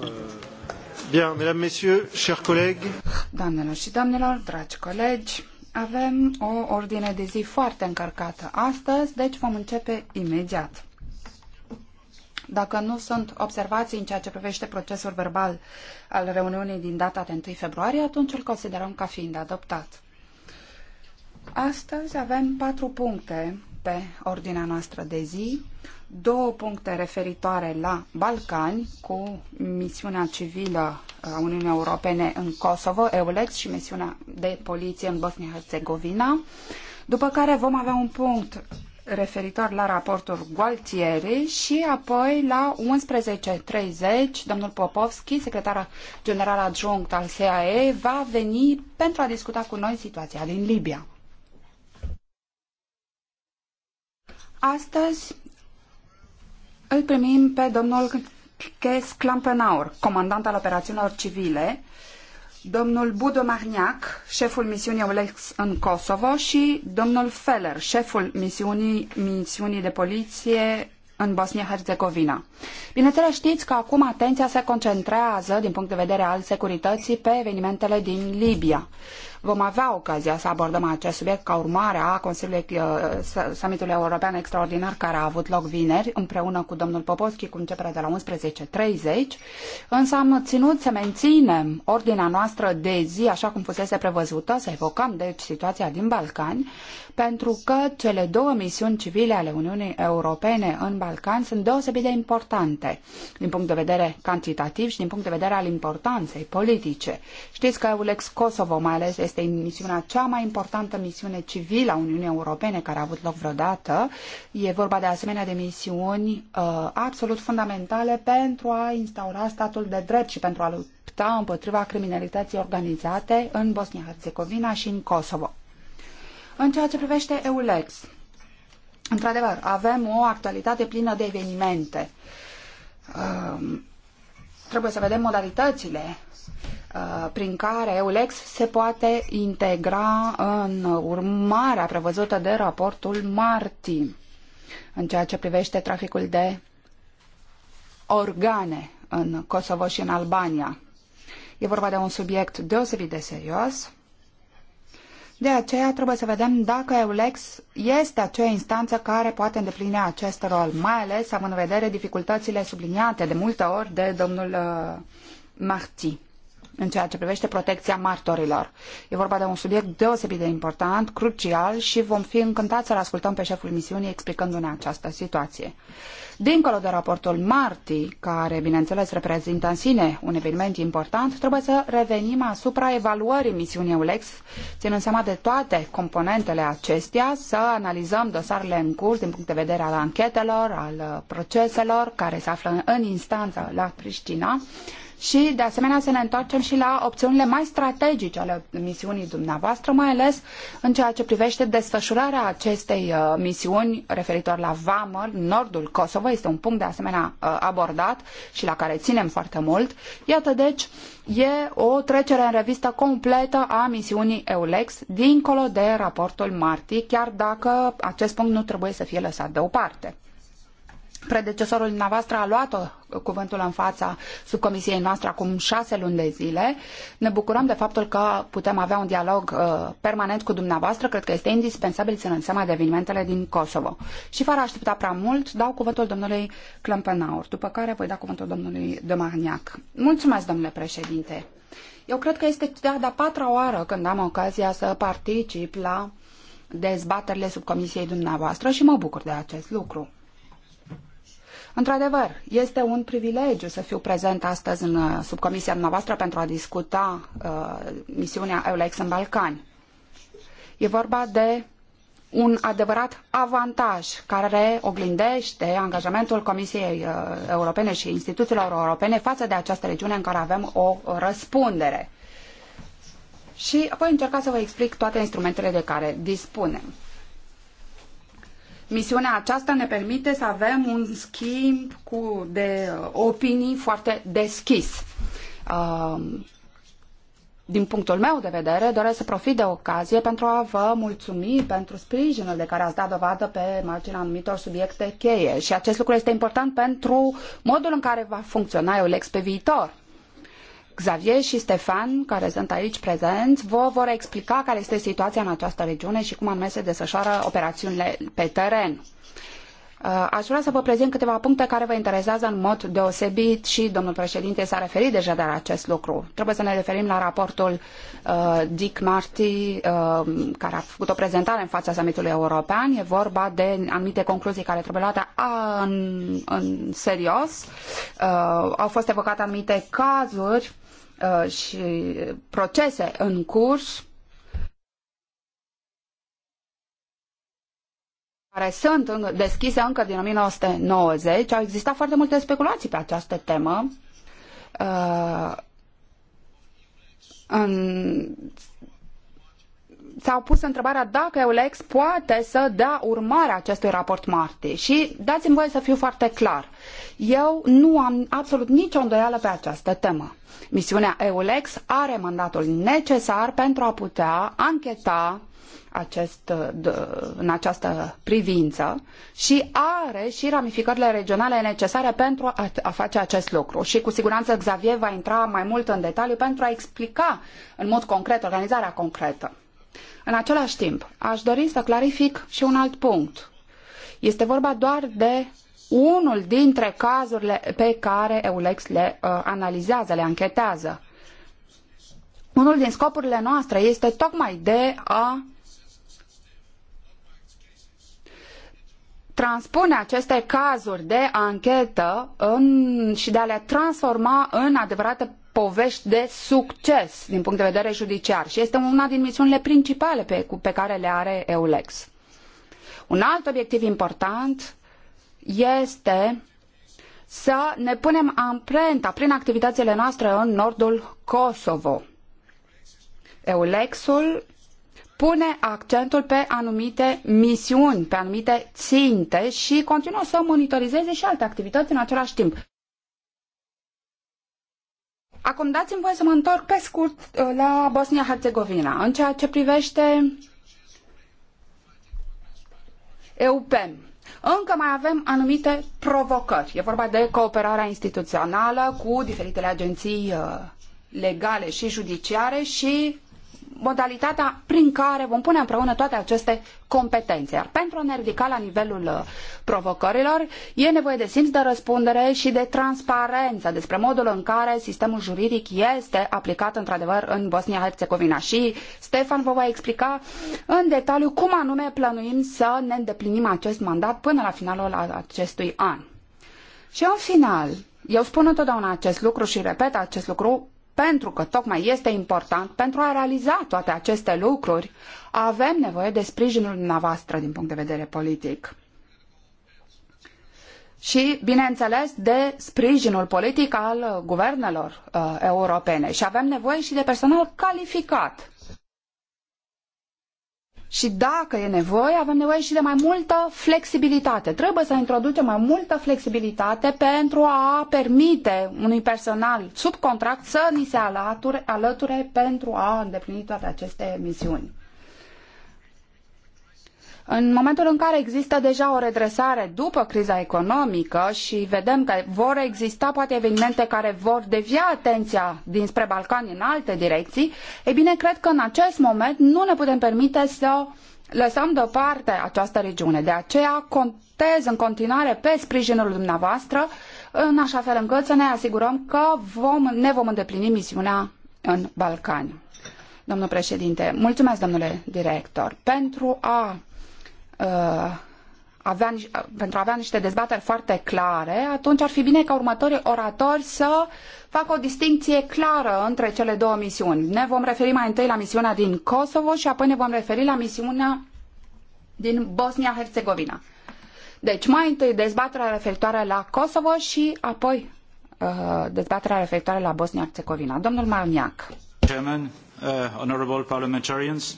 Euh, bien, mesdames, messieurs, chers collègues. Doamnelor și domnilor, dragi colegi, avem o ordine de zi foarte încărcată astăzi, deci vom începe imediat. Dacă nu sunt observații în ceea ce privește procesul verbal al reuniunii din data de 1 februarie, atunci îl considerăm ca fiind adoptat. Astăzi avem patru puncte pe ordinea noastră de zi două puncte referitoare la Balcani cu misiunea civilă a Uniunii Europene în Kosovo, EULEX și misiunea de poliție în Bosnia-Herzegovina, după care vom avea un punct referitor la raportul Gualtieri și apoi la 11.30 domnul Popovski, secretar general adjunct al CAE, va veni pentru a discuta cu noi situația din Libia. Astăzi îl primim pe domnul Kes Klampenaur, comandant al operațiunilor civile, domnul Budo Marniac, șeful misiunii OLEX în Kosovo și domnul Feller, șeful misiunii, misiunii de poliție în Bosnia-Herzegovina. Bineînțeles știți că acum atenția se concentrează din punct de vedere al securității pe evenimentele din Libia. Vom avea ocazia să abordăm acest subiect ca urmare a Consiliului uh, Summitului European Extraordinar care a avut loc vineri împreună cu domnul Popovski cu începerea de la 11.30, însă am ținut să menținem ordinea noastră de zi așa cum fusese prevăzută, să evocăm deci situația din Balcani, pentru că cele două misiuni civile ale Uniunii Europene în Balcani sunt deosebit de importante din punct de vedere cantitativ și din punct de vedere al importanței politice. Știți că Eulex Kosovo mai ales este misiunea cea mai importantă misiune civilă a Uniunii Europene care a avut loc vreodată. E vorba de asemenea de misiuni uh, absolut fundamentale pentru a instaura statul de drept și pentru a lupta împotriva criminalității organizate în Bosnia-Herzegovina și în Kosovo. În ceea ce privește EULEX, într-adevăr, avem o actualitate plină de evenimente. Uh, trebuie să vedem modalitățile Uh, prin care EULEX se poate integra în urmarea prevăzută de raportul Marti în ceea ce privește traficul de organe în Kosovo și în Albania. E vorba de un subiect deosebit de serios. De aceea trebuie să vedem dacă EULEX este acea instanță care poate îndeplini acest rol, mai ales având în vedere dificultățile subliniate de multe ori de domnul uh, Marti în ceea ce privește protecția martorilor. E vorba de un subiect deosebit de important, crucial și vom fi încântați să-l ascultăm pe șeful misiunii explicându-ne această situație. Dincolo de raportul Marti, care bineînțeles reprezintă în sine un eveniment important, trebuie să revenim asupra evaluării misiunii ULEX, ținând seama de toate componentele acestea, să analizăm dosarele în curs din punct de vedere al anchetelor, al proceselor care se află în instanță la Priștina, și, de asemenea, să ne întoarcem și la opțiunile mai strategice ale misiunii dumneavoastră, mai ales în ceea ce privește desfășurarea acestei uh, misiuni referitor la Vamăr, nordul Kosovo. Este un punct, de asemenea, uh, abordat și la care ținem foarte mult. Iată, deci, e o trecere în revistă completă a misiunii EULEX, dincolo de raportul Marti, chiar dacă acest punct nu trebuie să fie lăsat deoparte. Predecesorul dumneavoastră a luat uh, cuvântul în fața subcomisiei noastre acum șase luni de zile. Ne bucurăm de faptul că putem avea un dialog uh, permanent cu dumneavoastră. Cred că este indispensabil ținând seama de evenimentele din Kosovo. Și fără a aștepta prea mult, dau cuvântul domnului Clempenaur, după care voi da cuvântul domnului de Marniac. Mulțumesc, domnule președinte. Eu cred că este de a patra oară când am ocazia să particip la dezbaterile subcomisiei dumneavoastră și mă bucur de acest lucru. Într-adevăr, este un privilegiu să fiu prezent astăzi în uh, subcomisia noastră pentru a discuta uh, misiunea EULEX în Balcani. E vorba de un adevărat avantaj care oglindește angajamentul Comisiei uh, Europene și instituțiilor europene față de această regiune în care avem o răspundere. Și voi încerca să vă explic toate instrumentele de care dispunem. Misiunea aceasta ne permite să avem un schimb cu, de uh, opinii foarte deschis. Uh, din punctul meu de vedere, doresc să profit de ocazie pentru a vă mulțumi pentru sprijinul de care ați dat dovadă pe marginea anumitor subiecte cheie. Și acest lucru este important pentru modul în care va funcționa EULEX pe viitor. Xavier și Stefan, care sunt aici prezenți, vă vor explica care este situația în această regiune și cum anume se desfășoară operațiunile pe teren. Uh, aș vrea să vă prezint câteva puncte care vă interesează în mod deosebit și domnul președinte s-a referit deja de la acest lucru. Trebuie să ne referim la raportul uh, Dick Marty uh, care a făcut o prezentare în fața summitului european. E vorba de anumite concluzii care trebuie luate în, în serios. Uh, au fost evocate anumite cazuri Uh, și procese în curs care sunt deschise încă din 1990. Au existat foarte multe speculații pe această temă. Uh, în s-au pus întrebarea dacă EULEX poate să dea urmare acestui raport Marti. Și dați-mi voie să fiu foarte clar. Eu nu am absolut nicio îndoială pe această temă. Misiunea EULEX are mandatul necesar pentru a putea ancheta acest, în această privință și are și ramificările regionale necesare pentru a, a face acest lucru. Și cu siguranță Xavier va intra mai mult în detaliu pentru a explica în mod concret organizarea concretă. În același timp, aș dori să clarific și un alt punct. Este vorba doar de unul dintre cazurile pe care EULEX le uh, analizează, le anchetează. Unul din scopurile noastre este tocmai de a transpune aceste cazuri de anchetă în, și de a le transforma în adevărate povești de succes din punct de vedere judiciar și este una din misiunile principale pe, pe care le are EULEX. Un alt obiectiv important este să ne punem amprenta prin activitățile noastre în nordul Kosovo. EULEX-ul pune accentul pe anumite misiuni, pe anumite ținte și continuă să monitorizeze și alte activități în același timp. Acum dați-mi voie să mă întorc pe scurt uh, la Bosnia-Herzegovina, în ceea ce privește EUPEM. Încă mai avem anumite provocări. E vorba de cooperarea instituțională cu diferitele agenții uh, legale și judiciare și modalitatea prin care vom pune împreună toate aceste competențe. Iar pentru a ne ridica la nivelul uh, provocărilor, e nevoie de simț de răspundere și de transparență despre modul în care sistemul juridic este aplicat într-adevăr în Bosnia-Herzegovina. Și Stefan vă va explica în detaliu cum anume planuim să ne îndeplinim acest mandat până la finalul acestui an. Și în final, eu spun întotdeauna acest lucru și repet acest lucru pentru că tocmai este important, pentru a realiza toate aceste lucruri, avem nevoie de sprijinul dumneavoastră din punct de vedere politic. Și, bineînțeles, de sprijinul politic al guvernelor uh, europene. Și avem nevoie și de personal calificat și dacă e nevoie, avem nevoie și de mai multă flexibilitate. Trebuie să introducem mai multă flexibilitate pentru a permite unui personal sub contract să ni se alăture, alăture pentru a îndeplini toate aceste misiuni. În momentul în care există deja o redresare după criza economică și vedem că vor exista poate evenimente care vor devia atenția dinspre Balcani în alte direcții, e bine, cred că în acest moment nu ne putem permite să lăsăm deoparte această regiune. De aceea contez în continuare pe sprijinul dumneavoastră în așa fel încât să ne asigurăm că vom, ne vom îndeplini misiunea în Balcani. Domnul președinte, mulțumesc, domnule director, pentru a uh, avea, uh, pentru a avea niște dezbateri foarte clare, atunci ar fi bine ca următorii oratori să facă o distinție clară între cele două misiuni. Ne vom referi mai întâi la misiunea din Kosovo și apoi ne vom referi la misiunea din Bosnia-Herzegovina. Deci mai întâi dezbaterea referitoare la Kosovo și apoi uh, dezbaterea referitoare la Bosnia-Herzegovina. Domnul Marniac. Chairman, uh, honorable parliamentarians,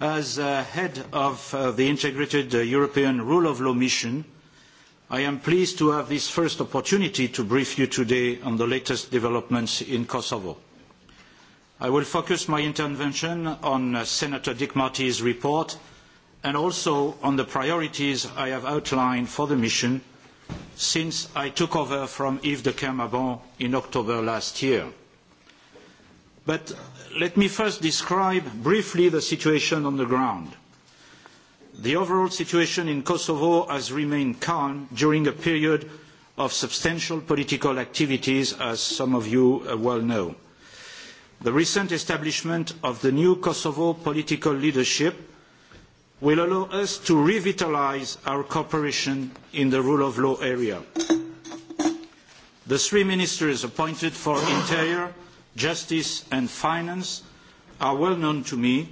As uh, head of uh, the integrated uh, European Rule of Law Mission, I am pleased to have this first opportunity to brief you today on the latest developments in Kosovo. I will focus my intervention on Senator Dick Marty's report and also on the priorities I have outlined for the mission since I took over from Yves de Kermabon in October last year. But let me first describe briefly the situation on the ground. The overall situation in Kosovo has remained calm during a period of substantial political activities, as some of you uh, well know. The recent establishment of the new Kosovo political leadership will allow us to revitalise our cooperation in the rule of law area. The three ministers appointed for interior justice and finance are well known to me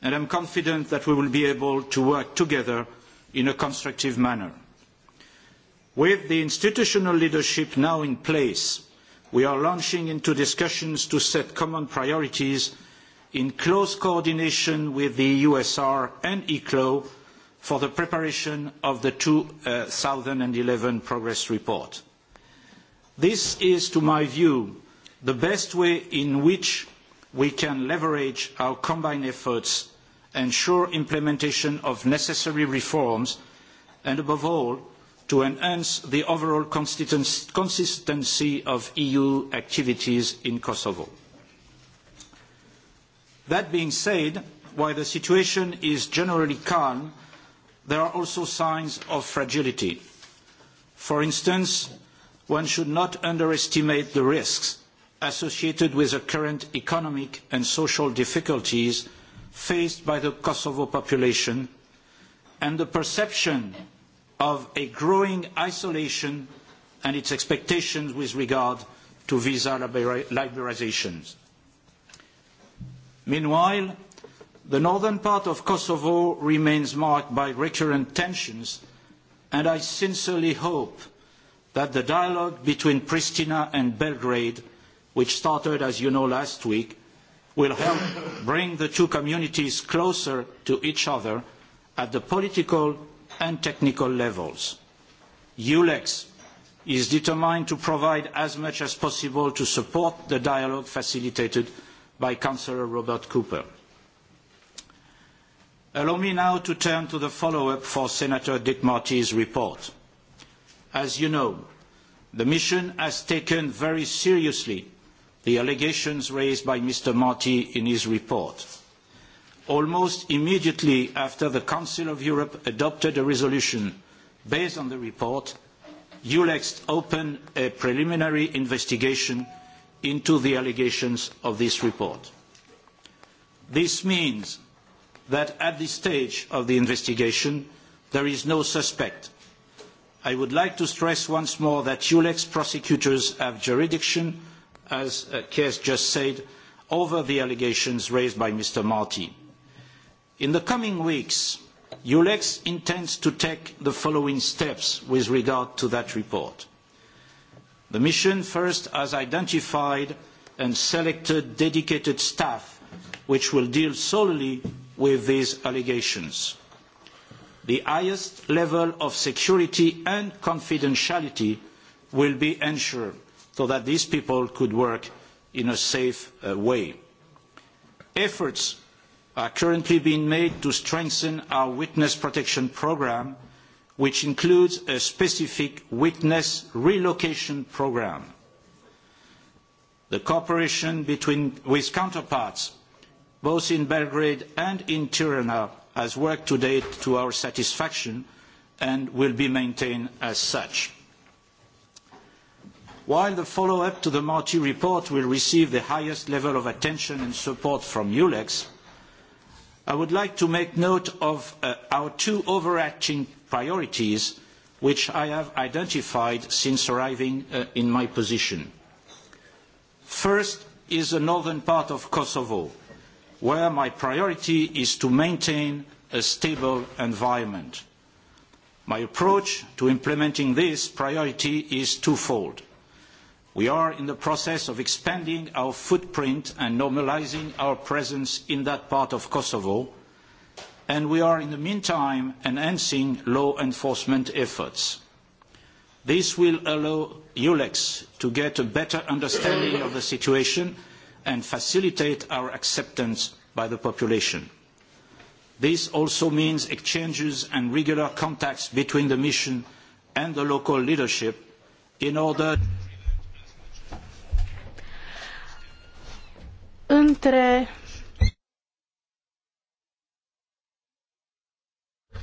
and I am confident that we will be able to work together in a constructive manner. With the institutional leadership now in place, we are launching into discussions to set common priorities in close coordination with the USR and ECLO for the preparation of the 2011 progress report. This is, to my view, the best way in which we can leverage our combined efforts, ensure implementation of necessary reforms, and above all, to enhance the overall consistency of EU activities in Kosovo. That being said, while the situation is generally calm, there are also signs of fragility. For instance, one should not underestimate the risks associated with the current economic and social difficulties faced by the Kosovo population and the perception of a growing isolation and its expectations with regard to visa liberalizations. Meanwhile, the northern part of Kosovo remains marked by recurrent tensions, and I sincerely hope that the dialogue between Pristina and Belgrade which started, as you know, last week, will help bring the two communities closer to each other at the political and technical levels. EULEX is determined to provide as much as possible to support the dialogue facilitated by Councillor Robert Cooper. Allow me now to turn to the follow-up for Senator Dick Marty's report. As you know, the mission has taken very seriously the allegations raised by Mr. Marty in his report. Almost immediately after the Council of Europe adopted a resolution based on the report, Eulex opened a preliminary investigation into the allegations of this report. This means that at this stage of the investigation, there is no suspect. I would like to stress once more that Eulex prosecutors have jurisdiction as uh, Kees just said, over the allegations raised by Mr. Marty. In the coming weeks, EULEX intends to take the following steps with regard to that report. The mission first has identified and selected dedicated staff which will deal solely with these allegations. The highest level of security and confidentiality will be ensured so that these people could work in a safe uh, way. Efforts are currently being made to strengthen our witness protection programme, which includes a specific witness relocation programme. The cooperation between, with counterparts, both in Belgrade and in Tirana, has worked to date to our satisfaction and will be maintained as such. While the follow-up to the Marty report will receive the highest level of attention and support from ULEX, I would like to make note of uh, our two overarching priorities which I have identified since arriving uh, in my position. First is the northern part of Kosovo, where my priority is to maintain a stable environment. My approach to implementing this priority is twofold. We are in the process of expanding our footprint and normalising our presence in that part of Kosovo, and we are in the meantime enhancing law enforcement efforts. This will allow EULEX to get a better understanding of the situation and facilitate our acceptance by the population. This also means exchanges and regular contacts between the mission and the local leadership in order între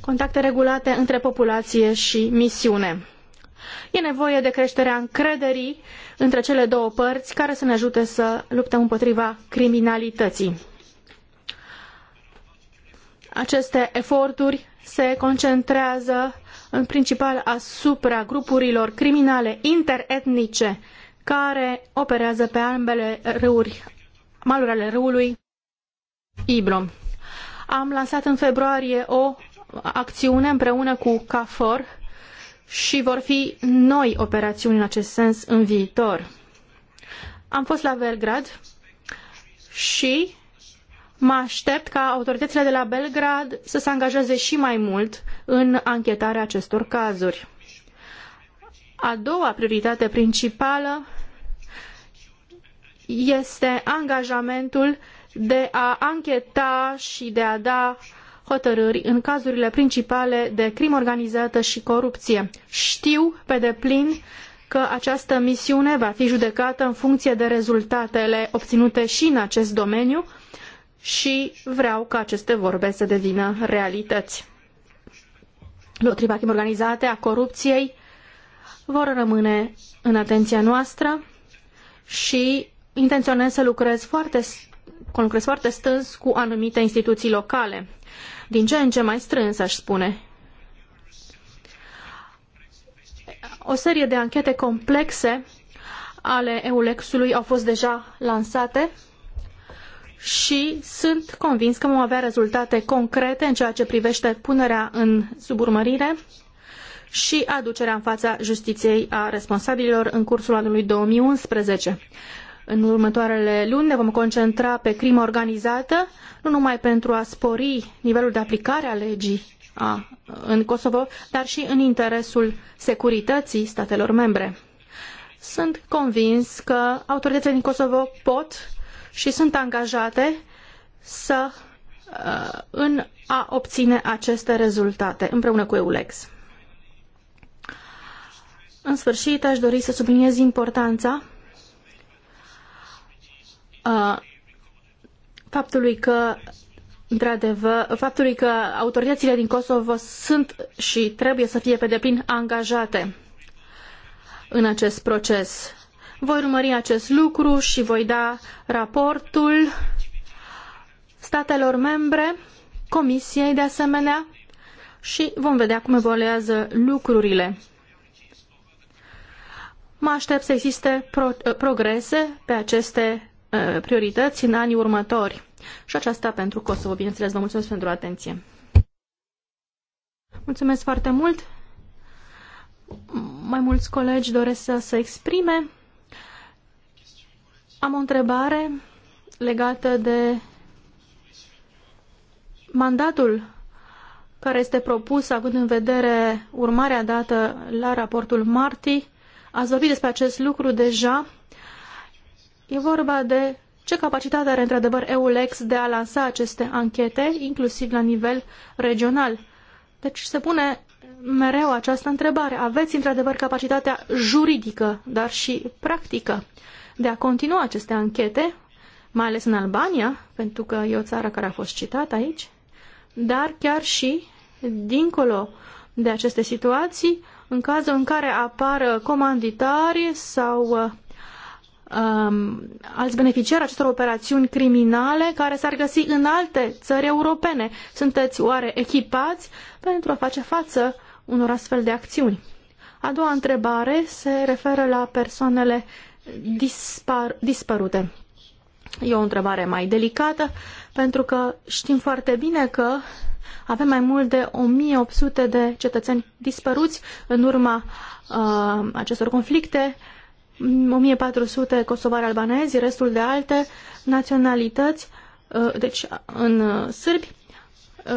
contacte regulate între populație și misiune. E nevoie de creșterea încrederii între cele două părți care să ne ajute să luptăm împotriva criminalității. Aceste eforturi se concentrează în principal asupra grupurilor criminale interetnice care operează pe ambele râuri maluri ale râului Ibro. Am lansat în februarie o acțiune împreună cu CAFOR și vor fi noi operațiuni în acest sens în viitor. Am fost la Belgrad și mă aștept ca autoritățile de la Belgrad să se angajeze și mai mult în anchetarea acestor cazuri. A doua prioritate principală este angajamentul de a ancheta și de a da hotărâri în cazurile principale de crimă organizată și corupție. Știu pe deplin că această misiune va fi judecată în funcție de rezultatele obținute și în acest domeniu și vreau ca aceste vorbe să devină realități. Lotriva crimă organizate a corupției vor rămâne în atenția noastră și intenționez să lucrez foarte, lucrez foarte strâns cu anumite instituții locale, din ce în ce mai strâns, aș spune. O serie de anchete complexe ale EULEX-ului au fost deja lansate și sunt convins că vom avea rezultate concrete în ceea ce privește punerea în suburmărire și aducerea în fața justiției a responsabililor în cursul anului 2011. În următoarele luni ne vom concentra pe crimă organizată, nu numai pentru a spori nivelul de aplicare a legii a, în Kosovo, dar și în interesul securității statelor membre. Sunt convins că autoritățile din Kosovo pot și sunt angajate să uh, în a obține aceste rezultate împreună cu EULEX. În sfârșit, aș dori să subliniez importanța faptului că într-adevăr, faptului că autoritățile din Kosovo sunt și trebuie să fie pe deplin angajate în acest proces. Voi urmări acest lucru și voi da raportul statelor membre, comisiei de asemenea și vom vedea cum evoluează lucrurile. Mă aștept să existe pro progrese pe aceste Uh, priorități în anii următori. Și aceasta pentru Kosovo, bineînțeles. Vă mulțumesc pentru atenție. Mulțumesc foarte mult. Mai mulți colegi doresc să se exprime. Am o întrebare legată de mandatul care este propus, având în vedere urmarea dată la raportul Marti. Ați vorbit despre acest lucru deja. E vorba de ce capacitate are într-adevăr EULEX de a lansa aceste anchete, inclusiv la nivel regional. Deci se pune mereu această întrebare. Aveți într-adevăr capacitatea juridică, dar și practică de a continua aceste anchete, mai ales în Albania, pentru că e o țară care a fost citată aici, dar chiar și dincolo de aceste situații, în cazul în care apar comanditari sau uh, um, alți beneficiari acestor operațiuni criminale care s-ar găsi în alte țări europene. Sunteți oare echipați pentru a face față unor astfel de acțiuni? A doua întrebare se referă la persoanele dispar, dispărute. E o întrebare mai delicată pentru că știm foarte bine că avem mai mult de 1800 de cetățeni dispăruți în urma uh, acestor conflicte 1400 kosovari albanezi, restul de alte naționalități, uh, deci în uh, sârbi.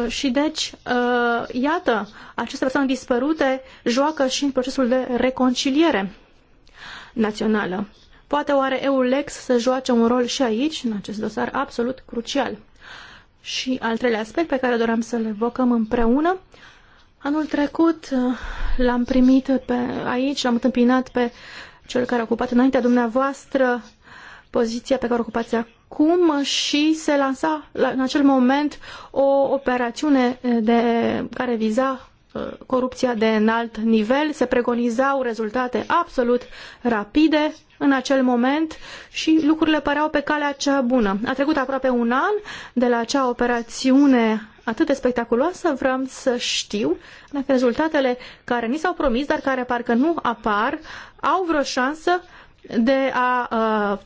Uh, și deci, iată, aceste persoane dispărute joacă și în procesul de reconciliere națională. Poate oare EULEX să joace un rol și aici, în acest dosar absolut crucial? Și al treilea aspect pe care doream să-l evocăm împreună, Anul trecut l-am primit pe aici, l-am întâmpinat pe cel care a ocupat înaintea dumneavoastră poziția pe care o ocupați acum și se lansa la, în acel moment o operațiune de, care viza uh, corupția de înalt nivel, se pregonizau rezultate absolut rapide în acel moment și lucrurile păreau pe calea cea bună. A trecut aproape un an de la acea operațiune atât de spectaculoasă, vreau să știu dacă rezultatele care ni s-au promis, dar care parcă nu apar, au vreo șansă de a, a,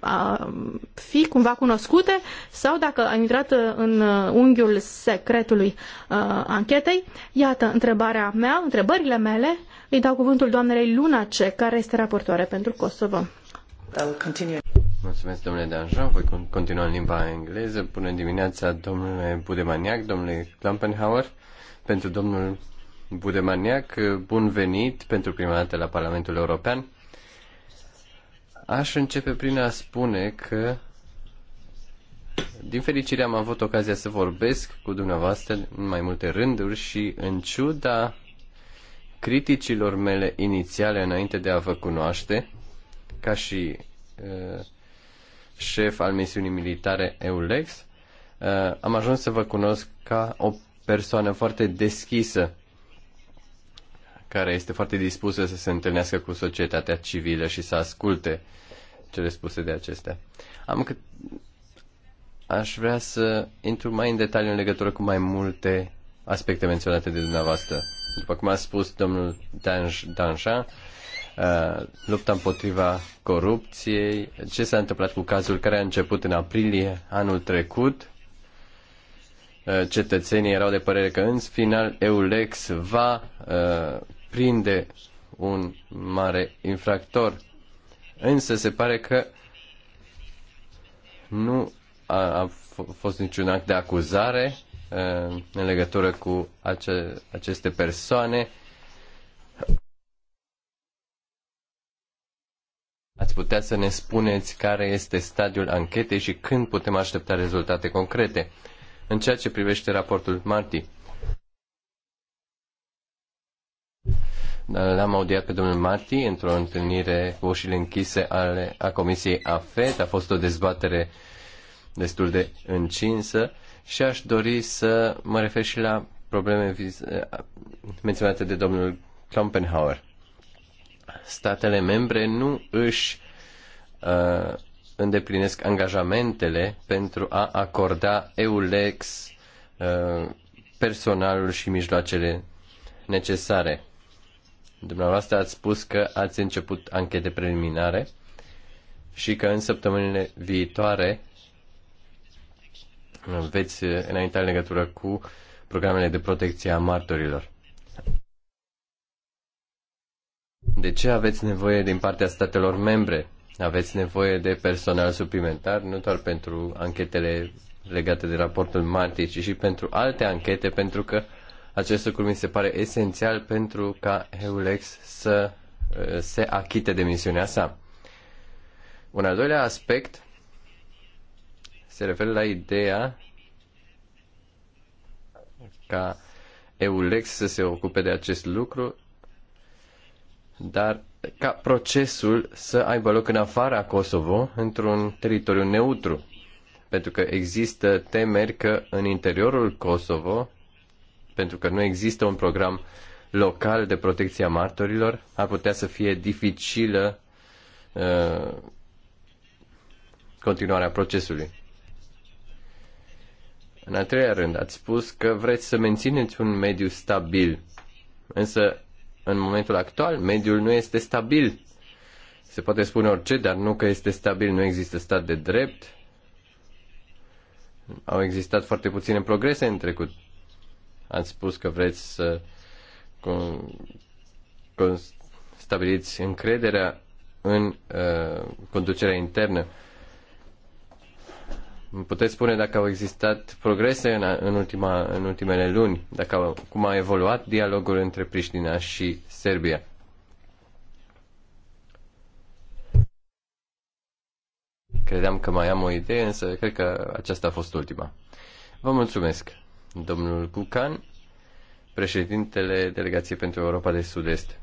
a fi cumva cunoscute sau dacă a intrat în unghiul secretului a, anchetei. Iată întrebarea mea, întrebările mele îi dau cuvântul doamnei Lunace, care este raportoare pentru Kosovo. Mulțumesc, domnule Danjean. Voi continua în limba engleză. Bună dimineața, domnule Budemaniac, domnule Klampenhauer. Pentru domnul Budemaniac, bun venit pentru prima dată la Parlamentul European. Aș începe prin a spune că din fericire am avut ocazia să vorbesc cu dumneavoastră în mai multe rânduri și în ciuda criticilor mele inițiale înainte de a vă cunoaște, ca și uh, șef al misiunii militare EULEX, uh, am ajuns să vă cunosc ca o persoană foarte deschisă, care este foarte dispusă să se întâlnească cu societatea civilă și să asculte cele spuse de acestea. Am cât... Aș vrea să intru mai în detaliu în legătură cu mai multe aspecte menționate de dumneavoastră. După cum a spus domnul Danja, uh, lupta împotriva corupției, ce s-a întâmplat cu cazul care a început în aprilie anul trecut. Uh, cetățenii erau de părere că în final Eulex va uh, prinde un mare infractor. Însă se pare că nu a, a fost niciun act de acuzare Uh, în legătură cu ace- aceste persoane. Ați putea să ne spuneți care este stadiul anchetei și când putem aștepta rezultate concrete în ceea ce privește raportul Marti. L-am audiat pe domnul Marti într-o întâlnire cu ușile închise ale, a Comisiei AFET. A fost o dezbatere destul de încinsă și aș dori să mă refer și la probleme menționate de domnul Klompenhauer. Statele membre nu își uh, îndeplinesc angajamentele pentru a acorda EULEX uh, personalul și mijloacele necesare. Dumneavoastră ați spus că ați început anchete preliminare și că în săptămânile viitoare veți eh, înainta în legătură cu programele de protecție a martorilor. De ce aveți nevoie din partea statelor membre? Aveți nevoie de personal suplimentar, nu doar pentru anchetele legate de raportul Marti, ci și pentru alte anchete, pentru că acest lucru mi se pare esențial pentru ca Eulex să eh, se achite de misiunea sa. Un al doilea aspect se referă la ideea ca EULEX să se ocupe de acest lucru, dar ca procesul să aibă loc în afara Kosovo, într-un teritoriu neutru. Pentru că există temeri că în interiorul Kosovo, pentru că nu există un program local de protecție a martorilor, ar putea să fie dificilă uh, continuarea procesului. În al treilea rând, ați spus că vreți să mențineți un mediu stabil. Însă, în momentul actual, mediul nu este stabil. Se poate spune orice, dar nu că este stabil, nu există stat de drept. Au existat foarte puține progrese în trecut. Ați spus că vreți să stabiliți încrederea în uh, conducerea internă. Uh, îmi puteți spune dacă au existat progrese în, în, ultima, în ultimele luni, dacă au, cum a evoluat dialogul între Priștina și Serbia. Credeam că mai am o idee, însă cred că aceasta a fost ultima. Vă mulțumesc, domnul Cucan, președintele Delegației pentru Europa de Sud-Est.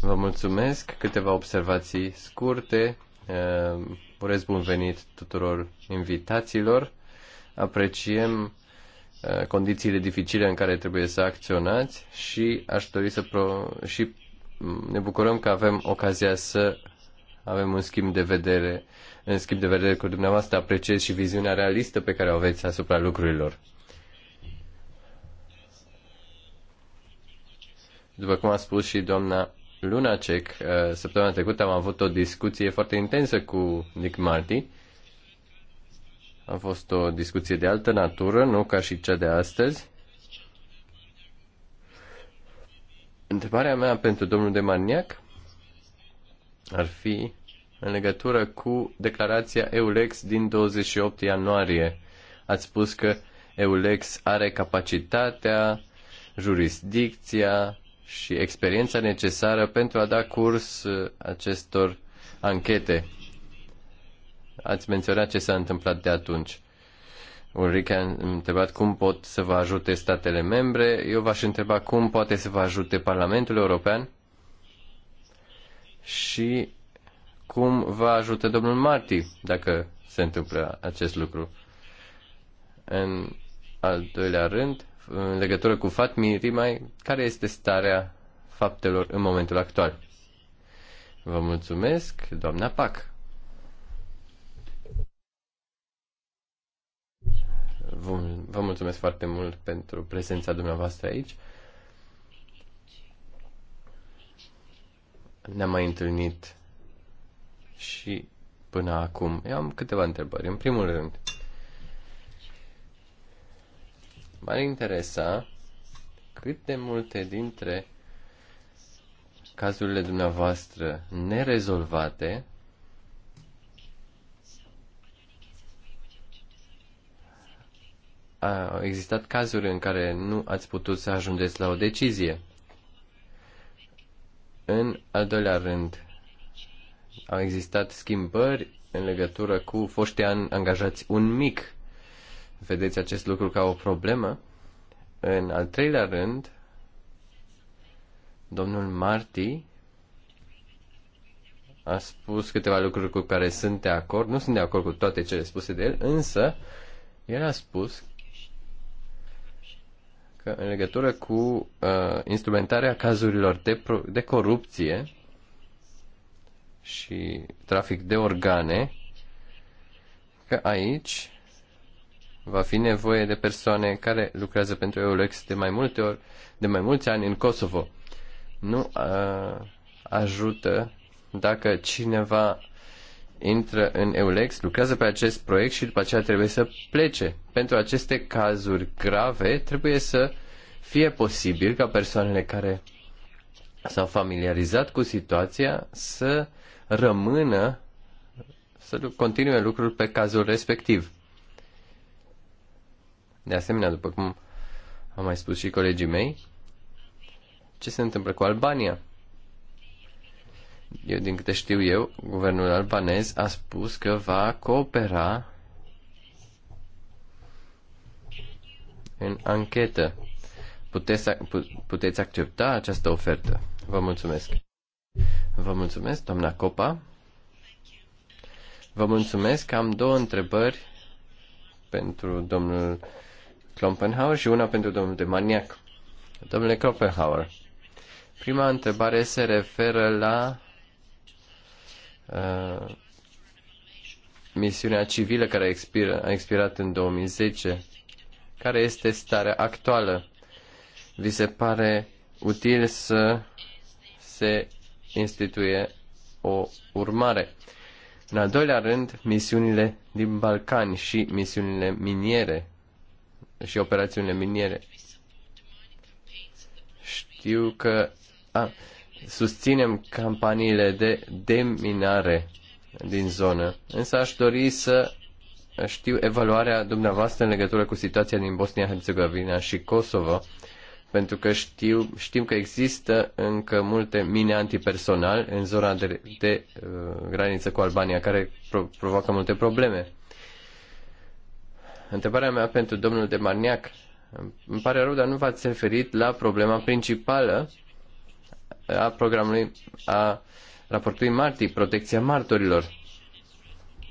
Vă mulțumesc, câteva observații scurte Uh, urez bun venit tuturor invitațiilor. Apreciem uh, condițiile dificile în care trebuie să acționați și aș dori să pro- și ne bucurăm că avem ocazia să avem un schimb de vedere, în schimb de vedere cu dumneavoastră, apreciez și viziunea realistă pe care o aveți asupra lucrurilor. După cum a spus și doamna Lunacek, uh, săptămâna trecută am avut o discuție foarte intensă cu Nick Marty. A fost o discuție de altă natură, nu ca și cea de astăzi. Întrebarea mea pentru domnul de Maniac ar fi în legătură cu declarația EULEX din 28 ianuarie. Ați spus că EULEX are capacitatea, jurisdicția și experiența necesară pentru a da curs uh, acestor anchete. Ați menționat ce s-a întâmplat de atunci. Ulrike a întrebat cum pot să vă ajute statele membre, eu v-aș întreba cum poate să vă ajute Parlamentul European și cum vă ajută domnul Marti dacă se întâmplă acest lucru. În al doilea rând, în legătură cu Fatmi Rimai, care este starea faptelor în momentul actual. Vă mulțumesc, doamna Pac. Vă mulțumesc foarte mult pentru prezența dumneavoastră aici. Ne-am mai întâlnit și până acum. Eu am câteva întrebări. În primul rând, M-ar interesa cât de multe dintre cazurile dumneavoastră nerezolvate au existat cazuri în care nu ați putut să ajungeți la o decizie. În al doilea rând, au existat schimbări în legătură cu foștii angajați un mic vedeți acest lucru ca o problemă. În al treilea rând, domnul Marti a spus câteva lucruri cu care sunt de acord. Nu sunt de acord cu toate cele spuse de el, însă el a spus că în legătură cu uh, instrumentarea cazurilor de, pro- de corupție și trafic de organe, că aici va fi nevoie de persoane care lucrează pentru Eulex de mai multe ori, de mai mulți ani în Kosovo. Nu uh, ajută dacă cineva intră în Eulex, lucrează pe acest proiect și după aceea trebuie să plece. Pentru aceste cazuri grave trebuie să fie posibil ca persoanele care s-au familiarizat cu situația să rămână, să continue lucrul pe cazul respectiv. De asemenea, după cum am mai spus și colegii mei, ce se întâmplă cu Albania? Eu, din câte știu eu, guvernul albanez a spus că va coopera în anchetă. Puteți, puteți accepta această ofertă. Vă mulțumesc. Vă mulțumesc, doamna Copa. Vă mulțumesc. Am două întrebări pentru domnul Klompenhauer și una pentru domnul de Maniac. Domnule Klompenhauer, prima întrebare se referă la uh, misiunea civilă care a, expiră, a expirat în 2010. Care este starea actuală? Vi se pare util să se instituie o urmare? În al doilea rând, misiunile din Balcani și misiunile miniere și operațiunile miniere. Știu că a, susținem campaniile de deminare din zonă, însă aș dori să știu evaluarea dumneavoastră în legătură cu situația din Bosnia-Herzegovina și Kosovo, pentru că știu, știm că există încă multe mine antipersonal în zona de, de uh, graniță cu Albania, care pro- provoacă multe probleme. Întrebarea mea pentru domnul de Marniac. Îmi pare rău, dar nu v-ați referit la problema principală a programului, a raportului Marti, protecția martorilor.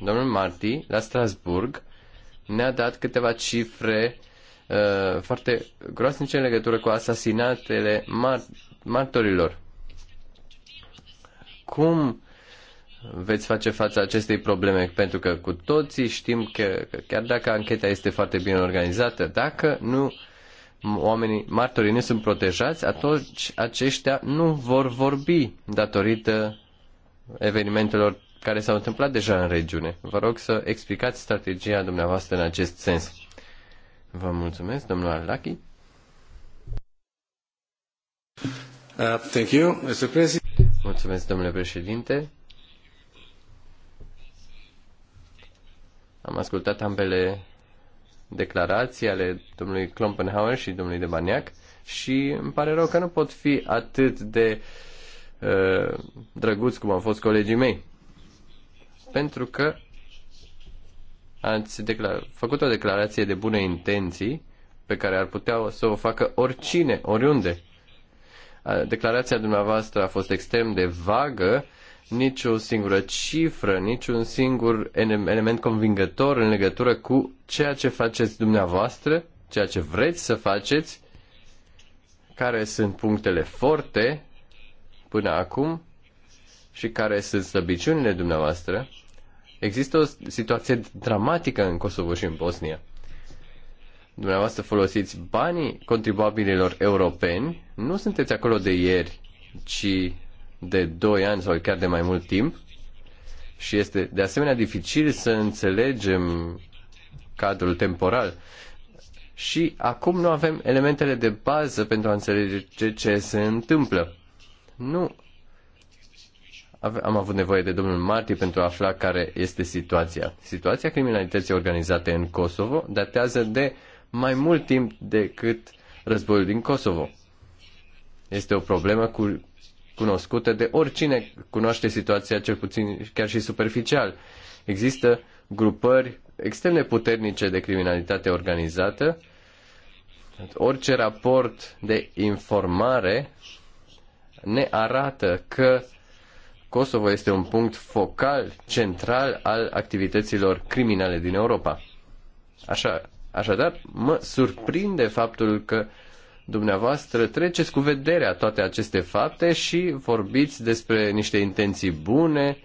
Domnul Marti, la Strasburg, ne-a dat câteva cifre uh, foarte groasnice în legătură cu asasinatele mar- martorilor. Cum veți face față acestei probleme, pentru că cu toții știm că, că chiar dacă ancheta este foarte bine organizată, dacă nu oamenii martorii nu sunt protejați, atunci aceștia nu vor vorbi datorită evenimentelor care s-au întâmplat deja în regiune. Vă rog să explicați strategia dumneavoastră în acest sens. Vă mulțumesc, domnul Arlachi. Uh, thank you, Mr. President. Mulțumesc, domnule președinte. Am ascultat ambele declarații ale domnului Klompenhauer și domnului de Baniac și îmi pare rău că nu pot fi atât de uh, drăguți cum au fost colegii mei. Pentru că ați declar- făcut o declarație de bune intenții pe care ar putea să o facă oricine, oriunde. Declarația dumneavoastră a fost extrem de vagă nici o singură cifră, nici un singur element convingător în legătură cu ceea ce faceți dumneavoastră, ceea ce vreți să faceți, care sunt punctele forte până acum și care sunt slăbiciunile dumneavoastră. Există o situație dramatică în Kosovo și în Bosnia. Dumneavoastră folosiți banii contribuabililor europeni, nu sunteți acolo de ieri, ci de 2 ani sau chiar de mai mult timp și este de asemenea dificil să înțelegem cadrul temporal. Și acum nu avem elementele de bază pentru a înțelege ce se întâmplă. Nu am avut nevoie de domnul Marti pentru a afla care este situația. Situația criminalității organizate în Kosovo datează de mai mult timp decât războiul din Kosovo. Este o problemă cu cunoscută de oricine cunoaște situația, cel puțin chiar și superficial. Există grupări extrem de puternice de criminalitate organizată. Orice raport de informare ne arată că Kosovo este un punct focal, central al activităților criminale din Europa. Așa, așadar, mă surprinde faptul că uh, dumneavoastră treceți cu vederea toate aceste fapte și vorbiți despre niște intenții bune,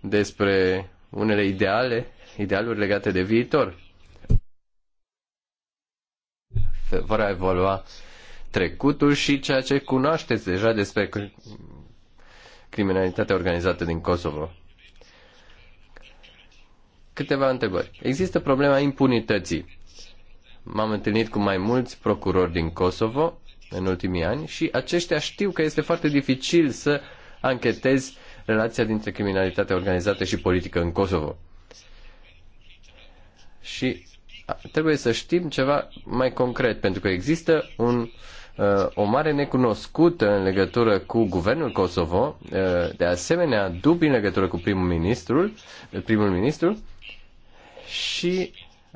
despre unele ideale, idealuri legate de viitor. Vor evolua trecutul și ceea ce cunoașteți deja despre criminalitatea organizată din Kosovo. Câteva întrebări. Există problema impunității. M-am întâlnit cu mai mulți procurori din Kosovo în ultimii ani și aceștia știu că este foarte dificil să anchetezi relația dintre criminalitatea organizată și politică în Kosovo. Și trebuie să știm ceva mai concret, pentru că există un, uh, o mare necunoscută în legătură cu guvernul Kosovo, uh, de asemenea dubii în legătură cu primul ministrul, primul ministru și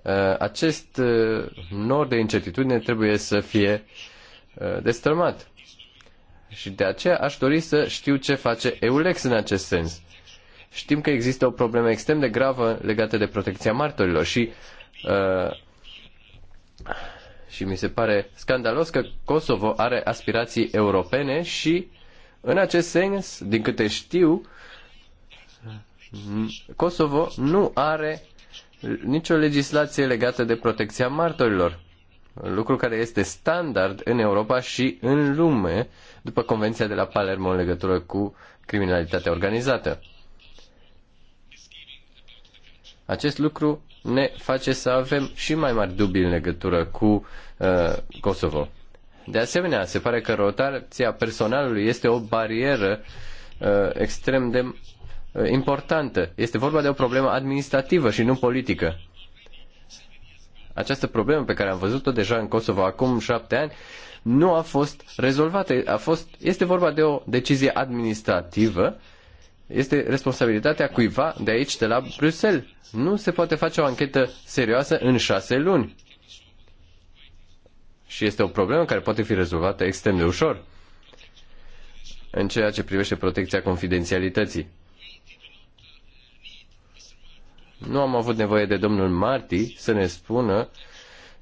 Uh, acest uh, nor de incertitudine trebuie să fie uh, destrămat. Și de aceea aș dori să știu ce face EULEX în acest sens. Știm că există o problemă extrem de gravă legată de protecția martorilor și și mi se pare scandalos că Kosovo are aspirații europene și în acest sens, din câte știu, Kosovo nu are uh, nicio legislație legată de protecția martorilor, lucru care este standard în Europa și în lume, după Convenția de la Palermo în legătură cu criminalitatea organizată. Acest lucru ne face să avem și mai mari dubii în legătură cu uh, Kosovo. De asemenea, se pare că rotația personalului este o barieră uh, extrem de Uh, importantă. Este vorba de o problemă administrativă și nu politică. Această problemă pe care am văzut-o deja în Kosovo acum șapte ani nu a fost rezolvată. A fost, este vorba de o decizie administrativă. Este responsabilitatea cuiva de aici, de la Bruxelles. Nu se poate face o anchetă serioasă în șase luni. Și este o problemă care poate fi rezolvată extrem de ușor în ceea ce privește protecția confidențialității. Nu am avut nevoie de domnul Marti să ne spună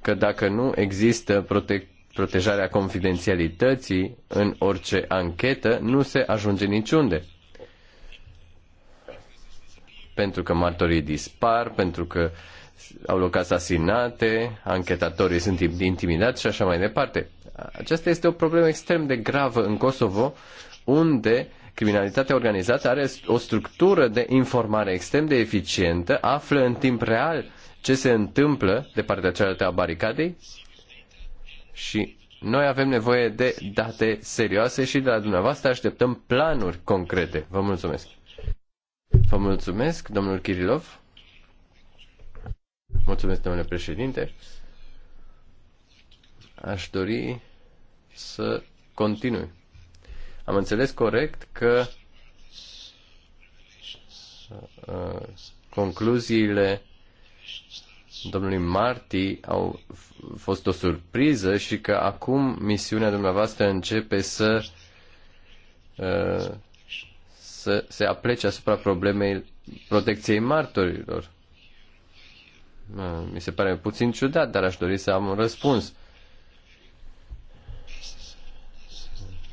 că dacă nu există prote- protejarea confidențialității în orice anchetă, nu se ajunge niciunde. Pentru că martorii dispar, pentru că au loc asasinate, anchetatorii sunt intimidați și așa mai departe. Aceasta este o problemă extrem de gravă în Kosovo, unde uh, Criminalitatea organizată are o structură de informare extrem de eficientă, află în timp real ce se întâmplă de partea cealaltă a baricadei și noi avem nevoie de date serioase și de la dumneavoastră așteptăm planuri concrete. Vă mulțumesc. Vă mulțumesc, domnul Kirilov. Mulțumesc, domnule președinte. Aș dori să continui am înțeles corect că uh, concluziile domnului Marti au fost o surpriză și că acum misiunea dumneavoastră începe să, uh, să se aplece asupra problemei protecției martorilor. Uh, mi se pare puțin ciudat, dar aș dori să am un răspuns.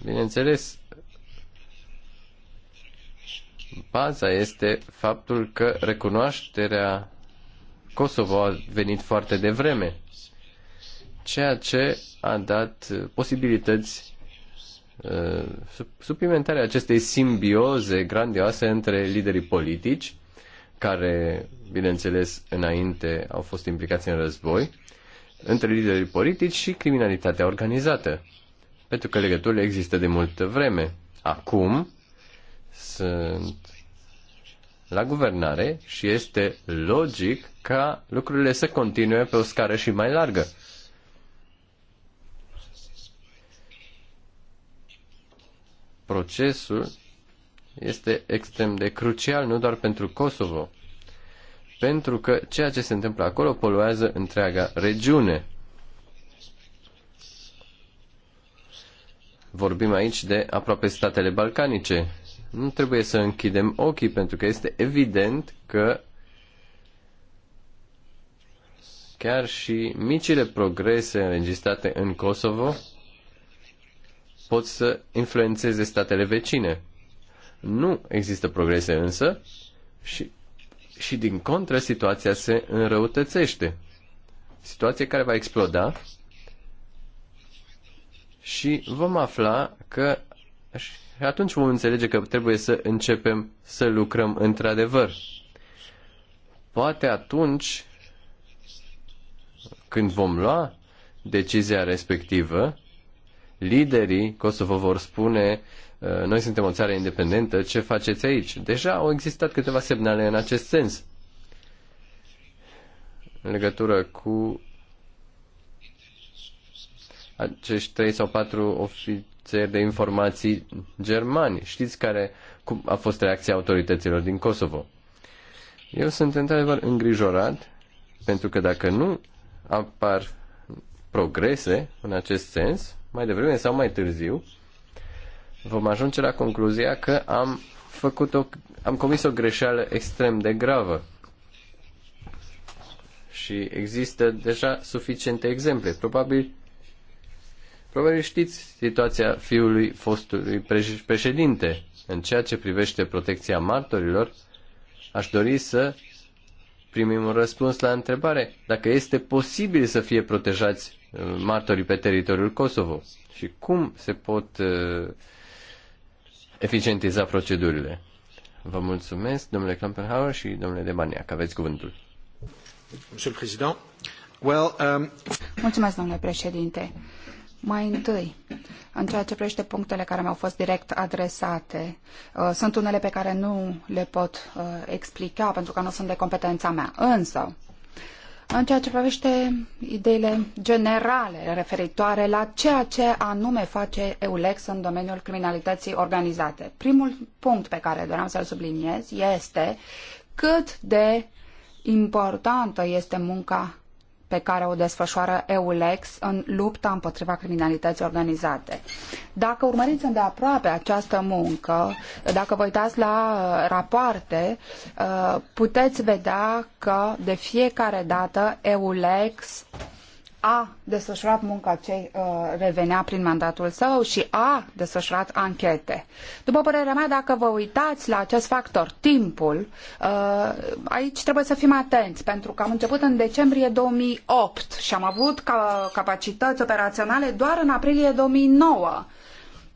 Bineînțeles, baza este faptul că recunoașterea Kosovo a venit foarte devreme, ceea ce a dat posibilități uh, suplimentare acestei simbioze grandioase între liderii politici, care, bineînțeles, înainte au fost implicați în război, între liderii politici și criminalitatea organizată pentru că legăturile există de multă vreme. Acum sunt la guvernare și este logic ca lucrurile să continue pe o scară și mai largă. Procesul este extrem de crucial, nu doar pentru Kosovo, pentru că ceea ce se întâmplă acolo poluează întreaga regiune. Vorbim aici de aproape statele balcanice. Nu trebuie să închidem ochii, pentru că este evident că chiar și micile progrese înregistrate în Kosovo pot să influențeze statele vecine. Nu există progrese însă și, și din contră situația se înrăutățește. Situație care va exploda și vom afla că și atunci vom înțelege că trebuie să începem să lucrăm într-adevăr. Poate atunci când vom lua decizia respectivă, liderii Kosovo vor spune uh, noi suntem o țară independentă, ce faceți aici? Deja au existat câteva semnale în acest sens în legătură cu acești trei sau patru ofițeri de informații germani. Știți care cum a fost reacția autorităților din Kosovo? Eu sunt într-adevăr îngrijorat pentru că dacă nu apar progrese în acest sens, mai devreme sau mai târziu, vom ajunge la concluzia că am făcut o, am comis o greșeală extrem de gravă. Și există deja suficiente exemple. Probabil Probabil știți situația fiului fostului președinte. În ceea ce privește protecția martorilor, aș dori să primim un răspuns la întrebare dacă este posibil să fie protejați uh, martorii pe teritoriul Kosovo și cum se pot uh, eficientiza procedurile. Vă mulțumesc, domnule Klampenhauer și domnule că Aveți cuvântul. Um, mulțumesc, domnule președinte. Mai întâi, în ceea ce privește punctele care mi-au fost direct adresate, uh, sunt unele pe care nu le pot uh, explica pentru că nu sunt de competența mea. Însă, în ceea ce privește ideile generale referitoare la ceea ce anume face EULEX în domeniul criminalității organizate. Primul punct pe care doream să-l subliniez este cât de importantă este munca pe care o desfășoară EULEX în lupta împotriva criminalității organizate. Dacă urmăriți îndeaproape această muncă, dacă vă uitați la uh, rapoarte, uh, puteți vedea că de fiecare dată EULEX a desfășurat munca ce uh, revenea prin mandatul său și a desfășurat anchete. După părerea mea, dacă vă uitați la acest factor, timpul, uh, aici trebuie să fim atenți, pentru că am început în decembrie 2008 și am avut ca, capacități operaționale doar în aprilie 2009.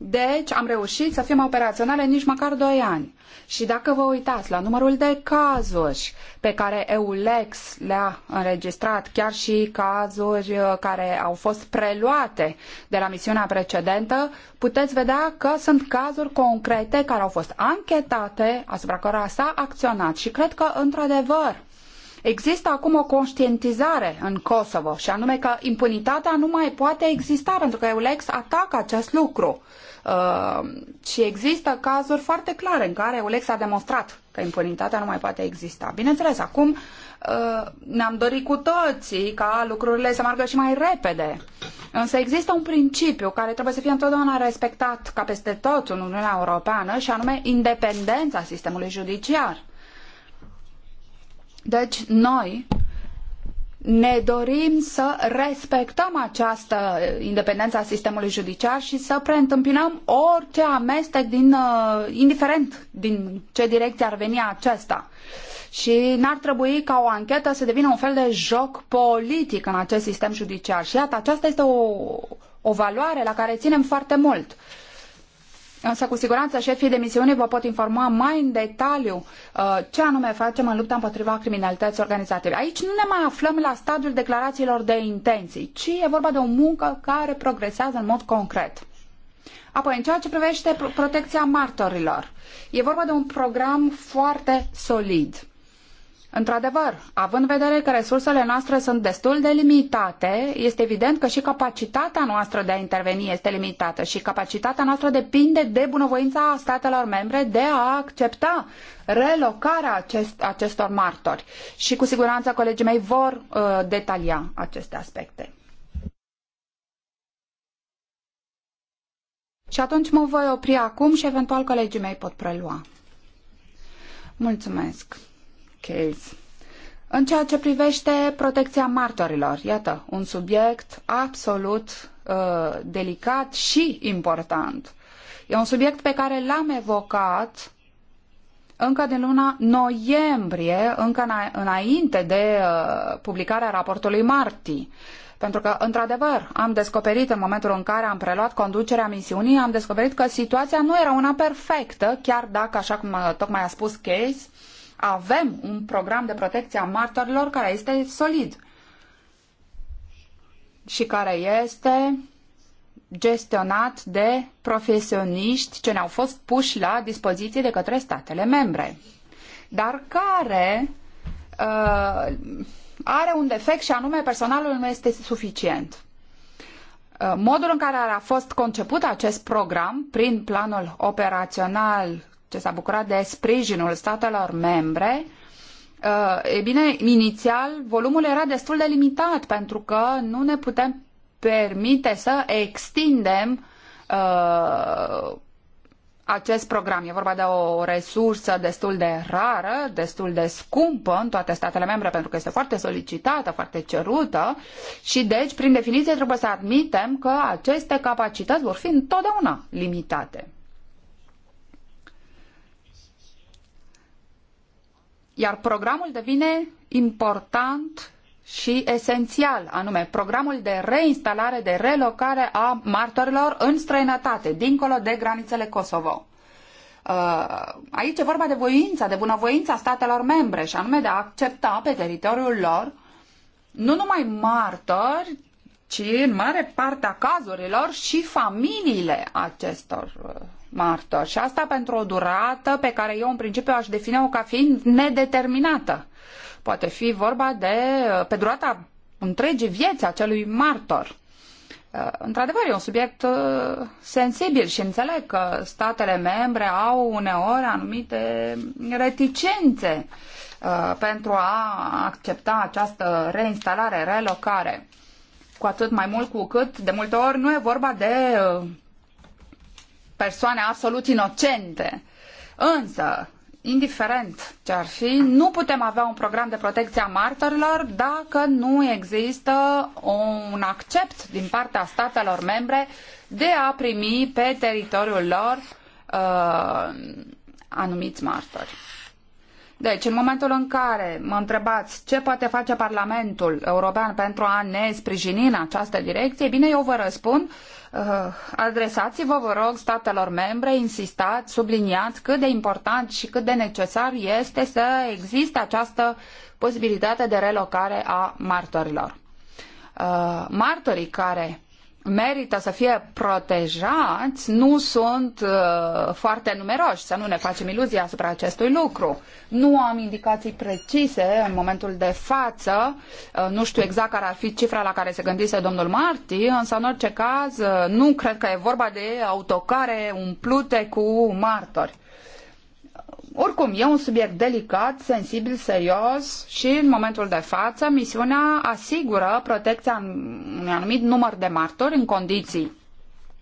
Deci am reușit să fim operaționale nici măcar 2 ani. Și dacă vă uitați la numărul de cazuri pe care EULEX le-a înregistrat, chiar și cazuri uh, care au fost preluate de la misiunea precedentă, puteți vedea că sunt cazuri concrete care au fost anchetate, asupra cărora s-a acționat. Și cred că, într-adevăr, Există acum o conștientizare în Kosovo și anume că impunitatea nu mai poate exista pentru că EULEX atacă acest lucru. Uh, și există cazuri foarte clare în care ULEX a demonstrat că impunitatea nu mai poate exista. Bineînțeles, acum uh, ne-am dorit cu toții ca lucrurile să meargă și mai repede. Însă există un principiu care trebuie să fie întotdeauna respectat ca peste tot în Uniunea Europeană și anume independența sistemului judiciar. Deci, noi ne dorim să respectăm această independență a sistemului judiciar și să preîntâmpinăm orice amestec din, uh, indiferent din ce direcție ar veni acesta. Și n-ar trebui ca o anchetă să devină un fel de joc politic în acest sistem judiciar. Și iată, aceasta este o, o valoare la care ținem foarte mult. Uh, Însă, cu siguranță, șefii de misiune vă pot informa mai în detaliu uh, ce anume facem în lupta împotriva criminalității organizative. Aici nu ne mai aflăm la stadiul declarațiilor de intenții, ci e vorba de o muncă care progresează în mod concret. Apoi, în ceea ce privește protecția martorilor, e vorba de un program foarte solid. Într-adevăr, având în vedere că resursele noastre sunt destul de limitate, este evident că și capacitatea noastră de a interveni este limitată și capacitatea noastră depinde de bunăvoința statelor membre de a accepta relocarea acest, acestor martori. Și cu siguranță colegii mei vor uh, detalia aceste aspecte. Și atunci mă voi opri acum și eventual colegii mei pot prelua. Mulțumesc! Case. În ceea ce privește protecția martorilor, iată, un subiect absolut uh, delicat și important. E un subiect pe care l-am evocat încă din luna noiembrie, încă înainte de uh, publicarea raportului Marti. Pentru că, într-adevăr, am descoperit în momentul în care am preluat conducerea misiunii, am descoperit că situația nu era una perfectă, chiar dacă, așa cum uh, tocmai a spus Case, avem un program de protecție a martorilor care este solid și care este gestionat de profesioniști ce ne-au fost puși la dispoziție de către statele membre, dar care uh, are un defect și anume personalul nu este suficient. Uh, modul în care a fost conceput acest program prin planul operațional ce s-a bucurat de sprijinul statelor membre, uh, e bine, inițial volumul era destul de limitat pentru că nu ne putem permite să extindem uh, acest program. E vorba de o resursă destul de rară, destul de scumpă în toate statele membre, pentru că este foarte solicitată, foarte cerută și deci, prin definiție, trebuie să admitem că aceste capacități vor fi întotdeauna limitate. Iar programul devine important și esențial, anume programul de reinstalare, de relocare a martorilor în străinătate, dincolo de granițele Kosovo. Uh, aici e vorba de voința, de bunăvoința statelor membre și anume de a accepta pe teritoriul lor nu numai martori, ci în mare parte a cazurilor și familiile acestor uh, martor. Și asta pentru o durată pe care eu în principiu aș define-o ca fiind nedeterminată. Poate fi vorba de pe durata întregii vieți acelui martor. Uh, într-adevăr, e un subiect uh, sensibil și înțeleg că statele membre au uneori anumite reticențe uh, pentru a accepta această reinstalare, relocare. Cu atât mai mult cu cât de multe ori nu e vorba de persoane absolut inocente. Însă, indiferent ce ar fi, nu putem avea un program de protecție a martorilor dacă nu există un accept din partea statelor membre de a primi pe teritoriul lor uh, anumiți martori. Deci, în momentul în care mă întrebați ce poate face Parlamentul European pentru a ne sprijini în această direcție, bine, eu vă răspund uh, Uh, adresați-vă, vă rog, statelor membre, insistați, subliniați cât de important și cât de necesar este să existe această posibilitate de relocare a martorilor. Uh, martorii care merită să fie protejați nu sunt uh, foarte numeroși, să nu ne facem iluzia asupra acestui lucru. Nu am indicații precise în momentul de față, uh, nu știu exact care ar fi cifra la care se gândise domnul Marti, însă în orice caz uh, nu cred că e vorba de autocare umplute cu martori oricum, e un subiect delicat, sensibil, serios și în momentul de față misiunea asigură protecția unui anumit număr de martori în condiții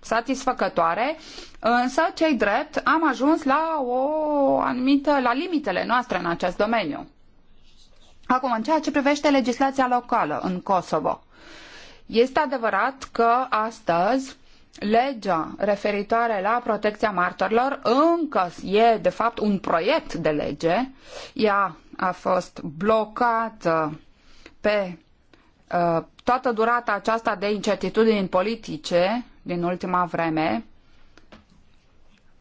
satisfăcătoare, însă cei drept am ajuns la o anumită, la limitele noastre în acest domeniu. Acum, în ceea ce privește legislația locală în Kosovo, este adevărat că astăzi legea referitoare la protecția martorilor încă e, de fapt, un proiect de lege. Ea a fost blocată pe uh, toată durata aceasta de incertitudini politice din ultima vreme,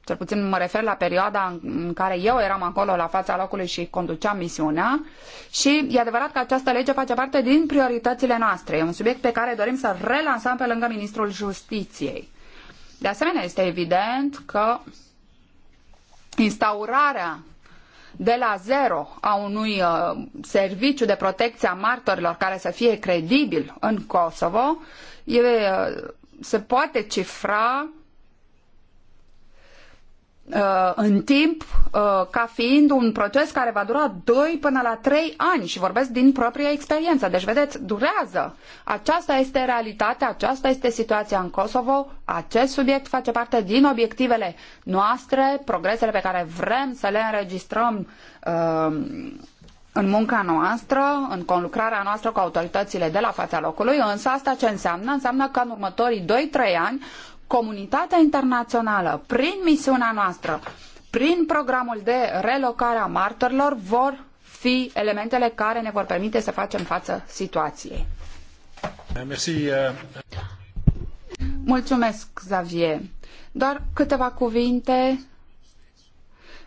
cel puțin mă refer la perioada în care eu eram acolo la fața locului și conduceam misiunea și e adevărat că această lege face parte din prioritățile noastre. E un subiect pe care dorim să relansăm pe lângă Ministrul Justiției. De asemenea, este evident că instaurarea de la zero a unui uh, serviciu de protecție a martorilor care să fie credibil în Kosovo e, uh, se poate cifra Uh, în timp uh, ca fiind un proces care va dura doi până la trei ani și vorbesc din propria experiență. Deci, vedeți, durează. Aceasta este realitatea, aceasta este situația în Kosovo, acest subiect face parte din obiectivele noastre, progresele pe care vrem să le înregistrăm uh, în munca noastră, în conlucrarea noastră cu autoritățile de la fața locului, însă asta ce înseamnă? Înseamnă că în următorii doi-trei ani comunitatea internațională, prin misiunea noastră, prin programul de relocare a martorilor, vor fi elementele care ne vor permite să facem față situației. Uh, Mulțumesc, Xavier. Doar câteva cuvinte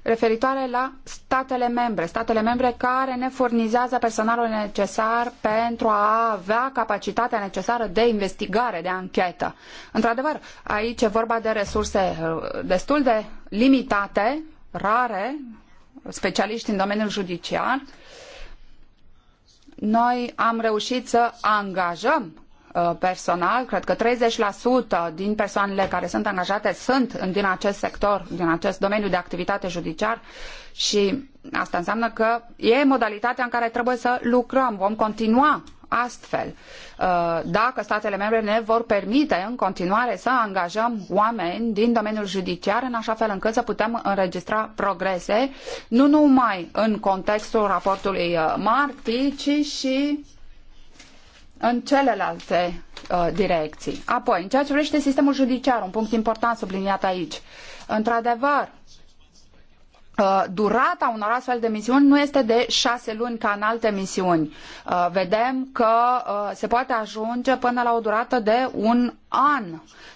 referitoare la statele membre, statele membre care ne furnizează personalul necesar pentru a avea capacitatea necesară de investigare, de anchetă. Într-adevăr, aici e vorba de resurse uh, destul de limitate, rare, specialiști în domeniul judiciar. Noi am reușit să angajăm Uh, personal, cred că 30% din persoanele care sunt angajate sunt din acest sector, din acest domeniu de activitate judiciar și asta înseamnă că e modalitatea în care trebuie să lucrăm. Vom continua astfel. Uh, dacă statele membre ne vor permite în continuare să angajăm oameni din domeniul judiciar în așa fel încât să putem înregistra progrese, nu numai în contextul raportului uh, Marti, ci și în celelalte uh, direcții. Apoi, în ceea ce privește sistemul judiciar, un punct important subliniat aici, într-adevăr, uh, durata unor astfel de misiuni nu este de șase luni ca în alte misiuni. Uh, vedem că uh, se poate ajunge până la o durată de un an.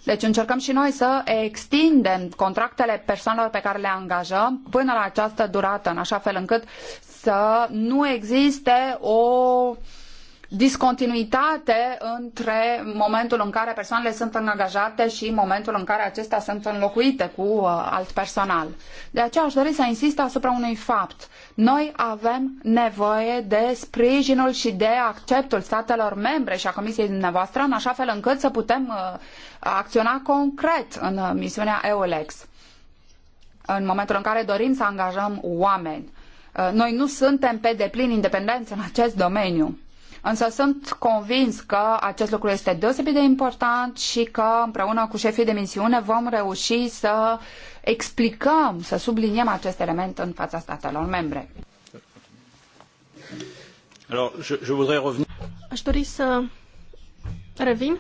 Deci încercăm și noi să extindem contractele persoanelor pe care le angajăm până la această durată, în așa fel încât să nu existe o uh, discontinuitate între momentul în care persoanele sunt angajate și momentul în care acestea sunt înlocuite cu uh, alt personal. De aceea aș dori să insist asupra unui fapt. Noi avem nevoie de sprijinul și de acceptul statelor membre și a Comisiei dumneavoastră în așa fel încât să putem uh, acționa concret în uh, misiunea EULEX în momentul în care dorim să angajăm oameni. Noi nu suntem pe deplin independenți în acest domeniu. Însă sunt convins că acest lucru este deosebit de important și că împreună cu șefii de misiune vom reuși să explicăm, să subliniem acest element în fața statelor membre. Alors, je, je voudrais revenir... Aș dori să revin.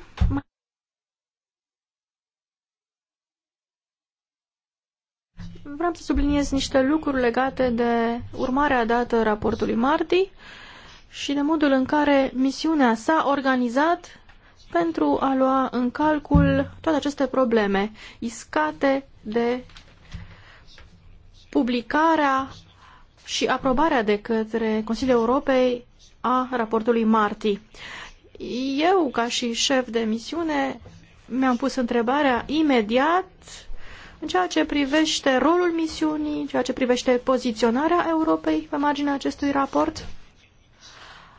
Vreau să subliniez niște lucruri legate de urmarea dată raportului Marti. Uh, și de modul în care misiunea s-a organizat pentru a lua în calcul toate aceste probleme iscate de publicarea și aprobarea de către Consiliul Europei a raportului Marti. Eu, ca și șef de misiune, mi-am pus întrebarea imediat în ceea ce privește rolul misiunii, în ceea ce privește poziționarea Europei pe marginea acestui raport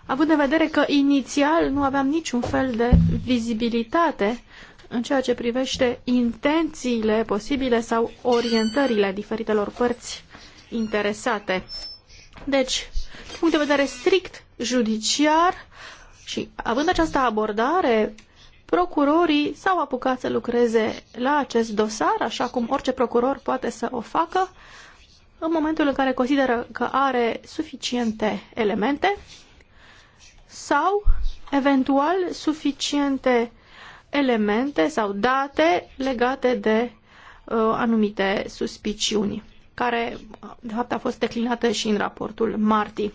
având în vedere că inițial nu aveam niciun fel de vizibilitate în ceea ce privește intențiile posibile sau orientările diferitelor părți interesate. Deci, din punct de vedere strict judiciar și având această abordare, procurorii s-au apucat să lucreze la acest dosar, așa cum orice procuror poate să o facă, în momentul în care consideră că are suficiente elemente sau eventual suficiente elemente sau date legate de uh, anumite suspiciuni, care de fapt a fost declinată și în raportul Marti.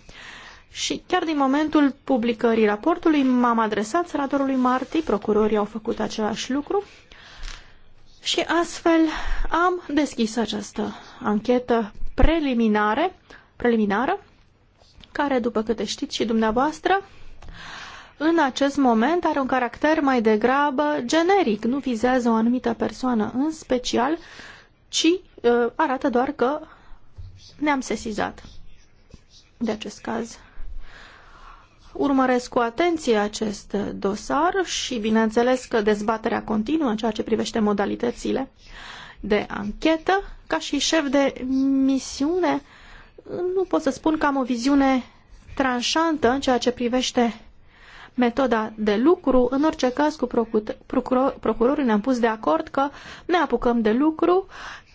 Și chiar din momentul publicării raportului m-am adresat senatorului Marti, procurorii au făcut același lucru și astfel am deschis această anchetă preliminare, preliminară, care, după câte știți și dumneavoastră, în acest moment are un caracter mai degrabă generic, nu vizează o anumită persoană în special, ci uh, arată doar că ne-am sesizat de acest caz. Urmăresc cu atenție acest dosar și bineînțeles că dezbaterea continuă în ceea ce privește modalitățile de anchetă. Ca și șef de misiune, nu pot să spun că am o viziune tranșantă în ceea ce privește metoda de lucru. În orice caz, cu procurorii ne-am pus de acord că ne apucăm de lucru,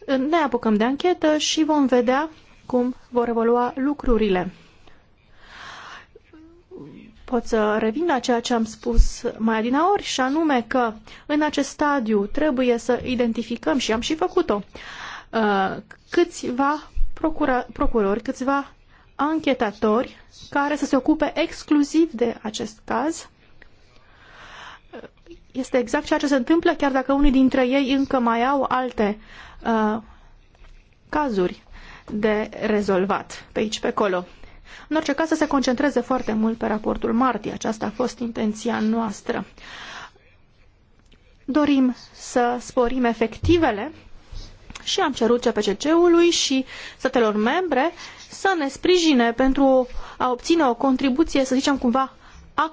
ne apucăm de anchetă și vom vedea cum vor evolua lucrurile. Pot să revin la ceea ce am spus mai adinaori și anume că în acest stadiu trebuie să identificăm și am și făcut-o uh, câțiva procurori, câțiva anchetatori care să se ocupe exclusiv de acest caz. Este exact ceea ce se întâmplă, chiar dacă unii dintre ei încă mai au alte uh, cazuri de rezolvat pe aici, pe acolo. În orice caz să se concentreze foarte mult pe raportul Marti. Aceasta a fost intenția noastră. Dorim să sporim efectivele și am cerut CPCC-ului și statelor membre să ne sprijine pentru a obține o contribuție, să zicem cumva,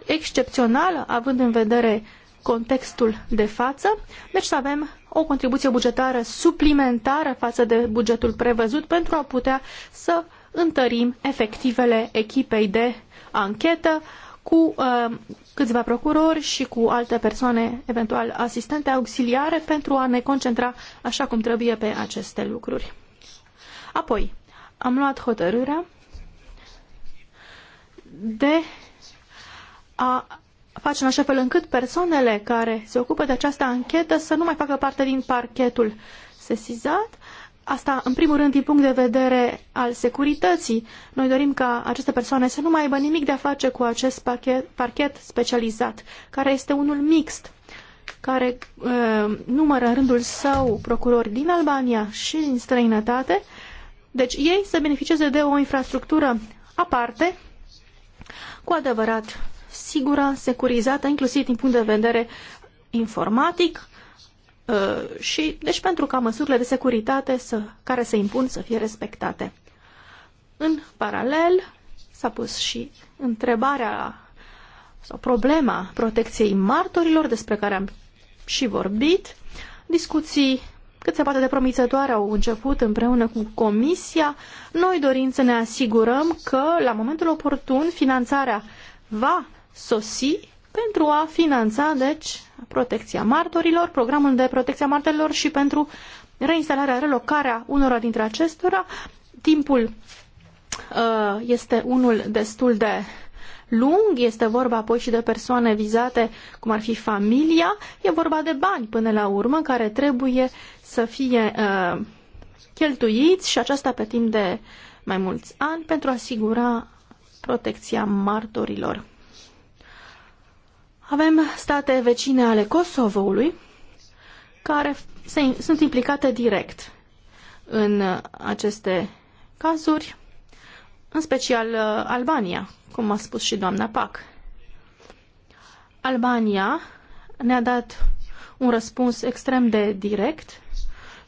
excepțională, având în vedere contextul de față, deci să avem o contribuție bugetară suplimentară față de bugetul prevăzut pentru a putea să întărim efectivele echipei de anchetă cu uh, câțiva procurori și cu alte persoane, eventual asistente auxiliare, pentru a ne concentra așa cum trebuie pe aceste lucruri. Apoi, am luat hotărârea de a face în așa fel încât persoanele care se ocupă de această anchetă să nu mai facă parte din parchetul sesizat. Asta, în primul rând, din punct de vedere al securității. Noi dorim ca aceste persoane să nu mai aibă nimic de a face cu acest parchet, parchet specializat, care este unul mixt, care uh, numără în rândul său procurori din Albania și din străinătate deci ei să beneficieze de o infrastructură aparte, cu adevărat sigură, securizată, inclusiv din punct de vedere informatic ă, și deci pentru ca măsurile de securitate să, care se impun să fie respectate. În paralel s-a pus și întrebarea sau problema protecției martorilor despre care am și vorbit, discuții cât se poate de promițătoare au început împreună cu Comisia. Noi dorim să ne asigurăm că, la momentul oportun, finanțarea va sosi pentru a finanța, deci, protecția martorilor, programul de protecție a martorilor și pentru reinstalarea, relocarea unora dintre acestora. Timpul uh, este unul destul de lung, este vorba apoi și de persoane vizate, cum ar fi familia, e vorba de bani până la urmă, care trebuie să fie uh, cheltuiți și aceasta pe timp de mai mulți ani pentru a asigura protecția martorilor. Avem state vecine ale Kosovoului care se, sunt implicate direct în aceste cazuri, în special uh, Albania, cum a spus și doamna Pac. Albania ne-a dat un răspuns extrem de direct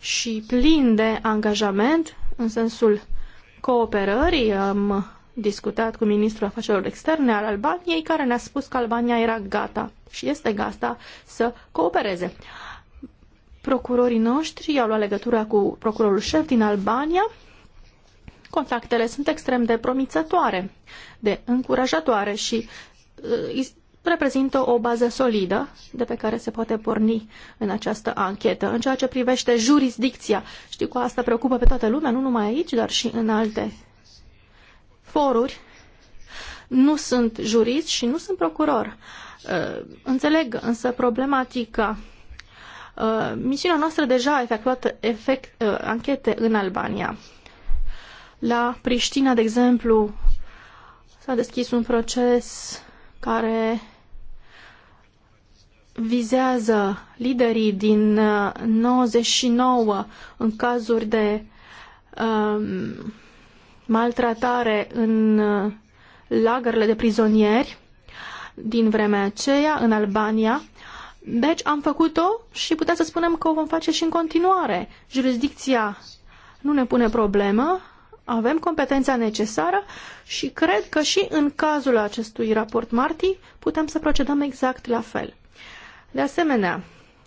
și plin de angajament în sensul cooperării. Am discutat cu ministrul afacerilor externe al Albaniei, care ne-a spus că Albania era gata și este gata să coopereze. Procurorii noștri au luat legătura cu procurorul șef din Albania. Contactele sunt extrem de promițătoare, de încurajatoare și uh, reprezintă o bază solidă de pe care se poate porni în această anchetă. În ceea ce privește jurisdicția, știu că asta preocupă pe toată lumea, nu numai aici, dar și în alte foruri. Nu sunt jurist și nu sunt procuror. Uh, înțeleg însă problematica. Uh, misiunea noastră deja a efectuat efect, uh, anchete în Albania. La Priștina, de exemplu, s-a deschis un proces care vizează liderii din 99 uh, în cazuri de um, maltratare în uh, lagările de prizonieri din vremea aceea, în Albania. Deci am făcut-o și putem să spunem că o vom face și în continuare. Jurisdicția nu ne pune problemă, avem competența necesară și cred că și în cazul acestui raport Marti putem să procedăm exact la fel. De asemenea,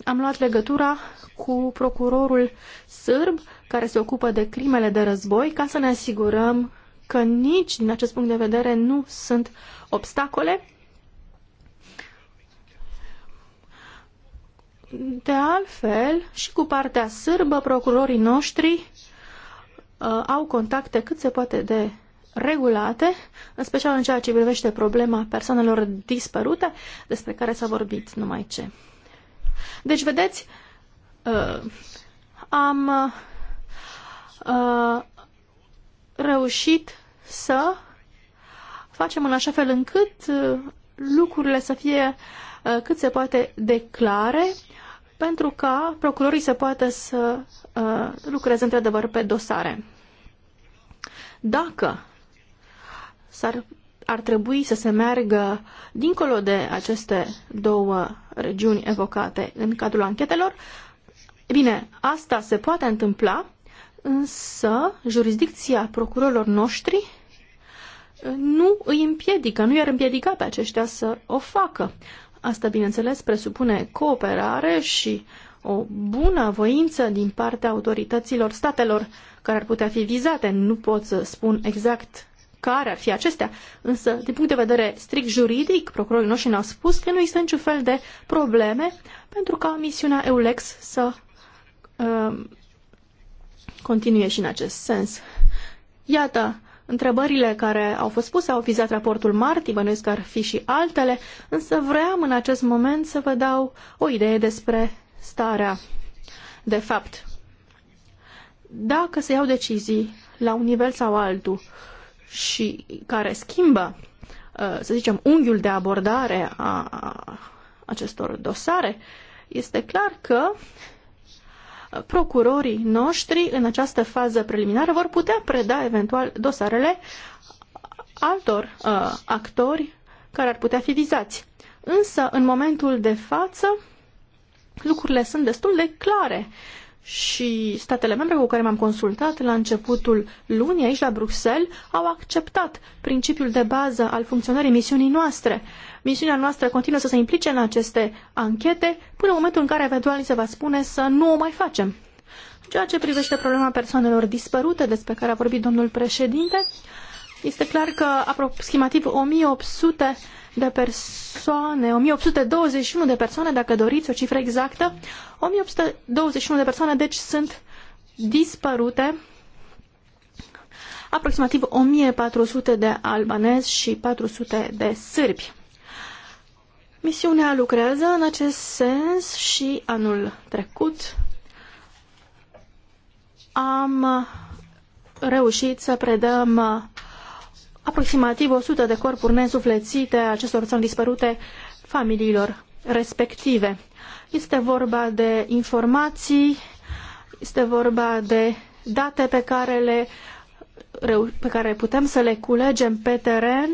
am luat legătura cu procurorul sârb care se ocupă de crimele de război ca să ne asigurăm că nici din acest punct de vedere nu sunt obstacole. De altfel, și cu partea sârbă, procurorii noștri uh, au contacte cât se poate de regulate, în special în ceea ce privește problema persoanelor dispărute, despre care s-a vorbit numai ce. Deci, vedeți, uh, am uh, reușit să facem în așa fel încât uh, lucrurile să fie uh, cât se poate de clare, pentru ca procurorii să poată să uh, lucreze într-adevăr pe dosare. Dacă s-ar, ar trebui să se meargă dincolo de aceste două regiuni evocate în cadrul anchetelor. E bine, asta se poate întâmpla, însă jurisdicția procurorilor noștri nu îi împiedică, nu i-ar împiedica pe aceștia să o facă. Asta, bineînțeles, presupune cooperare și o bună voință din partea autorităților statelor care ar putea fi vizate. Nu pot să spun exact care ar fi acestea. Însă, din punct de vedere strict juridic, procurorii noștri ne-au spus că nu există niciun fel de probleme pentru ca misiunea EULEX să um, continue și în acest sens. Iată, întrebările care au fost puse au vizat raportul Marti, bănuiesc că ar fi și altele, însă vreau în acest moment să vă dau o idee despre starea de fapt. Dacă se iau decizii la un nivel sau altul, și care schimbă, uh, să zicem, unghiul de abordare a acestor dosare, este clar că uh, procurorii noștri în această fază preliminară vor putea preda eventual dosarele altor uh, actori care ar putea fi vizați. Însă, în momentul de față, lucrurile sunt destul de clare și statele membre cu care m-am consultat la începutul lunii aici la Bruxelles au acceptat principiul de bază al funcționării misiunii noastre. Misiunea noastră continuă să se implice în aceste anchete până în momentul în care eventual se va spune să nu o mai facem. În ceea ce privește problema persoanelor dispărute despre care a vorbit domnul președinte, este clar că aproximativ 1800 de persoane, 1821 de persoane, dacă doriți o cifră exactă, 1821 de persoane, deci sunt dispărute aproximativ 1400 de albanezi și 400 de sârbi. Misiunea lucrează în acest sens și anul trecut am reușit să predăm aproximativ 100 de corpuri nesuflețite acestor țări dispărute familiilor respective. Este vorba de informații, este vorba de date pe care, le, pe care putem să le culegem pe teren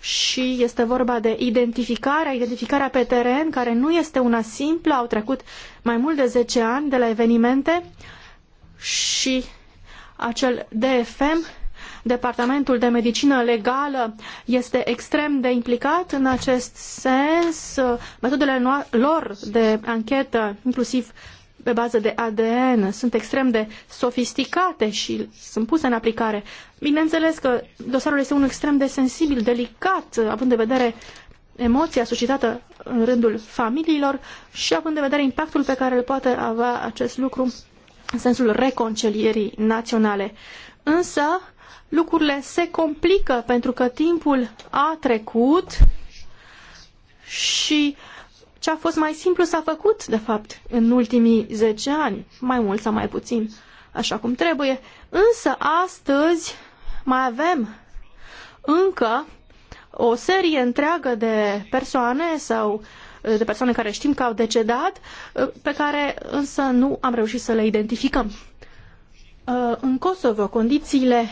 și este vorba de identificarea, identificarea pe teren, care nu este una simplă, au trecut mai mult de zece ani de la evenimente și acel DFM Departamentul de Medicină Legală este extrem de implicat în acest sens. Metodele lor de anchetă, inclusiv pe bază de ADN, sunt extrem de sofisticate și sunt puse în aplicare. Bineînțeles că dosarul este unul extrem de sensibil, delicat, având de vedere emoția suscitată în rândul familiilor și având în vedere impactul pe care îl poate avea acest lucru în sensul reconcilierii naționale. Însă, lucrurile se complică pentru că timpul a trecut și ce a fost mai simplu s-a făcut, de fapt, în ultimii zece ani, mai mult sau mai puțin, așa cum trebuie. Însă astăzi mai avem încă o serie întreagă de persoane sau de persoane care știm că au decedat, pe care însă nu am reușit să le identificăm. În Kosovo, condițiile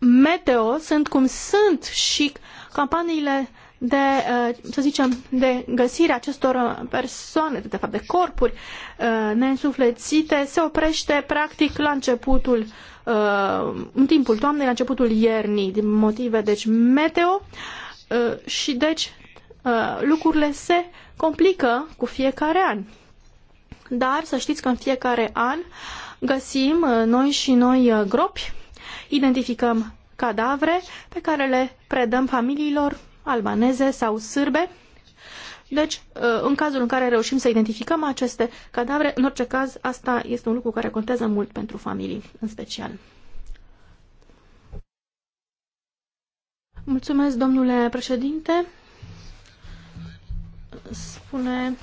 meteo sunt cum sunt și campaniile de, uh, să zicem, de găsire acestor uh, persoane, de fapt de corpuri uh, neînsuflețite, se oprește practic la începutul, în timpul toamnei, la începutul iernii, din motive, deci, meteo și, deci, lucrurile se complică cu fiecare an. Dar să știți că în fiecare an găsim noi și noi gropi identificăm cadavre pe care le predăm familiilor albaneze sau sârbe. Deci, uh, în cazul în care reușim să identificăm aceste cadavre, în orice caz, asta este un lucru care contează mult pentru familii, în special. Mulțumesc, domnule președinte. Spune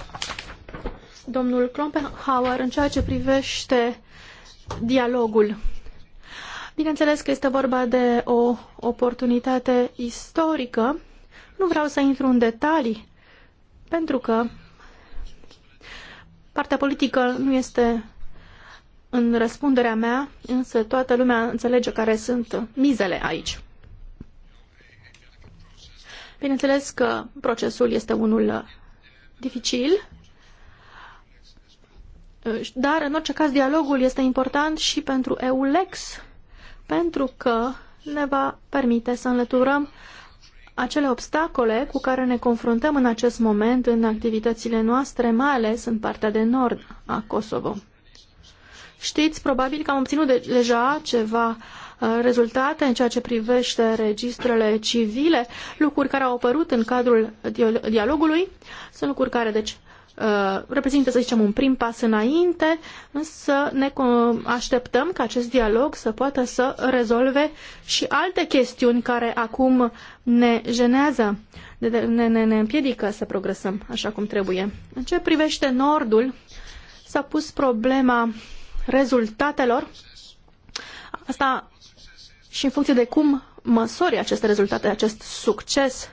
domnul Klompenhauer în ceea ce privește dialogul Bineînțeles că este vorba de o oportunitate istorică. Nu vreau să intru în detalii, pentru că partea politică nu este în răspunderea mea, însă toată lumea înțelege care sunt mizele aici. Bineînțeles că procesul este unul dificil, dar, în orice caz, dialogul este important și pentru EULEX, pentru că ne va permite să înlăturăm acele obstacole cu care ne confruntăm în acest moment în activitățile noastre, mai ales în partea de nord a Kosovo. Știți, probabil că am obținut de deja ceva uh, rezultate în ceea ce privește registrele civile, lucruri care au apărut în cadrul dialogului, sunt lucruri care, deci, Uh, reprezintă, să zicem, un prim pas înainte, însă ne așteptăm ca acest dialog să poată să rezolve și alte chestiuni care acum ne jenează, ne, ne, ne împiedică să progresăm așa cum trebuie. În ce privește Nordul, s-a pus problema rezultatelor. Asta și în funcție de cum măsori aceste rezultate, acest succes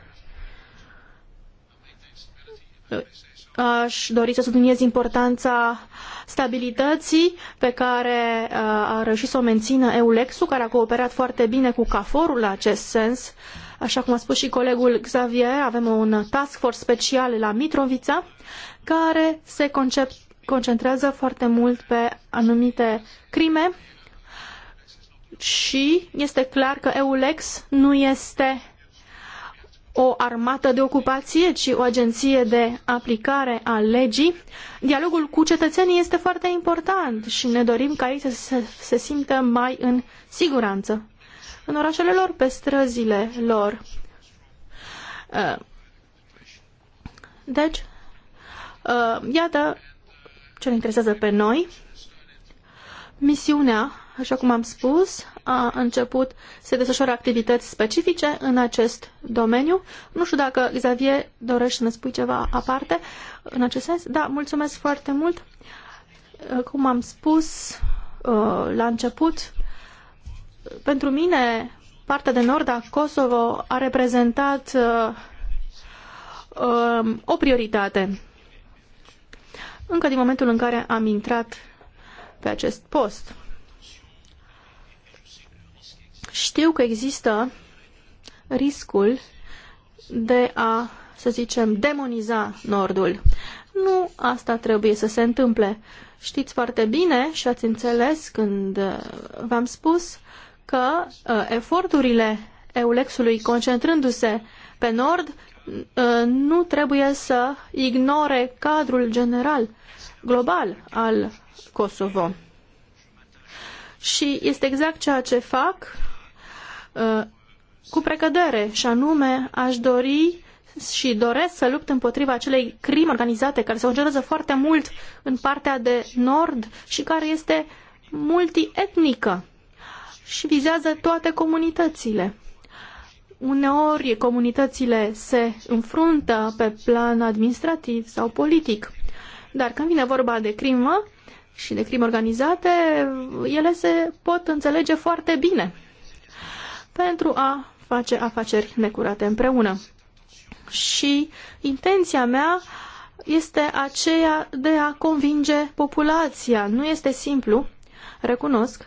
Aș dori să subliniez importanța stabilității pe care uh, a reușit să o mențină Eulexul, care a cooperat foarte bine cu Caforul la acest sens. Așa cum a spus și colegul Xavier, avem un task force special la Mitrovița, care se concentrează foarte mult pe anumite crime și este clar că Eulex nu este o armată de ocupație, ci o agenție de aplicare a legii. Dialogul cu cetățenii este foarte important și ne dorim ca ei să se, se simtă mai în siguranță în orașele lor, pe străzile lor. Uh, deci, uh, iată ce ne interesează pe noi. Misiunea așa cum am spus, a început să desfășoare activități specifice în acest domeniu. Nu știu dacă Xavier dorește să ne spui ceva aparte în acest sens. Da, mulțumesc foarte mult. Cum am spus uh, la început, pentru mine partea de nord a Kosovo a reprezentat uh, um, o prioritate încă din momentul în care am intrat pe acest post. Știu că există riscul de a, să zicem, demoniza Nordul. Nu asta trebuie să se întâmple. Știți foarte bine și ați înțeles când uh, v-am spus că uh, eforturile Eulexului concentrându-se pe Nord uh, nu trebuie să ignore cadrul general global al Kosovo. Și este exact ceea ce fac Uh, cu precădere și anume aș dori și doresc să lupt împotriva acelei crime organizate care se concentrează foarte mult în partea de nord și care este multietnică și vizează toate comunitățile. Uneori comunitățile se înfruntă pe plan administrativ sau politic, dar când vine vorba de crimă și de crime organizate, ele se pot înțelege foarte bine pentru a face afaceri necurate împreună. Și intenția mea este aceea de a convinge populația. Nu este simplu, recunosc,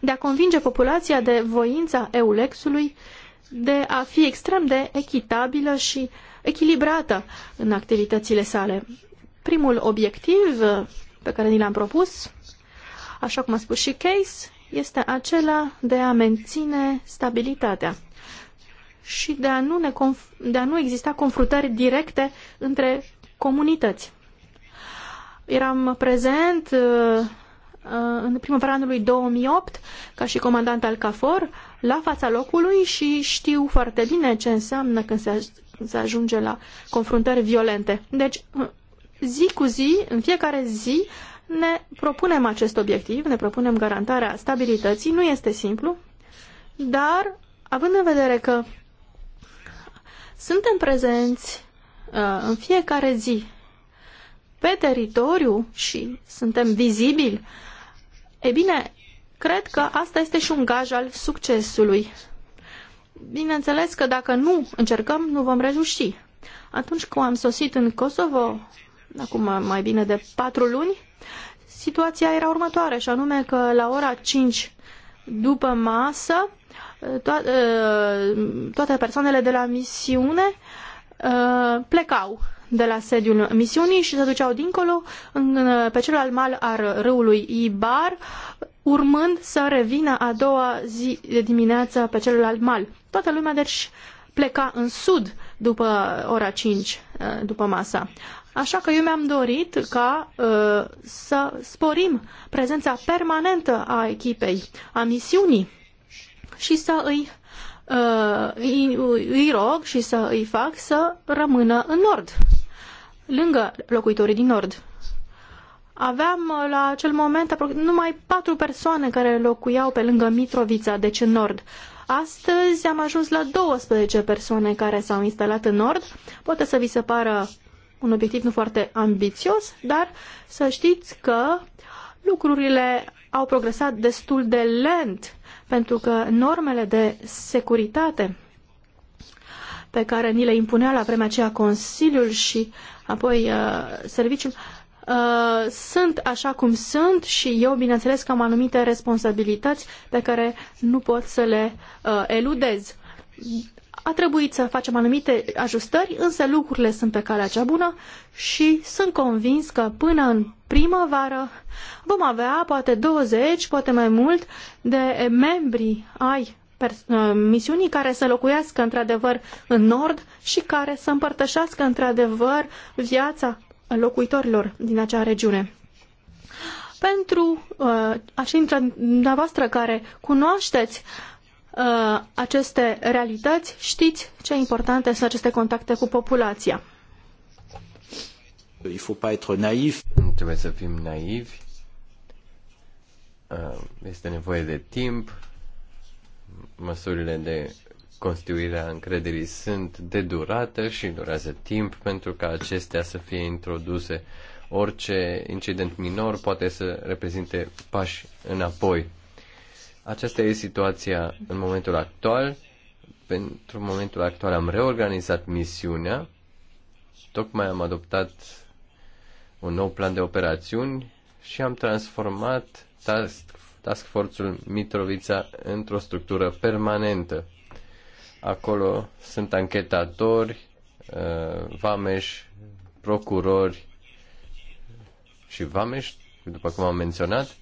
de a convinge populația de voința Eulexului de a fi extrem de echitabilă și echilibrată în activitățile sale. Primul obiectiv pe care ni l-am propus, așa cum a spus și Case, este acela de a menține stabilitatea și de a nu, ne conf- de a nu exista confruntări directe între comunități. Eram prezent uh, uh, în primăvara anului 2008 ca și comandant al CAFOR la fața locului și știu foarte bine ce înseamnă când se ajunge la confruntări violente. Deci, uh, zi cu zi, în fiecare zi, ne propunem acest obiectiv, ne propunem garantarea stabilității, nu este simplu, dar având în vedere că suntem prezenți uh, în fiecare zi pe teritoriu și suntem vizibili, e bine, cred că asta este și un gaj al succesului. Bineînțeles că dacă nu încercăm, nu vom reuși. Atunci când am sosit în Kosovo, acum mai bine de patru luni, Situația era următoare și anume că la ora 5 după masă to- ă, toate persoanele de la misiune ă, plecau de la sediul misiunii și se duceau dincolo în, pe celălalt mal al râului Ibar, urmând să revină a doua zi de dimineață pe celălalt mal. Toată lumea, deci, pleca în sud după ora 5, ă, după masa. Așa că eu mi-am dorit ca uh, să sporim prezența permanentă a echipei, a misiunii și să îi, uh, îi, îi rog și să îi fac să rămână în nord, lângă locuitorii din nord. Aveam uh, la acel moment numai patru persoane care locuiau pe lângă Mitrovița, deci în nord. Astăzi am ajuns la 12 persoane care s-au instalat în nord. Poate să vi se pară un obiectiv nu foarte ambițios, dar să știți că lucrurile au progresat destul de lent, pentru că normele de securitate pe care ni le impunea la vremea aceea Consiliul și apoi uh, Serviciul, uh, sunt așa cum sunt și eu, bineînțeles, că am anumite responsabilități pe care nu pot să le uh, eludez a trebuit să facem anumite ajustări, însă lucrurile sunt pe calea cea bună și sunt convins că până în primăvară vom avea poate 20, poate mai mult, de membri ai uh, misiunii care să locuiască într-adevăr în nord și care să împărtășească într-adevăr viața locuitorilor din acea regiune. Pentru uh, acei dintre dumneavoastră care cunoașteți Uh, aceste realități, știți ce importante sunt aceste contacte cu populația. Il faut pas être naïf. Nu trebuie să fim naivi. Uh, este nevoie de timp. Măsurile de constituire a încrederii sunt de durată și durează timp pentru ca acestea să fie introduse. Orice incident minor poate să reprezinte pași înapoi aceasta e situația în momentul actual. Pentru momentul actual am reorganizat misiunea. Tocmai am adoptat un nou plan de operațiuni și am transformat task, task force-ul Mitrovița într-o structură permanentă. Acolo sunt anchetatori, uh, vameși, procurori și vameși, după cum am menționat,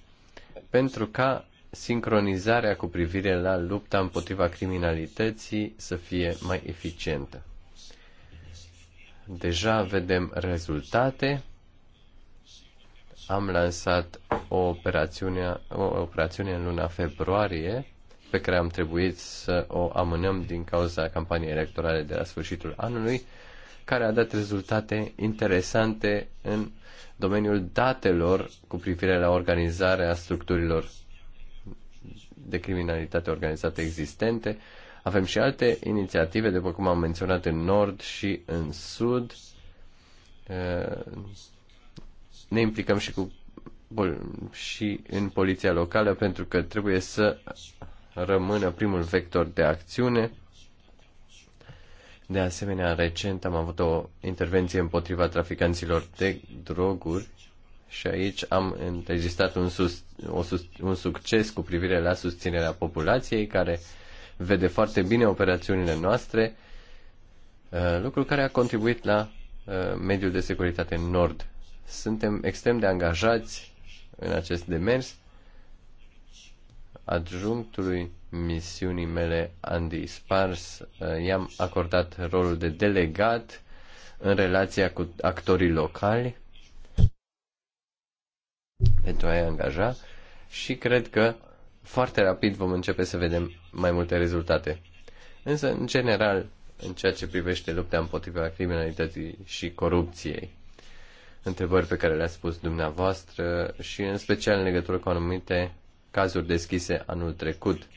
pentru ca sincronizarea cu privire la lupta împotriva criminalității să fie mai eficientă. Deja vedem rezultate. Am lansat o operațiune, o operațiune în luna februarie pe care am trebuit să o amânăm din cauza campaniei electorale de la sfârșitul anului, care a dat rezultate interesante în domeniul datelor cu privire la organizarea structurilor de criminalitate organizată existente. Avem și alte inițiative, după cum am menționat, în nord și în sud. Ne implicăm și, cu, și în poliția locală pentru că trebuie să rămână primul vector de acțiune. De asemenea, recent am avut o intervenție împotriva traficanților de droguri și aici am înregistrat un, sus, o, un succes cu privire la susținerea populației care vede foarte bine operațiunile noastre, uh, lucru care a contribuit la uh, mediul de securitate în Nord. Suntem extrem de angajați în acest demers. Adjunctului misiunii mele, Andy Spars, uh, i-am acordat rolul de delegat în relația cu actorii locali pentru a-i angaja și cred că foarte rapid vom începe să vedem mai multe rezultate. Însă, în general, în ceea ce privește lupta împotriva criminalității și corupției, întrebări pe care le-ați spus dumneavoastră și în special în legătură cu anumite cazuri deschise anul trecut.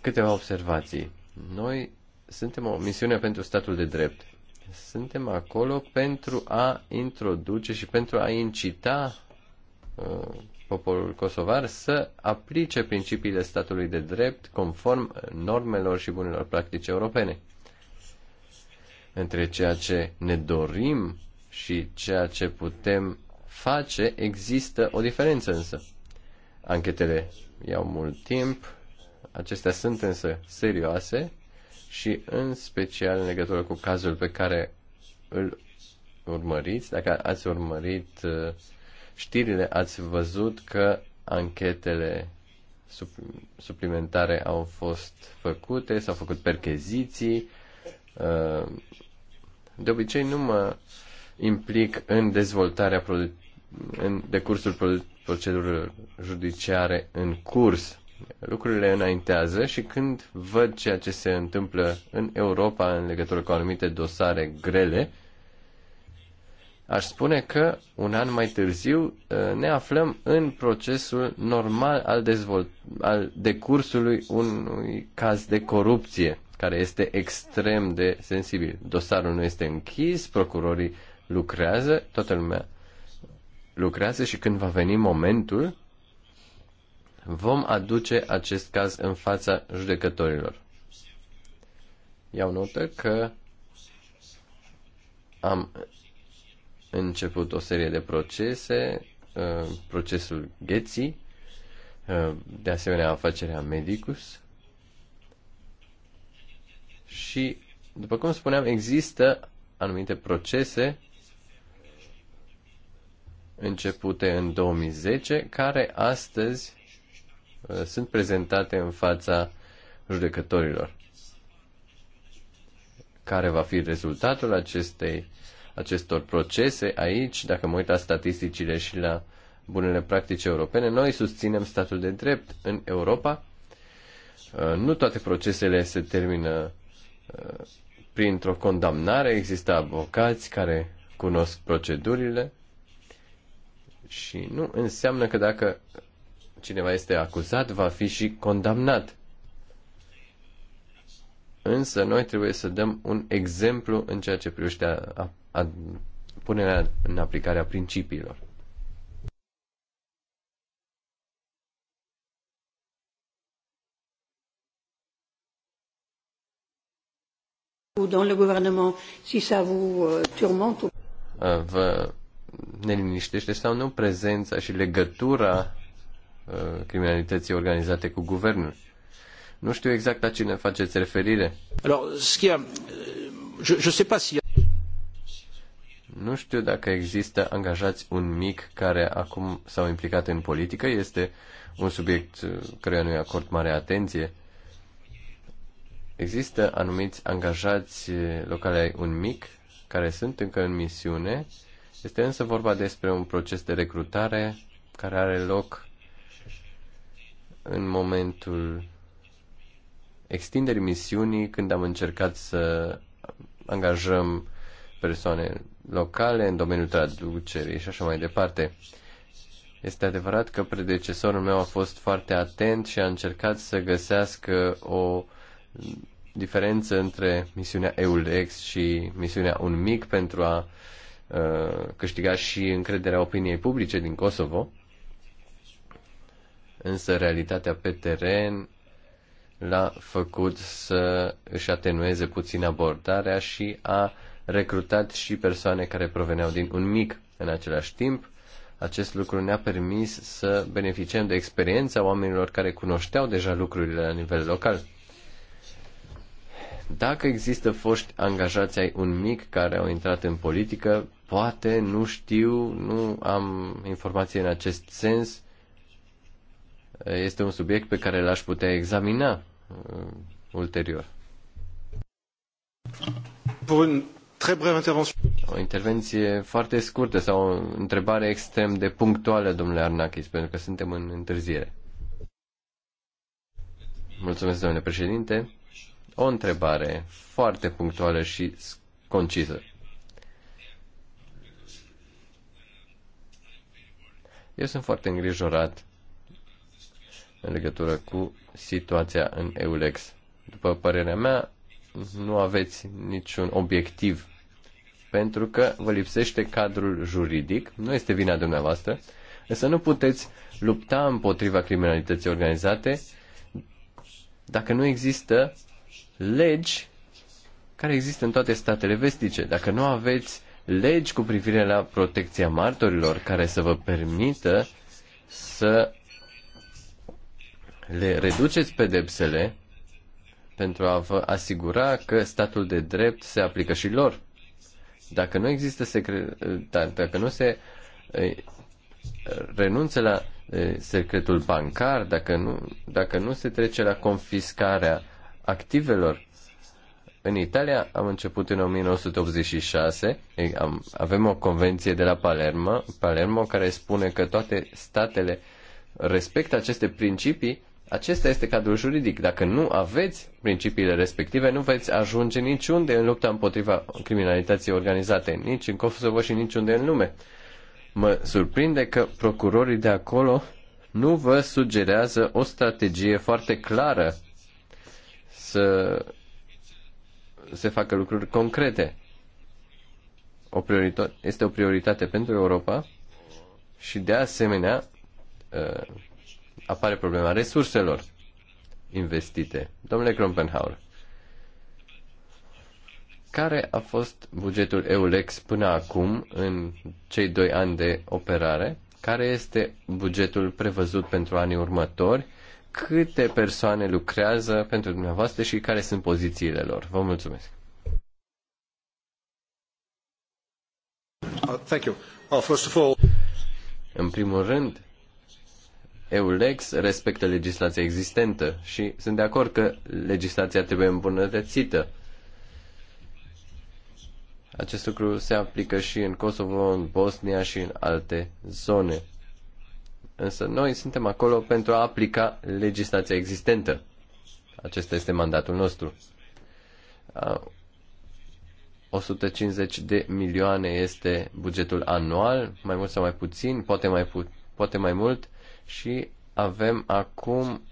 Câteva observații. Noi suntem o misiune pentru statul de drept suntem acolo pentru a introduce și pentru a incita uh, poporul kosovar să aplice principiile statului de drept conform normelor și bunelor practici europene. Între ceea ce ne dorim și ceea ce putem face, există o diferență însă. Anchetele iau mult timp, acestea sunt însă serioase și în special în legătură cu cazul pe care îl urmăriți. Dacă ați urmărit uh, știrile, ați văzut că anchetele suplimentare au fost făcute, s-au făcut percheziții. Uh, de obicei nu mă implic în dezvoltarea în decursul procedurilor judiciare în curs lucrurile înaintează și când văd ceea ce se întâmplă în Europa în legătură cu anumite dosare grele, aș spune că un an mai târziu uh, ne aflăm în procesul normal al, dezvolt- al decursului unui caz de corupție care este extrem de sensibil. Dosarul nu este închis, procurorii lucrează, toată lumea lucrează și când va veni momentul, vom aduce acest caz în fața judecătorilor. Iau notă că am început o serie de procese, uh, procesul Gheții, uh, de asemenea afacerea Medicus și, după cum spuneam, există anumite procese începute în 2010, care astăzi Uh, sunt prezentate în fața judecătorilor. Care va fi rezultatul acestei, acestor procese aici? Dacă mă uit la statisticile și la bunele practici europene, noi susținem statul de drept în Europa. Uh, nu toate procesele se termină uh, printr-o condamnare. Există avocați care cunosc procedurile și nu înseamnă că dacă cineva este acuzat, va fi și condamnat. Însă noi trebuie să dăm un exemplu în ceea ce privește a, a, a, punerea în aplicare a principiilor. dans le gouvernement, si ça vous euh, tourmente. Vă neliniștește sau nu prezența și legătura Uh, criminalității organizate cu guvernul. Nu știu exact la cine faceți referire. Alors, ce euh, je, je sais pas si... Nu știu dacă există angajați un mic care acum s-au implicat în politică. Este un subiect uh, care nu-i acord mare atenție. Există anumiți angajați uh, locale ai un mic care sunt încă în misiune. Este însă vorba despre un proces de recrutare care are loc în momentul extinderii misiunii, când am încercat să angajăm persoane locale în domeniul traducerii și așa mai departe. Este adevărat că predecesorul meu a fost foarte atent și a încercat să găsească o diferență între misiunea EULEX și misiunea Un Mic pentru a uh, câștiga și încrederea opiniei publice din Kosovo însă realitatea pe teren l-a făcut să își atenueze puțin abordarea și a recrutat și persoane care proveneau din un mic în același timp. Acest lucru ne-a permis să beneficiem de experiența oamenilor care cunoșteau deja lucrurile la nivel local. Dacă există foști angajați ai un mic care au intrat în politică, poate nu știu, nu am informații în acest sens, este un subiect pe care l-aș putea examina uh, ulterior. O intervenție foarte scurtă sau o întrebare extrem de punctuală, domnule Arnachis, pentru că suntem în întârziere. Mulțumesc, domnule președinte. O întrebare foarte punctuală și concisă. Eu sunt foarte îngrijorat în legătură cu situația în Eulex. După părerea mea, nu aveți niciun obiectiv pentru că vă lipsește cadrul juridic, nu este vina dumneavoastră, însă nu puteți lupta împotriva criminalității organizate dacă nu există legi care există în toate statele vestice. Dacă nu aveți legi cu privire la protecția martorilor care să vă permită să le reduceți pedepsele pentru a vă asigura că statul de drept se aplică și lor. Dacă nu există secret, da, dacă nu se renunță la secretul bancar, dacă nu, dacă nu se trece la confiscarea activelor, în Italia am început în 1986, avem o convenție de la Palermo, Palermo care spune că toate statele respectă aceste principii acesta este cadrul juridic. Dacă nu aveți principiile respective, nu veți ajunge niciunde în lupta împotriva criminalității organizate, nici în Kosovo și niciunde în lume. Mă surprinde că procurorii de acolo nu vă sugerează o strategie foarte clară să se facă lucruri concrete. O este o prioritate pentru Europa și, de asemenea, uh, apare problema resurselor investite. Domnule Kronpenhauer, care a fost bugetul EULEX până acum, în cei doi ani de operare? Care este bugetul prevăzut pentru anii următori? Câte persoane lucrează pentru dumneavoastră și care sunt pozițiile lor? Vă mulțumesc! Uh, thank you. first of all... În primul rând, EULEX respectă legislația existentă și sunt de acord că legislația trebuie îmbunătățită. Acest lucru se aplică și în Kosovo, în Bosnia și în alte zone. Însă noi suntem acolo pentru a aplica legislația existentă. Acesta este mandatul nostru. 150 de milioane este bugetul anual, mai mult sau mai puțin, poate mai, pu- poate mai mult și avem acum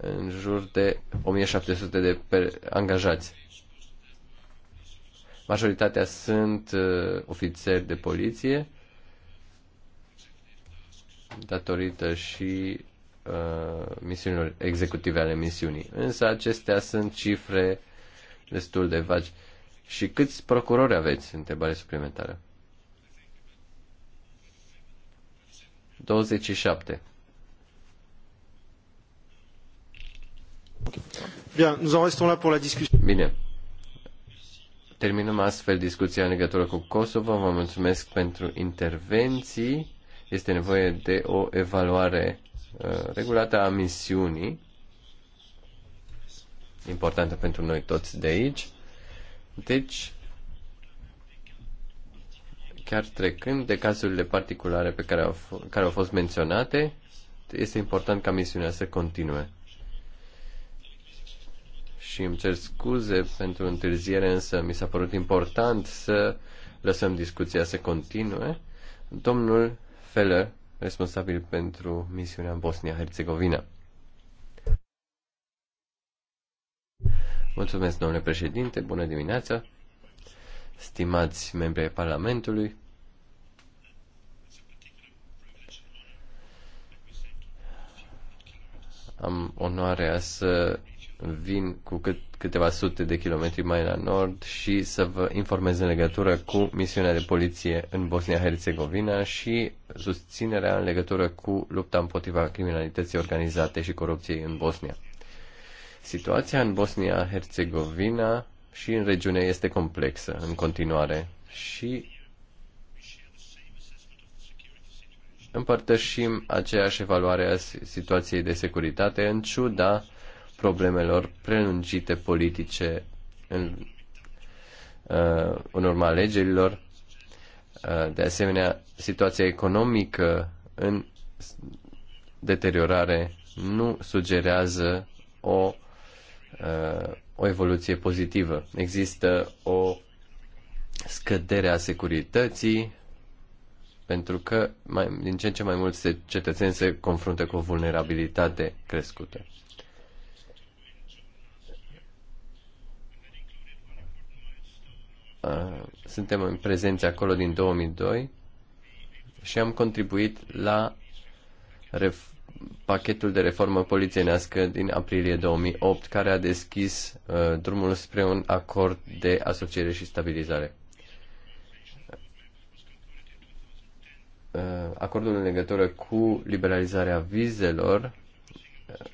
în jur de 1700 de angajați. Majoritatea sunt uh, ofițeri de poliție datorită și uh, misiunilor executive ale misiunii. Însă acestea sunt cifre destul de vagi. Și câți procurori aveți? Întrebare suplimentară. 27. Bine, nous en restons là pour la discussion. Bine. Terminăm astfel discuția în legătură cu Kosovo. Vă mulțumesc pentru intervenții. Este nevoie de o evaluare uh, regulată a misiunii, importantă pentru noi toți de aici. Deci, chiar trecând de cazurile particulare pe care au, care au fost menționate, este important ca misiunea să continue. Și îmi cer scuze pentru întârziere, însă mi s-a părut important să lăsăm discuția să continue. Domnul Feller, responsabil pentru misiunea în Bosnia-Herzegovina. Mulțumesc, domnule președinte, bună dimineața, stimați membri ai Parlamentului. Am onoarea să vin cu cât, câteva sute de kilometri mai la nord și să vă informez în legătură cu misiunea de poliție în Bosnia-Herzegovina și susținerea în legătură cu lupta împotriva criminalității organizate și corupției în Bosnia. Situația în Bosnia-Herzegovina și în regiune este complexă în continuare și împărtășim aceeași evaluare a situației de securitate în ciuda problemelor prelungite politice în, uh, în urma alegerilor. Uh, de asemenea, situația economică în deteriorare nu sugerează o, uh, o evoluție pozitivă. Există o scădere a securității, pentru că mai, din ce în ce mai mulți cetățeni se confruntă cu o vulnerabilitate crescută. Suntem în prezență acolo din 2002 și am contribuit la ref- pachetul de reformă polițienească din aprilie 2008, care a deschis uh, drumul spre un acord de asociere și stabilizare. Uh, acordul în legătură cu liberalizarea vizelor uh,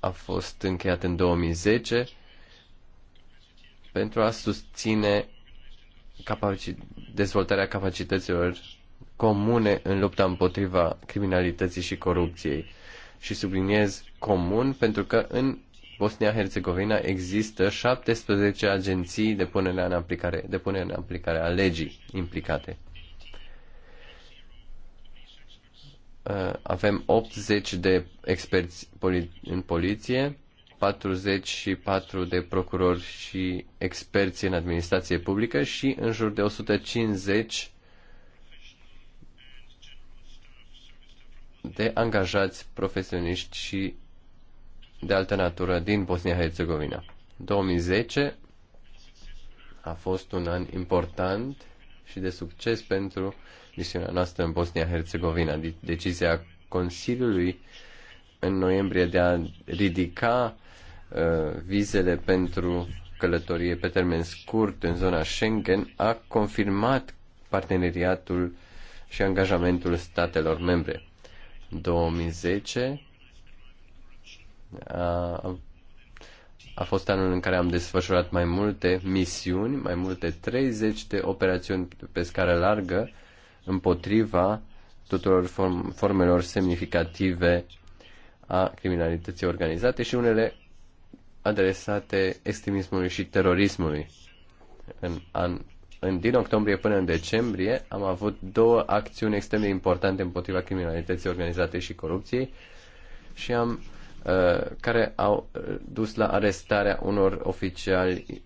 a fost încheiat în 2010 pentru a susține capaci- dezvoltarea capacităților comune în lupta împotriva criminalității și corupției. Și subliniez comun pentru că în Bosnia-Herzegovina există 17 agenții de punere în aplicare, de punere în aplicare a legii implicate. Uh, avem 80 de experți în poliție, 44 de procurori și experți în administrație publică și în jur de 150 de angajați profesioniști și de altă natură din Bosnia-Herzegovina. 2010 a fost un an important și de succes pentru misiunea noastră în Bosnia-Herzegovina. Decizia Consiliului în noiembrie de a ridica uh, vizele pentru călătorie pe termen scurt în zona Schengen a confirmat parteneriatul și angajamentul statelor membre. 2010 a, a fost anul în care am desfășurat mai multe misiuni, mai multe 30 de operațiuni pe scară largă împotriva tuturor form- formelor semnificative a criminalității organizate și unele adresate extremismului și terorismului. În, an, în din octombrie până în decembrie am avut două acțiuni extrem de importante împotriva criminalității organizate și corupției și am uh, care au uh, dus la arestarea unor oficiali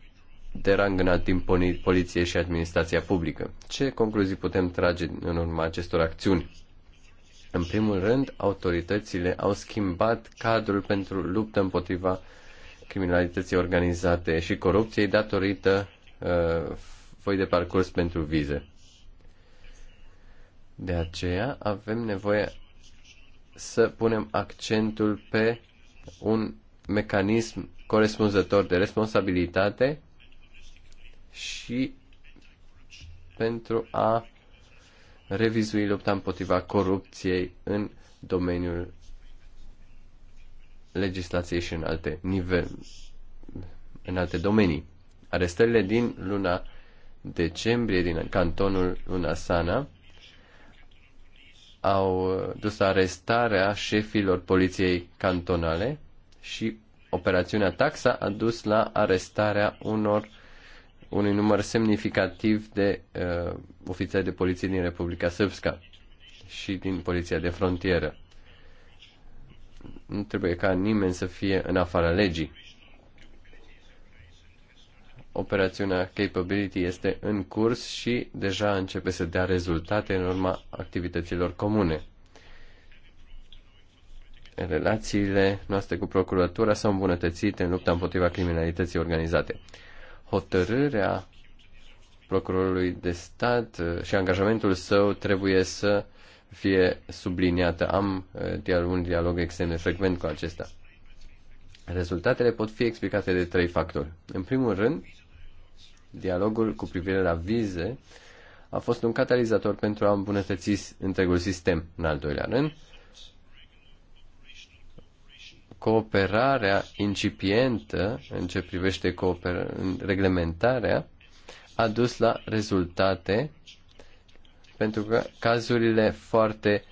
de rang înalt din poliție și administrația publică. Ce concluzii putem trage în urma acestor acțiuni? În primul rând, autoritățile au schimbat cadrul pentru luptă împotriva criminalității organizate și corupției datorită uh, foi de parcurs pentru vize. De aceea avem nevoie să punem accentul pe un mecanism corespunzător de responsabilitate și pentru a revizui lupta împotriva corupției în domeniul legislației și în alte nivel, în alte domenii. Arestările din luna decembrie din cantonul Sana au dus la arestarea șefilor poliției cantonale și operațiunea Taxa a dus la arestarea unor unui număr semnificativ de uh, ofițeri de poliție din Republica Srpska și din Poliția de Frontieră. Nu trebuie ca nimeni să fie în afara legii. Operațiunea Capability este în curs și deja începe să dea rezultate în urma activităților comune. Relațiile noastre cu procuratura s-au îmbunătățit în lupta împotriva criminalității organizate hotărârea procurorului de stat uh, și angajamentul său trebuie să fie subliniată. Am uh, un dialog extrem de frecvent cu acesta. Rezultatele pot fi explicate de trei factori. În primul rând, dialogul cu privire la vize a fost un catalizator pentru a îmbunătăți întregul sistem. În al doilea rând, cooperarea incipientă în ce privește cooper- reglementarea a dus la rezultate pentru că cazurile foarte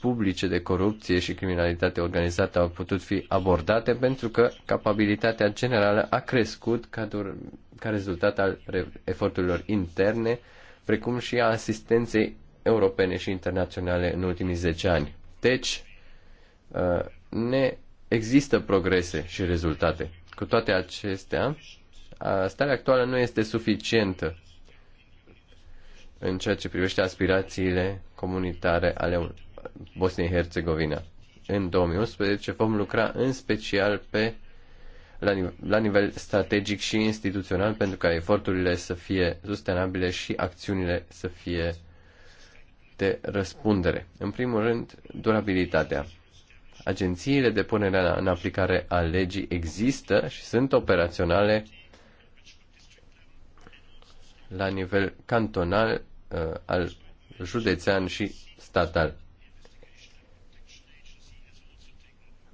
publice de corupție și criminalitate organizată au putut fi abordate pentru că capabilitatea generală a crescut ca, dur- ca rezultat al eforturilor interne, precum și a asistenței europene și internaționale în ultimii 10 ani. Deci, uh, ne există progrese și rezultate. Cu toate acestea, starea actuală nu este suficientă în ceea ce privește aspirațiile comunitare ale Bosniei-Herzegovina. În 2011 vom lucra în special pe la, nivel, la nivel strategic și instituțional pentru ca eforturile să fie sustenabile și acțiunile să fie de răspundere. În primul rând, durabilitatea agențiile de punere în aplicare a legii există și sunt operaționale la nivel cantonal, uh, al județean și statal.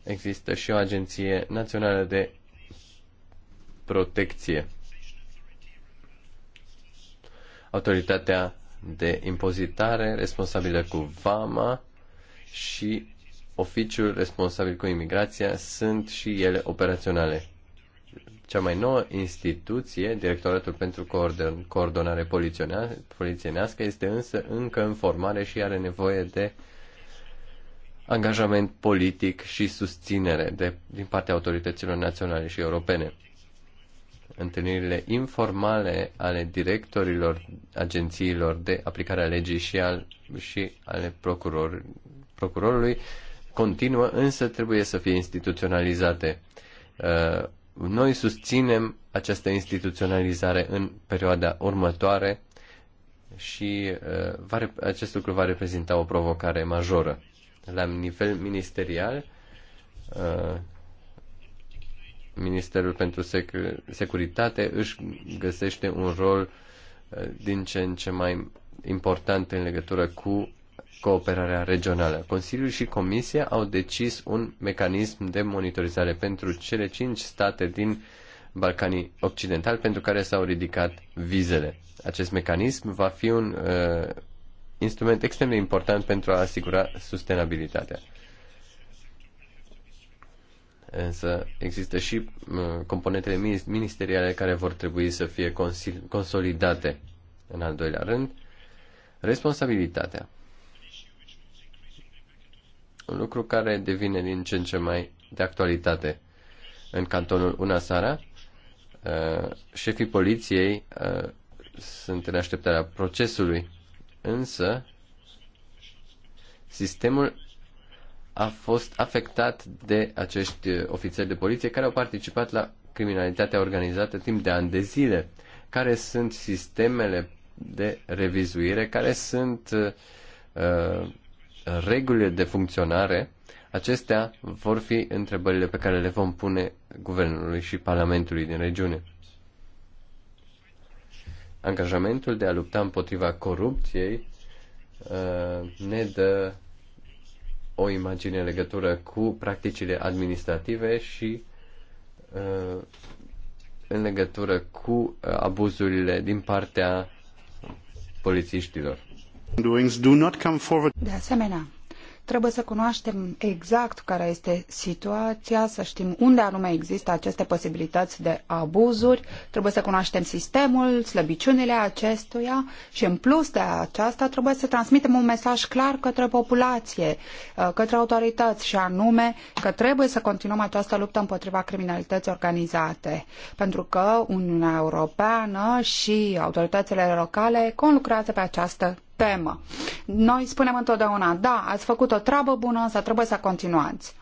Există și o agenție națională de protecție. Autoritatea de impozitare responsabilă cu VAMA și oficiul responsabil cu imigrația sunt și ele operaționale. Cea mai nouă instituție, Directoratul pentru Coordonare Polițienească, este însă încă în formare și are nevoie de angajament politic și susținere de, din partea autorităților naționale și europene. Întâlnirile informale ale directorilor agențiilor de aplicare a legii și, al, și ale procuror, procurorului continuă, însă trebuie să fie instituționalizate. Uh, noi susținem această instituționalizare în perioada următoare și uh, va, acest lucru va reprezenta o provocare majoră. La nivel ministerial, uh, Ministerul pentru Securitate își găsește un rol din ce în ce mai important în legătură cu cooperarea regională. Consiliul și Comisia au decis un mecanism de monitorizare pentru cele cinci state din Balcanii Occidentali pentru care s-au ridicat vizele. Acest mecanism va fi un uh, instrument extrem de important pentru a asigura sustenabilitatea. Însă există și uh, componentele ministeriale care vor trebui să fie consolidate. În al doilea rând, responsabilitatea un lucru care devine din ce în ce mai de actualitate. În cantonul Unasara, uh, șefii poliției uh, sunt în așteptarea procesului, însă sistemul a fost afectat de acești uh, ofițeri de poliție care au participat la criminalitatea organizată timp de ani de zile. Care sunt sistemele de revizuire, care sunt uh, regulile de funcționare, acestea vor fi întrebările pe care le vom pune guvernului și parlamentului din regiune. Angajamentul de a lupta împotriva corupției uh, ne dă o imagine legătură cu practicile administrative și uh, în legătură cu uh, abuzurile din partea polițiștilor. De asemenea, trebuie să cunoaștem exact care este situația, să știm unde anume există aceste posibilități de abuzuri, trebuie să cunoaștem sistemul, slăbiciunile acestuia și în plus de aceasta trebuie să transmitem un mesaj clar către populație, uh, către autorități și anume că trebuie să continuăm această luptă împotriva criminalității organizate, pentru că Uniunea Europeană și autoritățile locale conlucrează pe această temă. Noi spunem întotdeauna, da, ați făcut o treabă bună, însă trebuie să continuați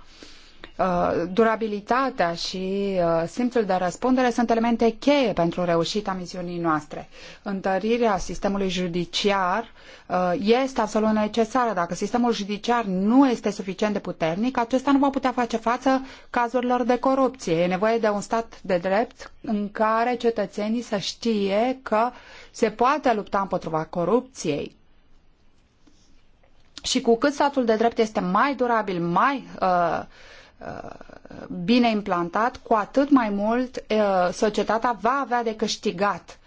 uh, durabilitatea și uh, simțul de răspundere sunt elemente cheie pentru reușita misiunii noastre. Întărirea sistemului judiciar uh, este absolut necesară. Dacă sistemul judiciar nu este suficient de puternic, acesta nu va putea face față cazurilor de corupție. E nevoie de un stat de drept în care cetățenii să știe că se poate lupta împotriva corupției și cu cât statul de drept este mai durabil, mai uh, uh, bine implantat, cu atât mai mult uh, societatea va avea de câștigat.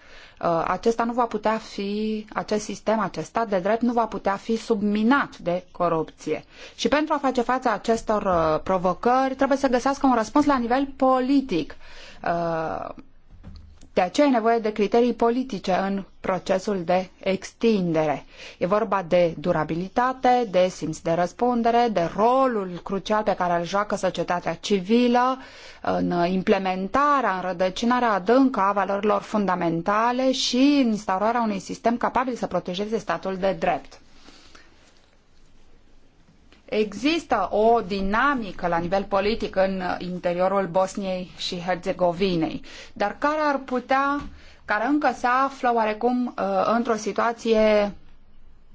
Uh, acesta nu va putea fi, acest sistem, acest stat de drept nu va putea fi subminat de corupție. Și pentru a face față acestor uh, provocări, trebuie să găsească un răspuns la nivel politic. Uh, de aceea e nevoie de criterii politice în procesul de extindere. E vorba de durabilitate, de simț de răspundere, de rolul crucial pe care îl joacă societatea civilă în implementarea, în rădăcinarea adâncă a valorilor fundamentale și în instaurarea unui sistem capabil să protejeze statul de drept. Există o dinamică la nivel politic în interiorul Bosniei și Herțegovinei, dar care ar putea, care încă se află oarecum uh, într-o situație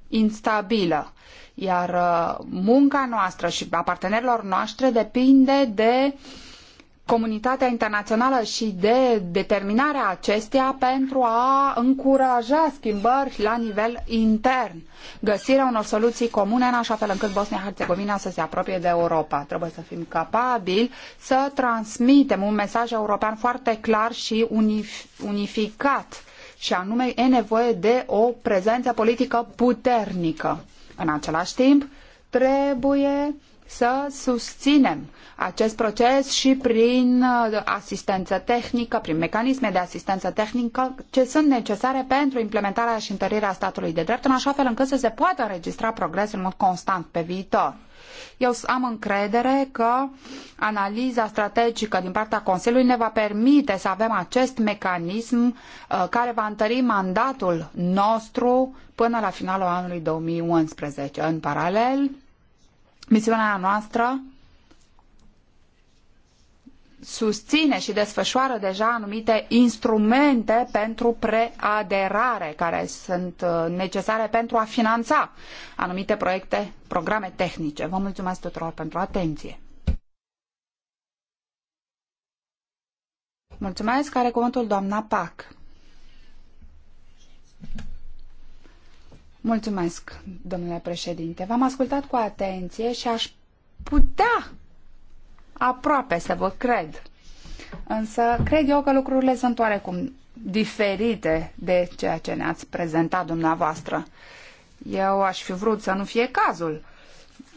instabilă. Iar uh, munca noastră și a partenerilor noastre depinde de uh, comunitatea internațională și de determinarea acesteia pentru a încuraja schimbări la nivel intern, găsirea unor soluții comune în așa fel încât Bosnia-Herzegovina să se apropie de Europa. Trebuie să fim capabili să transmitem un mesaj european foarte clar și unificat și anume e nevoie de o prezență politică puternică. În același timp, trebuie să susținem acest proces și prin uh, asistență tehnică, prin mecanisme de asistență tehnică ce sunt necesare pentru implementarea și întărirea statului de drept, în așa fel încât să se poată înregistra progres în mod constant pe viitor. Eu am încredere că analiza strategică din partea Consiliului ne va permite să avem acest mecanism uh, care va întări mandatul nostru până la finalul anului 2011. În paralel, Misiunea noastră susține și desfășoară deja anumite instrumente pentru preaderare care sunt uh, necesare pentru a finanța anumite proiecte, programe tehnice. Vă mulțumesc tuturor pentru atenție. Mulțumesc. Are cuvântul doamna Pac. Mulțumesc, domnule președinte. V-am ascultat cu atenție și aș putea aproape să vă cred. Însă cred eu că lucrurile sunt oarecum diferite de ceea ce ne-ați prezentat dumneavoastră. Eu aș fi vrut să nu fie cazul.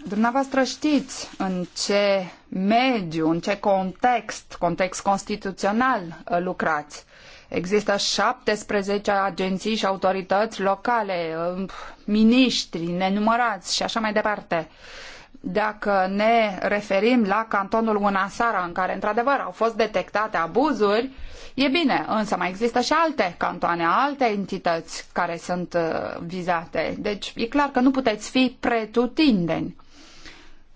Dumneavoastră știți în ce mediu, în ce context, context constituțional uh, lucrați. Există 17 agenții și autorități locale, uh, miniștri nenumărați și așa mai departe. Dacă ne referim la cantonul Unasara, în care într-adevăr au fost detectate abuzuri, e bine, însă mai există și alte cantoane, alte entități care sunt uh, vizate. Deci e clar că nu puteți fi pretutindeni.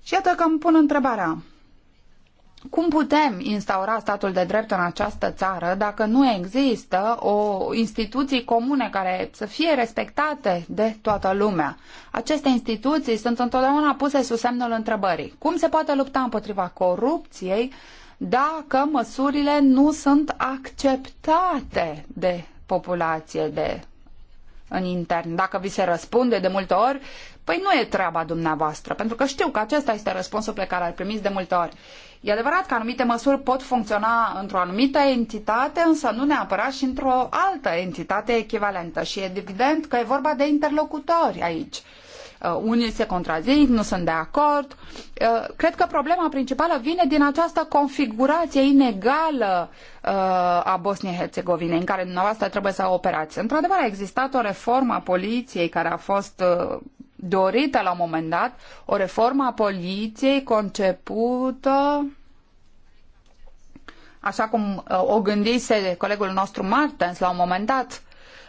Și iată că îmi pun întrebarea. Cum putem instaura statul de drept în această țară dacă nu există o instituții comune care să fie respectate de toată lumea? Aceste instituții sunt întotdeauna puse sub semnul întrebării. Cum se poate lupta împotriva corupției dacă măsurile nu sunt acceptate de populație, de în intern. Dacă vi se răspunde de multe ori, păi nu e treaba dumneavoastră, pentru că știu că acesta este răspunsul pe care îl primiți de multe ori. E adevărat că anumite măsuri pot funcționa într-o anumită entitate, însă nu neapărat și într-o altă entitate echivalentă. Și e evident că e vorba de interlocutori aici. Uh, unii se contrazic, nu sunt de acord. Uh, cred că problema principală vine din această configurație inegală uh, a Bosniei-Herzegovinei, în care dumneavoastră trebuie să operați. Într-adevăr, a existat o reformă a poliției care a fost uh, dorită la un moment dat o reformă a poliției concepută așa cum uh, o gândise colegul nostru Martens la un moment dat,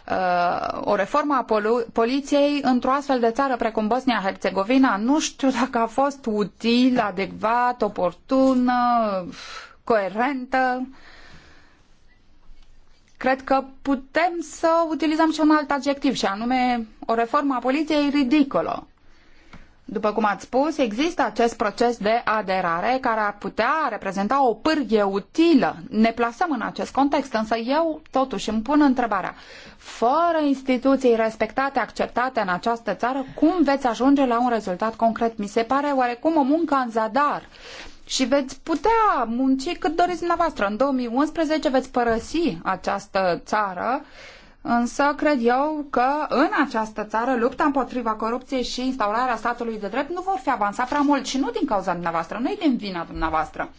uh, o reformă a poliției într-o astfel de țară precum Bosnia-Herzegovina, nu știu dacă a fost util, adecvat, oportună, coerentă. Uh, Cred că putem să utilizăm și un alt adjectiv, și anume o reformă a poliției ridicolă. După cum ați spus, există acest proces de aderare care ar putea reprezenta o pârghie utilă. Ne plasăm în acest context, însă eu totuși îmi pun întrebarea. Fără instituții respectate, acceptate în această țară, cum veți ajunge la un rezultat concret? Mi se pare oarecum o muncă în zadar și veți putea munci cât doriți dumneavoastră. În 2011 veți părăsi această țară, însă cred eu că în această țară lupta împotriva corupției și instaurarea statului de drept nu vor fi avansa prea mult și nu din cauza dumneavoastră, nu e din vina dumneavoastră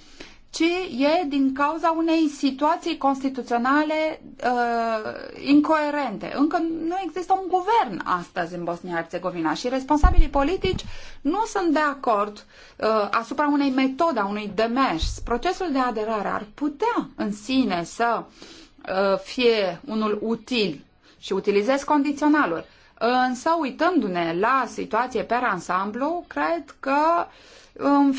ci e din cauza unei situații constituționale uh, incoerente. Încă nu există un guvern astăzi în Bosnia-Herzegovina și responsabilii politici nu sunt de acord uh, asupra unei metode, a unui demers. Procesul de aderare ar putea în sine să uh, fie unul util și utilizez condiționalul. Însă, uitându-ne la situație pe ansamblu, cred că uh, în,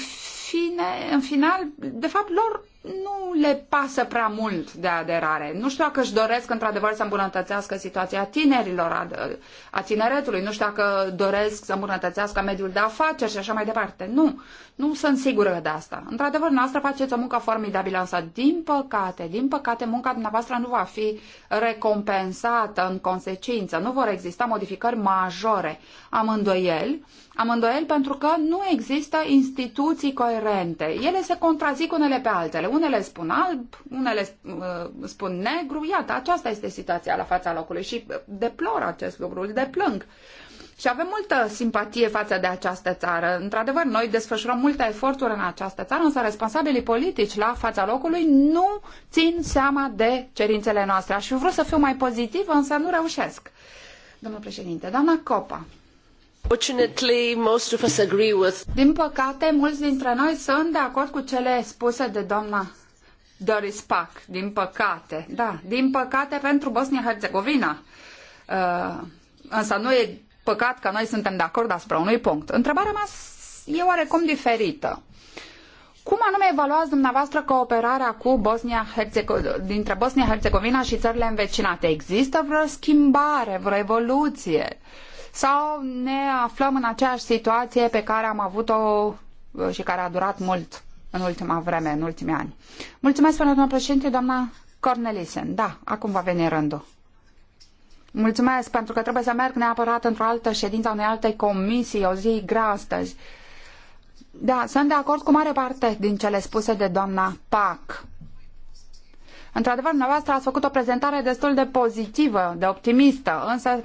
fine, în final, de fapt, lor nu le pasă prea mult de aderare. Nu știu dacă își doresc într-adevăr să îmbunătățească situația tinerilor, a, a tineretului, nu știu dacă doresc să îmbunătățească mediul de afaceri și așa mai departe. Nu, nu sunt sigură de asta. Într-adevăr, noastră faceți o muncă formidabilă, însă din păcate, din păcate, munca dumneavoastră nu va fi recompensată în consecință. Nu vor exista modificări majore. Am îndoieli am îndoiel pentru că nu există instituții coerente. Ele se contrazic unele pe altele. Unele spun alb, unele uh, spun negru. Iată, aceasta este situația la fața locului și deplor acest lucru, îl deplâng. Și avem multă simpatie față de această țară. Într-adevăr, noi desfășurăm multe eforturi în această țară, însă responsabilii politici la fața locului nu țin seama de cerințele noastre. Aș fi vrut să fiu mai pozitiv, însă nu reușesc. Domnul președinte, doamna Copa. Din păcate, mulți dintre noi sunt de acord cu cele spuse de doamna Doris Pack. Din păcate, da, din păcate pentru Bosnia-Herzegovina. Uh, însă nu e păcat că noi suntem de acord asupra unui punct. Întrebarea mea e oarecum diferită. Cum anume evaluați dumneavoastră cooperarea cu Bosnia dintre Bosnia-Herzegovina și țările învecinate? Există vreo schimbare, vreo evoluție? Uh, sau ne aflăm în aceeași situație pe care am avut-o uh, și care a durat mult în ultima vreme, în ultimii ani. Mulțumesc, până doamna președinte, doamna Cornelisen. Da, acum va veni rândul. Mulțumesc, pentru că trebuie să merg neapărat într-o altă ședință a unei alte comisii, o zi grea astăzi. Da, sunt de acord cu mare parte din cele spuse de doamna Pac. Într-adevăr, dumneavoastră ați făcut o prezentare destul de pozitivă, de optimistă, însă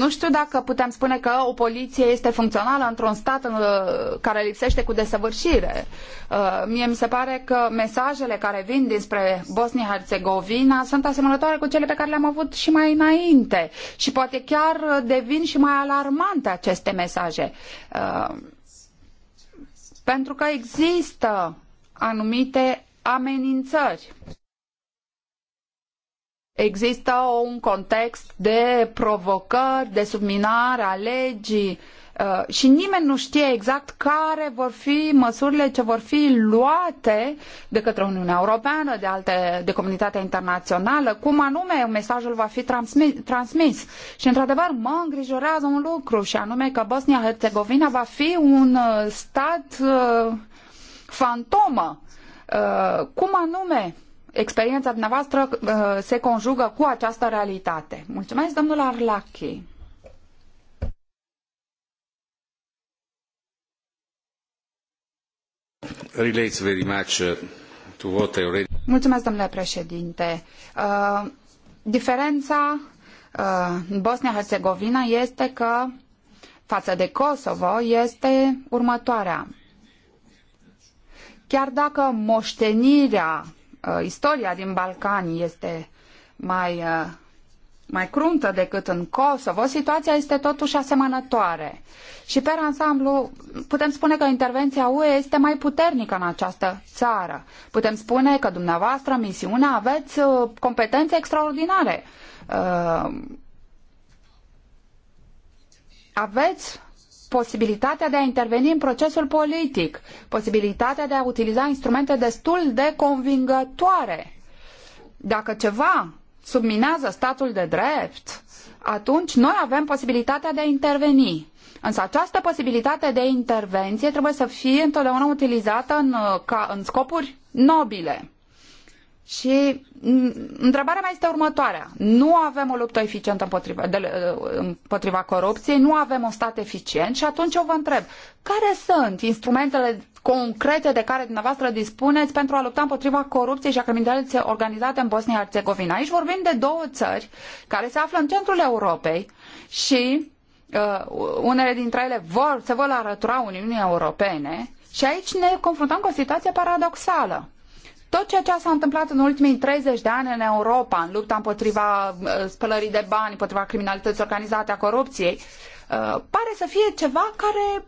nu știu dacă putem spune că o poliție este funcțională într-un stat în uh, care lipsește cu desăvârșire. Uh, mie mi se pare că mesajele care vin dinspre Bosnia-Herzegovina sunt asemănătoare cu cele pe care le-am avut și mai înainte și poate chiar uh, devin și mai alarmante aceste mesaje. Pentru că există anumite amenințări Există un context de provocări, de subminare a legii uh, și nimeni nu știe exact care vor fi măsurile ce vor fi luate de către Uniunea Europeană, de, alte, de comunitatea internațională, cum anume mesajul va fi transmis. transmis. Și într-adevăr mă îngrijorează un lucru și anume că Bosnia-Herzegovina va fi un uh, stat uh, fantomă. Uh, cum anume experiența dumneavoastră uh, se conjugă cu această realitate. Mulțumesc, domnul Arlachi. Relates very much uh, to what I already... Mulțumesc, domnule președinte. Uh, diferența în Bosnia-Herzegovina este că față de Kosovo este următoarea. Chiar dacă moștenirea uh, istoria din Balcani este mai, uh, mai cruntă decât în Kosovo, situația este totuși asemănătoare. Și pe ansamblu putem spune că intervenția UE este mai puternică în această țară. Putem spune că dumneavoastră, misiunea, aveți uh, competențe extraordinare. Uh, aveți posibilitatea de a interveni în procesul politic, posibilitatea de a utiliza instrumente destul de convingătoare. Dacă ceva subminează statul de drept, atunci noi avem posibilitatea de a interveni. Însă această posibilitate de intervenție trebuie să fie întotdeauna utilizată în, ca, în scopuri nobile. Și întrebarea mea este următoarea. Nu avem o luptă eficientă împotriva, de, împotriva corupției, nu avem un stat eficient și atunci eu vă întreb, care sunt instrumentele concrete de care dumneavoastră dispuneți pentru a lupta împotriva corupției și a criminalității organizate în Bosnia-Herzegovina? Aici vorbim de două țări care se află în centrul Europei și uh, unele dintre ele vor, se vor arătura Uniunii Europene și aici ne confruntăm cu o situație paradoxală tot ceea ce s-a întâmplat în ultimii 30 de ani în Europa, în lupta împotriva uh, spălării de bani, împotriva criminalității organizate, a corupției, Uh, pare să fie ceva care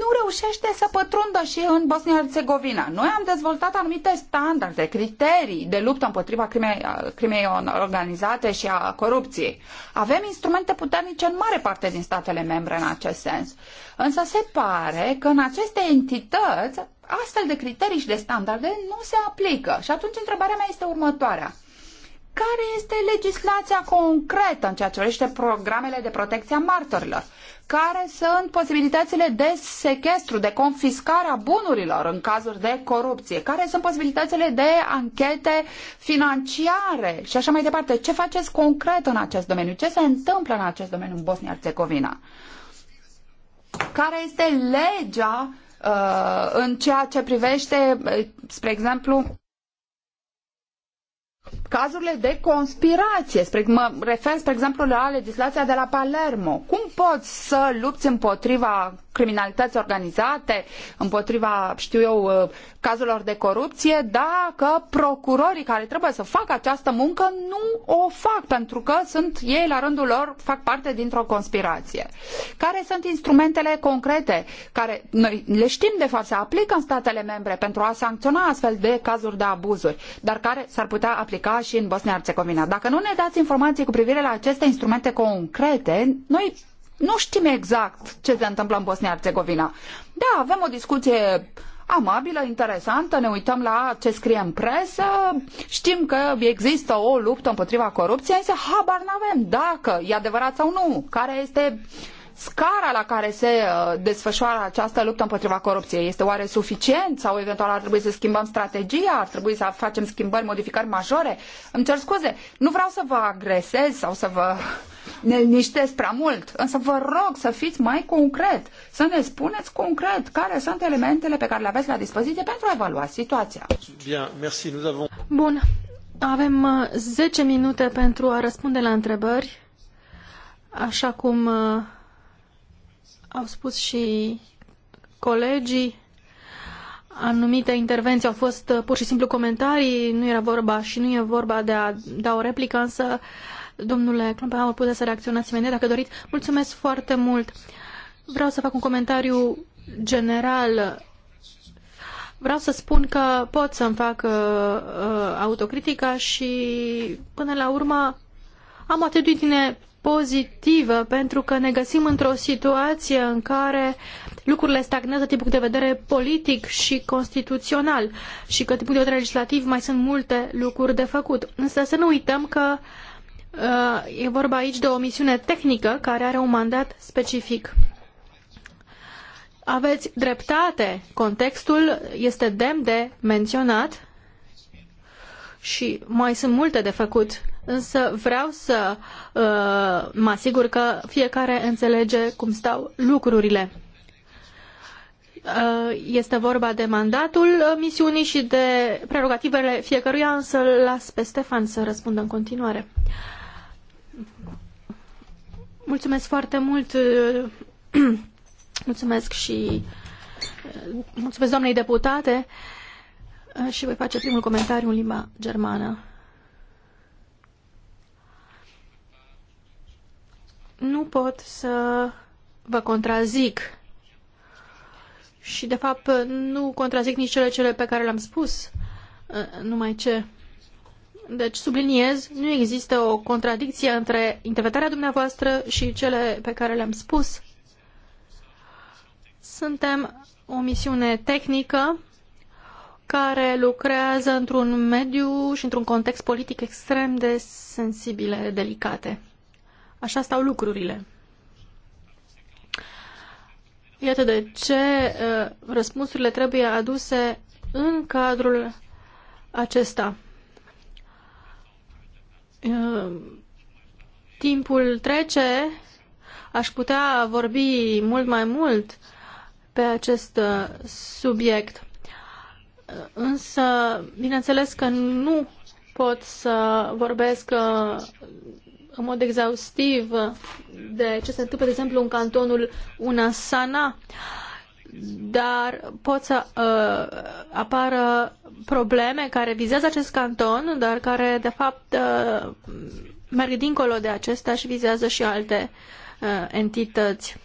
nu reușește să pătrundă și în Bosnia-Herzegovina. Noi am dezvoltat anumite standarde, criterii de luptă împotriva crimei, uh, crimei organizate și a corupției. Avem instrumente puternice în mare parte din statele membre în acest sens. Însă se pare că în aceste entități astfel de criterii și de standarde nu se aplică. Și atunci întrebarea mea este următoarea care este legislația concretă în ceea ce privește programele de protecție a martorilor? Care sunt posibilitățile de sechestru, de confiscare a bunurilor în cazuri de corupție? Care sunt posibilitățile de anchete financiare și așa mai departe? Ce faceți concret în acest domeniu? Ce se întâmplă în acest domeniu în Bosnia-Herzegovina? Care este legea uh, în ceea ce privește, uh, spre exemplu, cazurile de conspirație. Spre, mă refer, spre exemplu, la legislația de la Palermo. Cum poți să lupți împotriva criminalități organizate, împotriva, știu eu, uh, cazurilor de corupție, dacă procurorii care trebuie să facă această muncă nu o fac, pentru că sunt ei, la rândul lor, fac parte dintr-o conspirație. Care sunt instrumentele concrete care noi le știm, de fapt, se aplică în statele membre pentru a sancționa astfel de cazuri de abuzuri, dar care s-ar putea aplica și în Bosnia-Herzegovina? Dacă nu ne dați informații cu privire la aceste instrumente concrete, noi nu știm exact ce se întâmplă în Bosnia-Herzegovina. Da, avem o discuție amabilă, interesantă, ne uităm la ce scrie în presă, știm că există o luptă împotriva corupției, însă habar n-avem dacă e adevărat sau nu, care este scara la care se uh, desfășoară această luptă împotriva corupției. Este oare suficient sau eventual ar trebui să schimbăm strategia, ar trebui să facem schimbări, modificări majore? Îmi cer scuze, nu vreau să vă agresez sau să vă ne liniștesc prea mult, însă vă rog să fiți mai concret, să ne spuneți concret care sunt elementele pe care le aveți la dispoziție pentru a evalua situația. Bien, merci, nous avons... Bun, avem 10 uh, minute pentru a răspunde la întrebări, așa cum uh, au spus și colegii anumite intervenții au fost uh, pur și simplu comentarii, nu era vorba și nu e vorba de a da o replică, însă Domnule Klumpenhauer, puteți să reacționați imediat dacă doriți. Mulțumesc foarte mult. Vreau să fac un comentariu general. Vreau să spun că pot să-mi fac uh, uh, autocritica și până la urmă am atitudine pozitivă pentru că ne găsim într-o situație în care lucrurile stagnează din punct de vedere politic și constituțional și că din punct de vedere legislativ mai sunt multe lucruri de făcut. Însă să nu uităm că uh, Uh, e vorba aici de o misiune tehnică care are un mandat specific. Aveți dreptate, contextul este demn de menționat și mai sunt multe de făcut, însă vreau să uh, mă asigur că fiecare înțelege cum stau lucrurile. Uh, este vorba de mandatul uh, misiunii și de prerogativele fiecăruia, însă las pe Stefan să răspundă în continuare. Uh, Mulțumesc foarte mult. Mulțumesc și uh, mulțumesc doamnei deputate uh, și voi face primul comentariu în limba germană. Nu pot să vă contrazic și, de fapt, nu contrazic nici cele, cele pe care le-am spus, uh, numai ce deci, subliniez, nu există o contradicție între interpretarea dumneavoastră și cele pe care le-am spus. Suntem o misiune tehnică care lucrează într-un mediu și într-un context politic extrem de sensibile, delicate. Așa stau lucrurile. Iată de ce uh, răspunsurile trebuie aduse în cadrul acesta. Ehm, timpul trece, aș putea vorbi mult mai mult pe acest uh, subiect. Ehm, însă, bineînțeles că nu pot să vorbesc uh, în mod exhaustiv de ce se întâmplă, de exemplu, în cantonul Unasana. sana dar pot să uh, apară probleme care vizează acest canton, dar care de fapt uh, merg dincolo de acesta și vizează și alte uh, entități.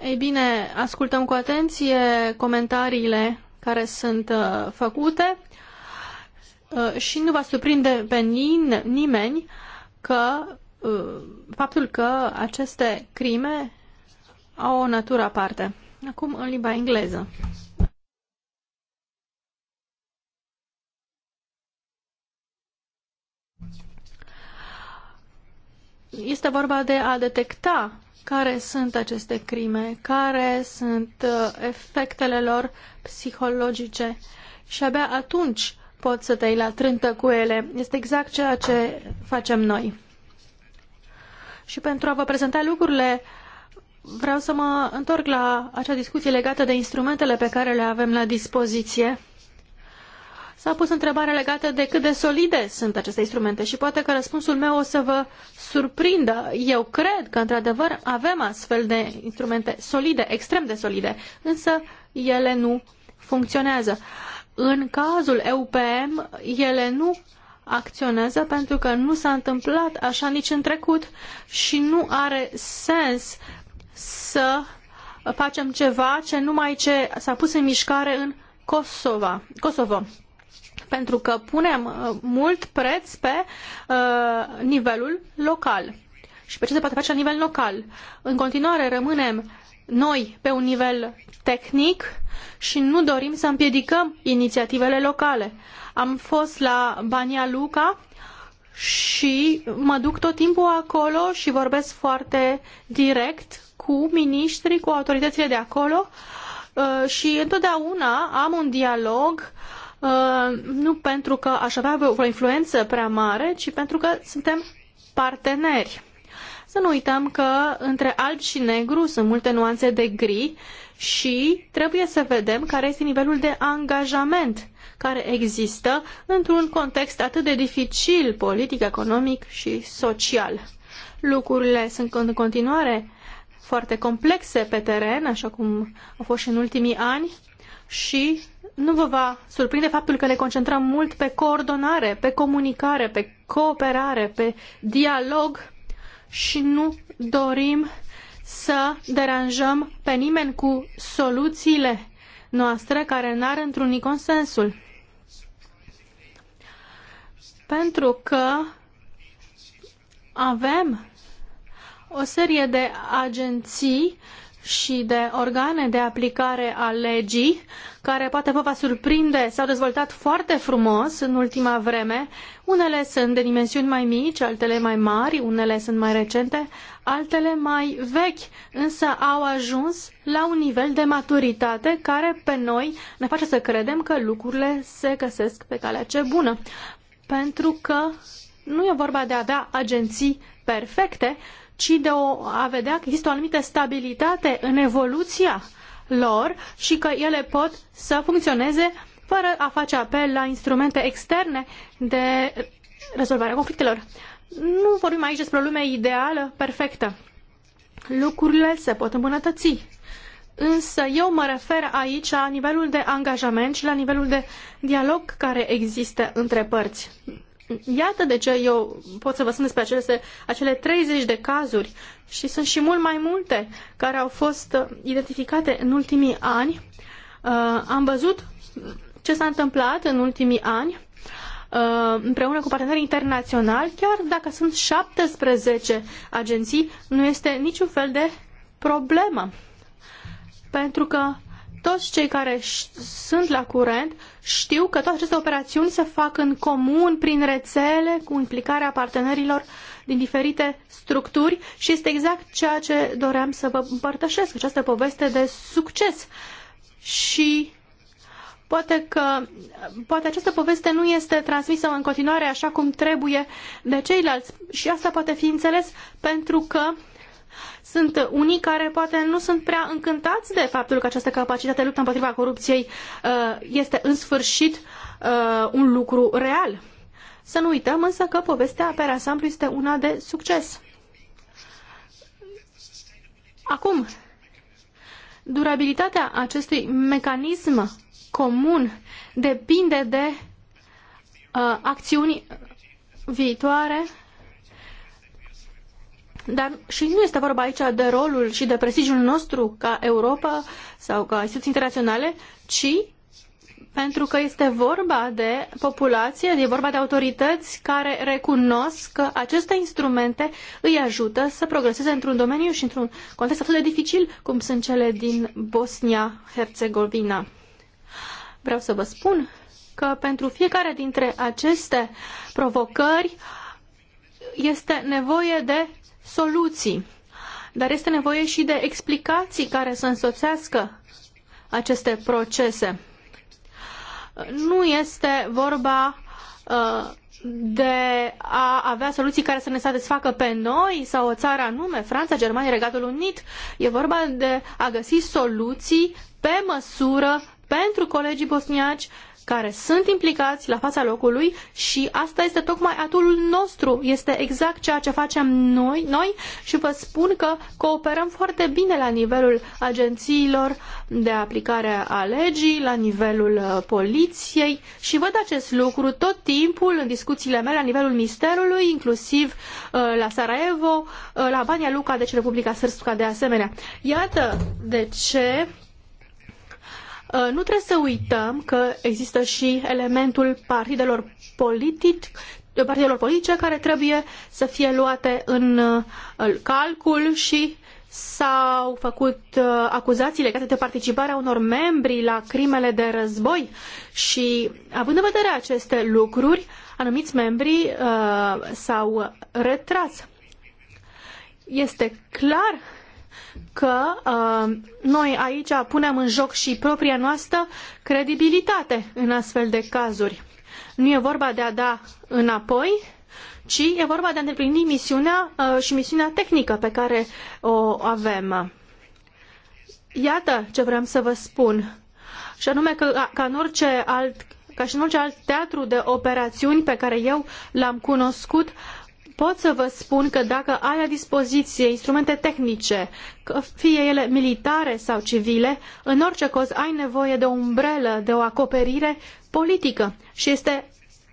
Ei bine, ascultăm cu atenție comentariile care sunt uh, făcute uh, și nu va surprinde pe nin, nimeni că uh, faptul că aceste crime au o natură aparte. Acum în limba engleză. Este vorba de a detecta care sunt aceste crime, care sunt uh, efectele lor psihologice și abia atunci poți să te iei la trântă cu ele. Este exact ceea ce facem noi. Și pentru a vă prezenta lucrurile vreau să mă întorc la acea discuție legată de instrumentele pe care le avem la dispoziție. S-a pus întrebarea legată de cât de solide sunt aceste instrumente și poate că răspunsul meu o să vă surprindă. Eu cred că, într-adevăr, avem astfel de instrumente solide, extrem de solide, însă ele nu funcționează. În cazul EUPM, ele nu acționează pentru că nu s-a întâmplat așa nici în trecut și nu are sens să facem ceva ce numai ce s-a pus în mișcare în Kosova, Kosovo. Pentru că punem uh, mult preț pe uh, nivelul local și pe ce se poate face la nivel local. În continuare rămânem noi pe un nivel tehnic și nu dorim să împiedicăm inițiativele locale. Am fost la Bania Luca și mă duc tot timpul acolo și vorbesc foarte direct cu miniștrii, cu autoritățile de acolo uh, și întotdeauna am un dialog uh, nu pentru că aș avea o influență prea mare, ci pentru că suntem parteneri. Să nu uităm că între alb și negru sunt multe nuanțe de gri și trebuie să vedem care este nivelul de angajament care există într-un context atât de dificil politic, economic și social. Lucrurile sunt în continuare foarte complexe pe teren, așa cum au fost și în ultimii ani și nu vă va surprinde faptul că ne concentrăm mult pe coordonare, pe comunicare, pe cooperare, pe dialog și nu dorim să deranjăm pe nimeni cu soluțiile noastre care n-ar întruni consensul. Pentru că avem o serie de agenții și de organe de aplicare a legii, care poate vă va surprinde, s-au dezvoltat foarte frumos în ultima vreme. Unele sunt de dimensiuni mai mici, altele mai mari, unele sunt mai recente, altele mai vechi, însă au ajuns la un nivel de maturitate care pe noi ne face să credem că lucrurile se găsesc pe calea ce bună. Pentru că nu e vorba de a avea agenții perfecte, ci de a vedea că există o anumită stabilitate în evoluția lor și că ele pot să funcționeze fără a face apel la instrumente externe de rezolvare a conflictelor. Nu vorbim aici despre o lume ideală, perfectă. Lucrurile se pot îmbunătăți. Însă eu mă refer aici la nivelul de angajament și la nivelul de dialog care există între părți. Iată de ce eu pot să vă spun despre acele, acele 30 de cazuri și sunt și mult mai multe care au fost uh, identificate în ultimii ani. Uh, am văzut ce s-a întâmplat în ultimii ani Uh, împreună cu partenerii internaționali, chiar dacă sunt 17 agenții, nu este niciun fel de problemă. Pentru că toți cei care sunt la curent știu că toate aceste operațiuni se fac în comun, prin rețele, cu implicarea partenerilor din diferite structuri și este exact ceea ce doream să vă împărtășesc, această poveste de succes. Și Poate că poate această poveste nu este transmisă în continuare așa cum trebuie de ceilalți și asta poate fi înțeles pentru că sunt unii care poate nu sunt prea încântați de faptul că această capacitate de luptă împotriva corupției uh, este în sfârșit uh, un lucru real. Să nu uităm însă că povestea pe ansamblu este una de succes. Acum, durabilitatea acestui mecanism comun depinde de uh, acțiuni viitoare, dar și nu este vorba aici de rolul și de prestigiul nostru ca Europa sau ca instituții internaționale, ci pentru că este vorba de populație, e vorba de autorități care recunosc că aceste instrumente îi ajută să progreseze într-un domeniu și într-un context atât de dificil cum sunt cele din Bosnia-Herzegovina vreau să vă spun că pentru fiecare dintre aceste provocări este nevoie de soluții, dar este nevoie și de explicații care să însoțească aceste procese. Nu este vorba uh, de a avea soluții care să ne satisfacă pe noi sau o țară anume, Franța, Germania, Regatul Unit. E vorba de a găsi soluții pe măsură pentru colegii bosniaci care sunt implicați la fața locului și asta este tocmai atul nostru, este exact ceea ce facem noi, noi și vă spun că cooperăm foarte bine la nivelul agențiilor de aplicare a legii, la nivelul uh, poliției și văd acest lucru tot timpul în discuțiile mele la nivelul misterului, inclusiv uh, la Sarajevo, uh, la Bania Luca, deci Republica Srpska de asemenea. Iată de ce Uh, nu trebuie să uităm că există și elementul partidelor politici, partidelor politice care trebuie să fie luate în uh, calcul și s-au făcut uh, acuzații legate de participarea unor membri la crimele de război și având în vedere aceste lucruri, anumiți membri uh, s-au retras. Este clar că uh, noi aici punem în joc și propria noastră credibilitate în astfel de cazuri. Nu e vorba de a da înapoi, ci e vorba de a îndeplini misiunea uh, și misiunea tehnică pe care o avem. Iată ce vreau să vă spun. Și anume că, ca în orice alt ca și în orice alt teatru de operațiuni pe care eu l-am cunoscut, pot să vă spun că dacă ai la dispoziție instrumente tehnice, fie ele militare sau civile, în orice caz ai nevoie de o umbrelă, de o acoperire politică. Și este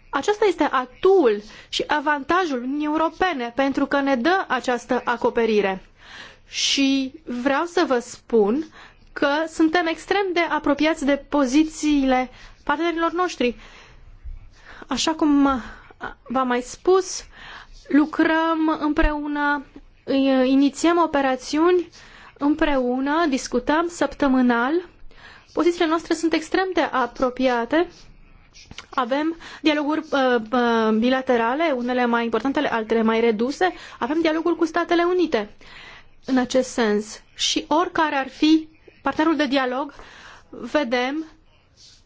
acesta este atul și avantajul Uniunii Europene pentru că ne dă această acoperire. Și vreau să vă spun că suntem extrem de apropiați de pozițiile partenerilor noștri. Așa cum v-am mai spus, lucrăm împreună, inițiem operațiuni împreună, discutăm săptămânal. Pozițiile noastre sunt extrem de apropiate. Avem dialoguri uh, uh bilaterale, unele mai importante, altele mai reduse. Avem dialoguri cu Statele Unite în acest sens. Și oricare ar fi partenerul de dialog, vedem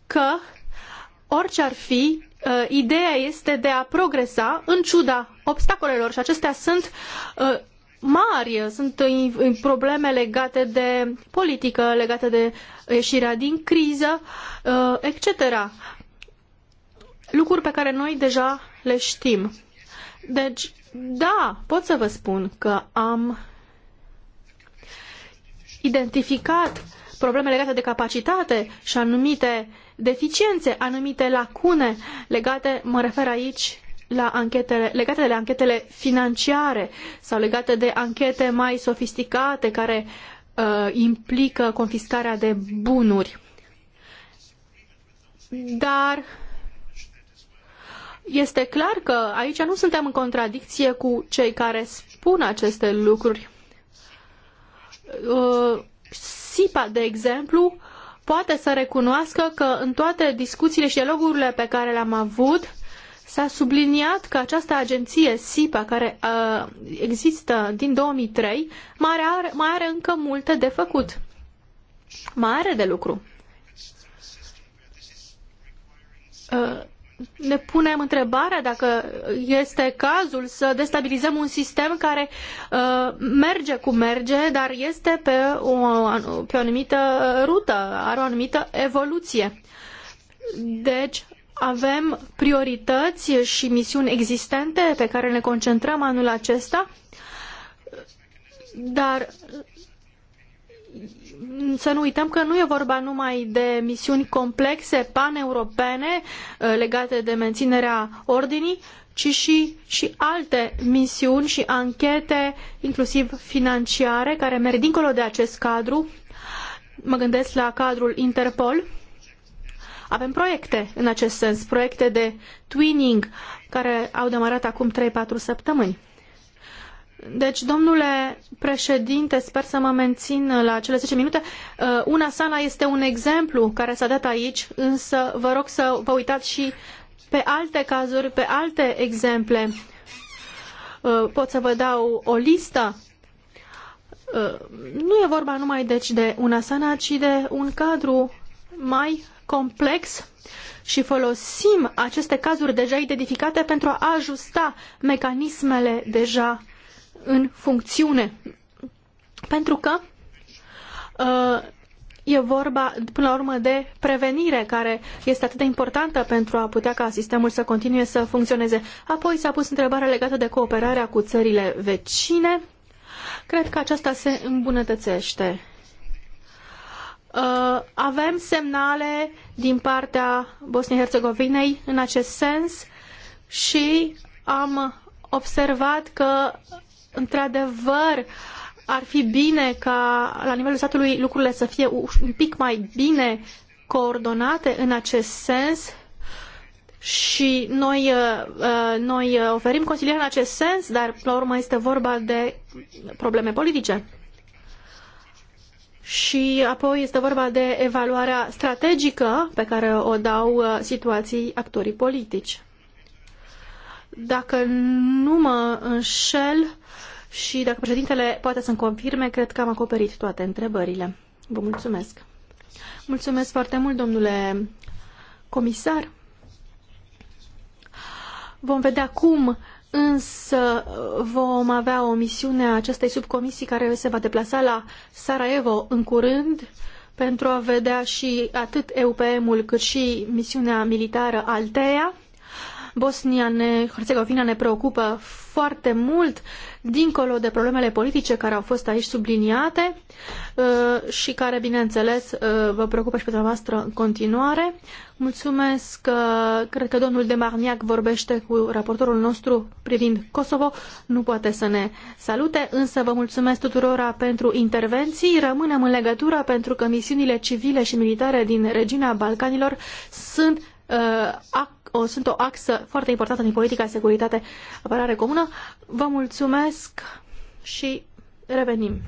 că orice ar fi, Uh, ideea este de a progresa în ciuda obstacolelor și acestea sunt uh, mari, sunt uh, probleme legate de politică, legate de ieșirea din criză, etc. Lucruri pe care noi deja le știm. Deci, da, pot să vă spun că am identificat probleme legate de capacitate și anumite deficiențe, anumite lacune legate, mă refer aici la anchetele, legate de anchetele financiare sau legate de anchete mai sofisticate care uh, implică confiscarea de bunuri. Dar este clar că aici nu suntem în contradicție cu cei care spun aceste lucruri. Uh, SIPA, de exemplu, poate să recunoască că în toate discuțiile și dialogurile pe care le-am avut, s-a subliniat că această agenție SIPA, care uh, există din 2003, mai are, mai are încă multe de făcut. Mai are de lucru. Uh, ne punem întrebarea dacă este cazul să destabilizăm un sistem care uh, merge cum merge, dar este pe o, pe o anumită rută, are o anumită evoluție. Deci avem priorități și misiuni existente pe care ne concentrăm anul acesta, dar să nu uităm că nu e vorba numai de misiuni complexe, paneuropene, uh, legate de menținerea ordinii, ci și, și alte misiuni și anchete, inclusiv financiare, care merg dincolo de acest cadru. Mă gândesc la cadrul Interpol. Avem proiecte în acest sens, proiecte de twinning, care au demarat acum trei patru săptămâni. Deci, domnule președinte, sper să mă mențin la cele 10 minute. Uh, una Sala este un exemplu care s-a dat aici, însă vă rog să vă uitați și pe alte cazuri, pe alte exemple. Uh, pot să vă dau o listă. Uh, nu e vorba numai deci de una sana, ci de un cadru mai complex și folosim aceste cazuri deja identificate pentru a ajusta mecanismele deja în funcțiune. Pentru că uh, e vorba, până la urmă, de prevenire, care este atât de importantă pentru a putea ca sistemul să continue să funcționeze. Apoi s-a pus întrebarea legată de cooperarea cu țările vecine. Cred că aceasta se îmbunătățește. Uh, avem semnale din partea Bosniei-Herzegovinei în acest sens și am observat că într-adevăr, ar fi bine ca la nivelul statului lucrurile să fie un pic mai bine coordonate în acest sens și noi, uh, uh, noi oferim consiliere în acest sens, dar la urmă este vorba de probleme politice. Și apoi este vorba de evaluarea strategică pe care o dau uh, situației actorii politici. Dacă nu mă înșel și dacă președintele poate să-mi confirme, cred că am acoperit toate întrebările. Vă mulțumesc. Mulțumesc foarte mult, domnule comisar. Vom vedea cum însă vom avea o misiune a acestei subcomisii care se va deplasa la Sarajevo în curând pentru a vedea și atât EUPM-ul cât și misiunea militară Altea Bosnia-Herzegovina ne, ne preocupă foarte mult, dincolo de problemele politice care au fost aici subliniate uh, și care, bineînțeles, uh, vă preocupă și pe dumneavoastră în continuare. Mulțumesc că uh, cred că domnul de Marniac vorbește cu raportorul nostru privind Kosovo. Nu poate să ne salute, însă vă mulțumesc tuturora pentru intervenții. Rămânem în legătură pentru că misiunile civile și militare din regiunea Balcanilor sunt uh, o, sunt o axă foarte importantă din politica securitate apărare comună. Vă mulțumesc și revenim.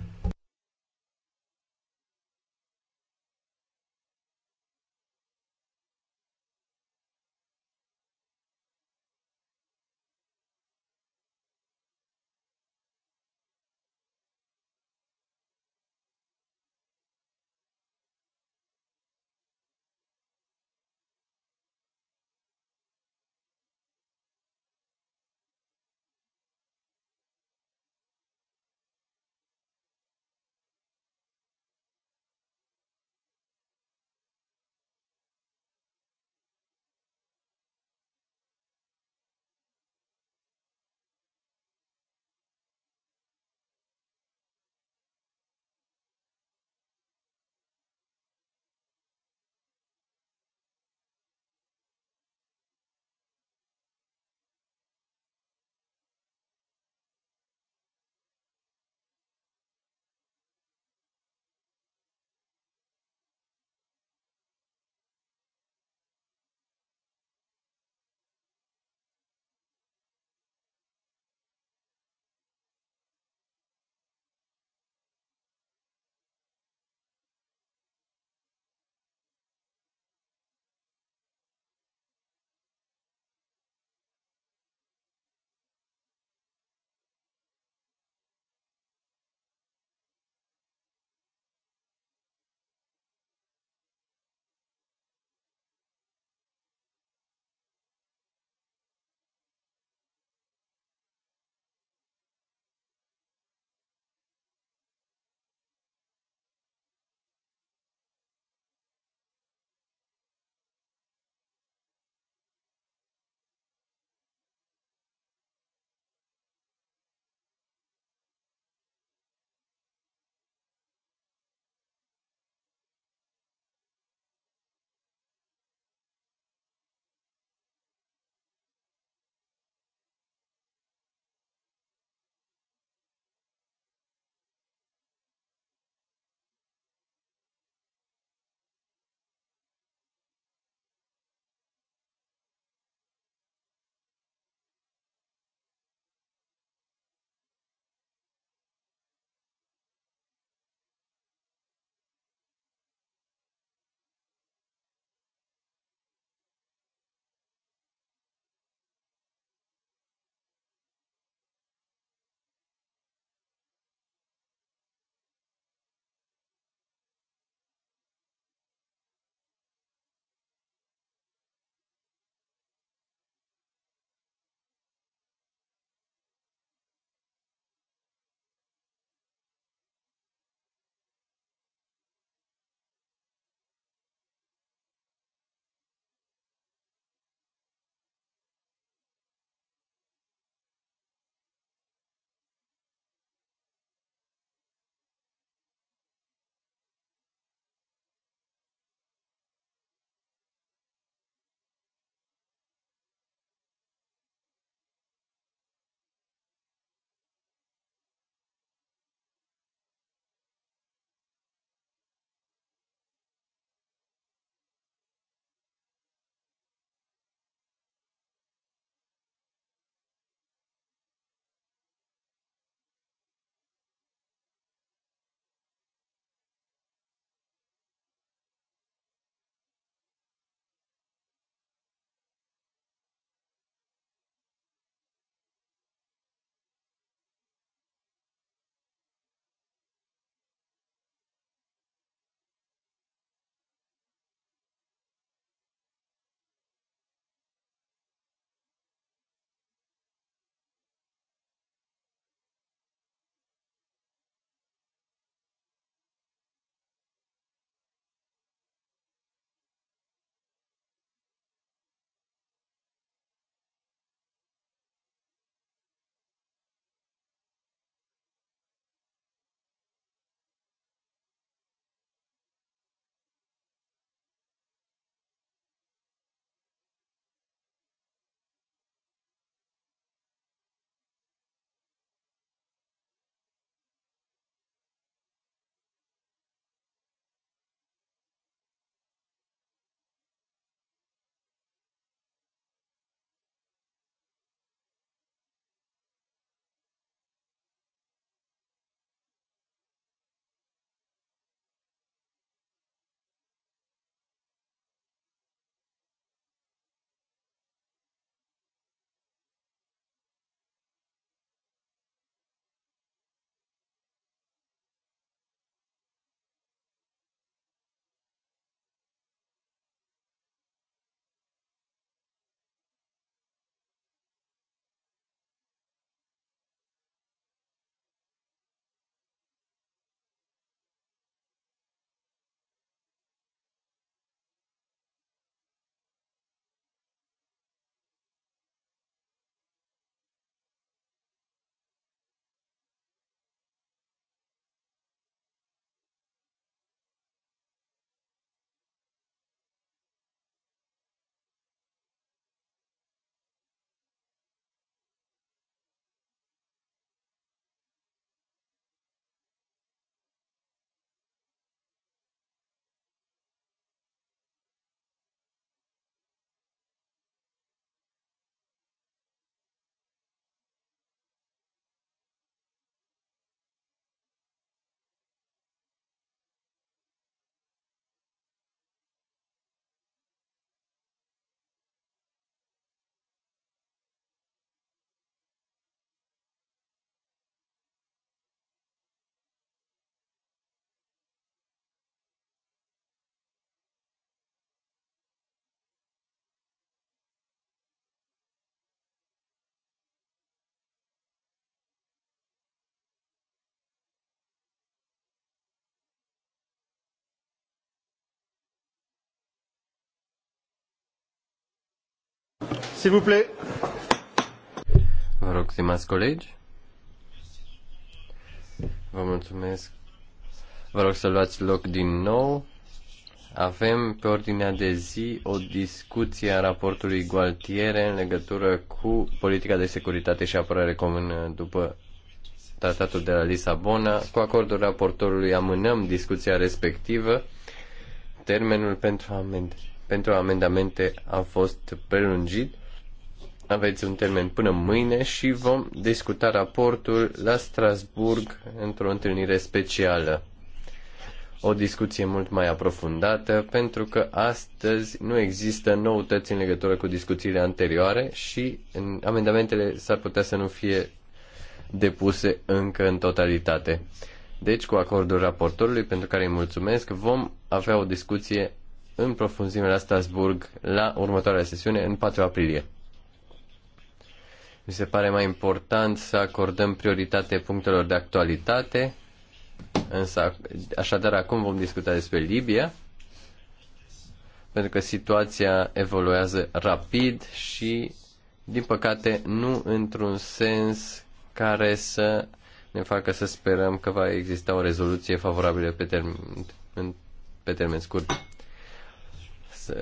S'il vous plaît. Vă rog, stimați colegi. Vă mulțumesc. Vă rog să luați loc din nou. Avem pe ordinea de zi o discuție a raportului Gualtiere în legătură cu politica de securitate și apărare comună după tratatul de la Lisabona. Cu acordul raportorului amânăm discuția respectivă. Termenul pentru amendare pentru amendamente a fost prelungit. Aveți un termen până mâine și vom discuta raportul la Strasburg într-o întâlnire specială. O discuție mult mai aprofundată pentru că astăzi nu există noutăți în legătură cu discuțiile anterioare și amendamentele s-ar putea să nu fie depuse încă în totalitate. Deci, cu acordul raportorului, pentru care îi mulțumesc, vom avea o discuție în profunzime la Strasburg la următoarea sesiune în 4 aprilie. Mi se pare mai important să acordăm prioritate punctelor de actualitate, însă așadar acum vom discuta despre Libia, pentru că situația evoluează rapid și, din păcate, nu într-un sens care să ne facă să sperăm că va exista o rezoluție favorabilă pe termen, pe termen scurt.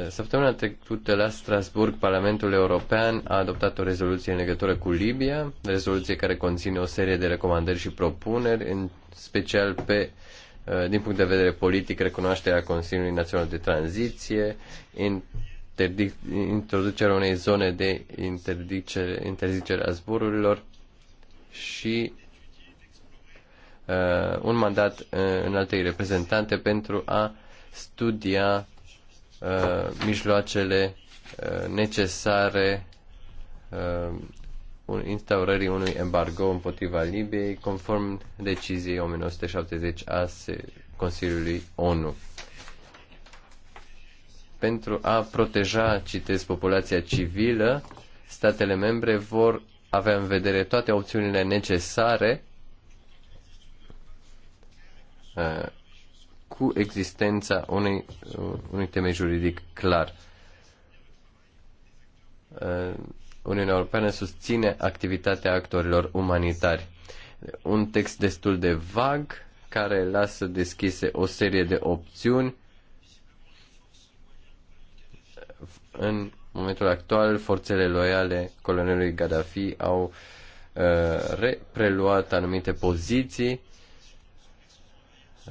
Săptămâna trecută la Strasburg, Parlamentul European a adoptat o rezoluție în legătură cu Libia, rezoluție care conține o serie de recomandări și propuneri, în special pe uh, din punct de vedere politic, recunoașterea Consiliului Național de Tranziție, introducerea unei zone de interdicere, interzicere a zborurilor și uh, un mandat uh, în altei reprezentante pentru a studia Uh, mijloacele uh, necesare uh, instaurării unui embargo împotriva Libiei, conform deciziei 1970 a Consiliului ONU. Pentru a proteja, citez, populația civilă, statele membre vor avea în vedere toate opțiunile necesare cu existența unei, uh, unui temei juridic clar. Uh, Uniunea Europeană susține activitatea actorilor umanitari. Un text destul de vag care lasă deschise o serie de opțiuni. În momentul actual, forțele loiale colonelului Gaddafi au uh, repreluat anumite poziții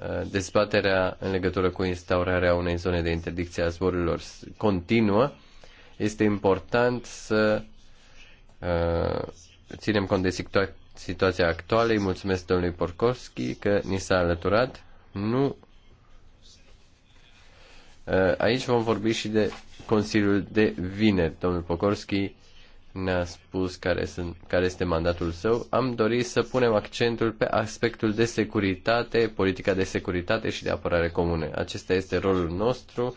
Eh, dezbaterea în legătură cu instaurarea unei zone de interdicție a zborurilor continuă. Este important să uh, ținem cont de situa- situația actuală. Îi mulțumesc domnului Porkovski că ni s-a alăturat. Nu. Uh, aici vom vorbi și de Consiliul de vineri. Domnul Pokorski ne-a spus care, sunt, care este mandatul său, am dorit să punem accentul pe aspectul de securitate, politica de securitate și de apărare comune. Acesta este rolul nostru,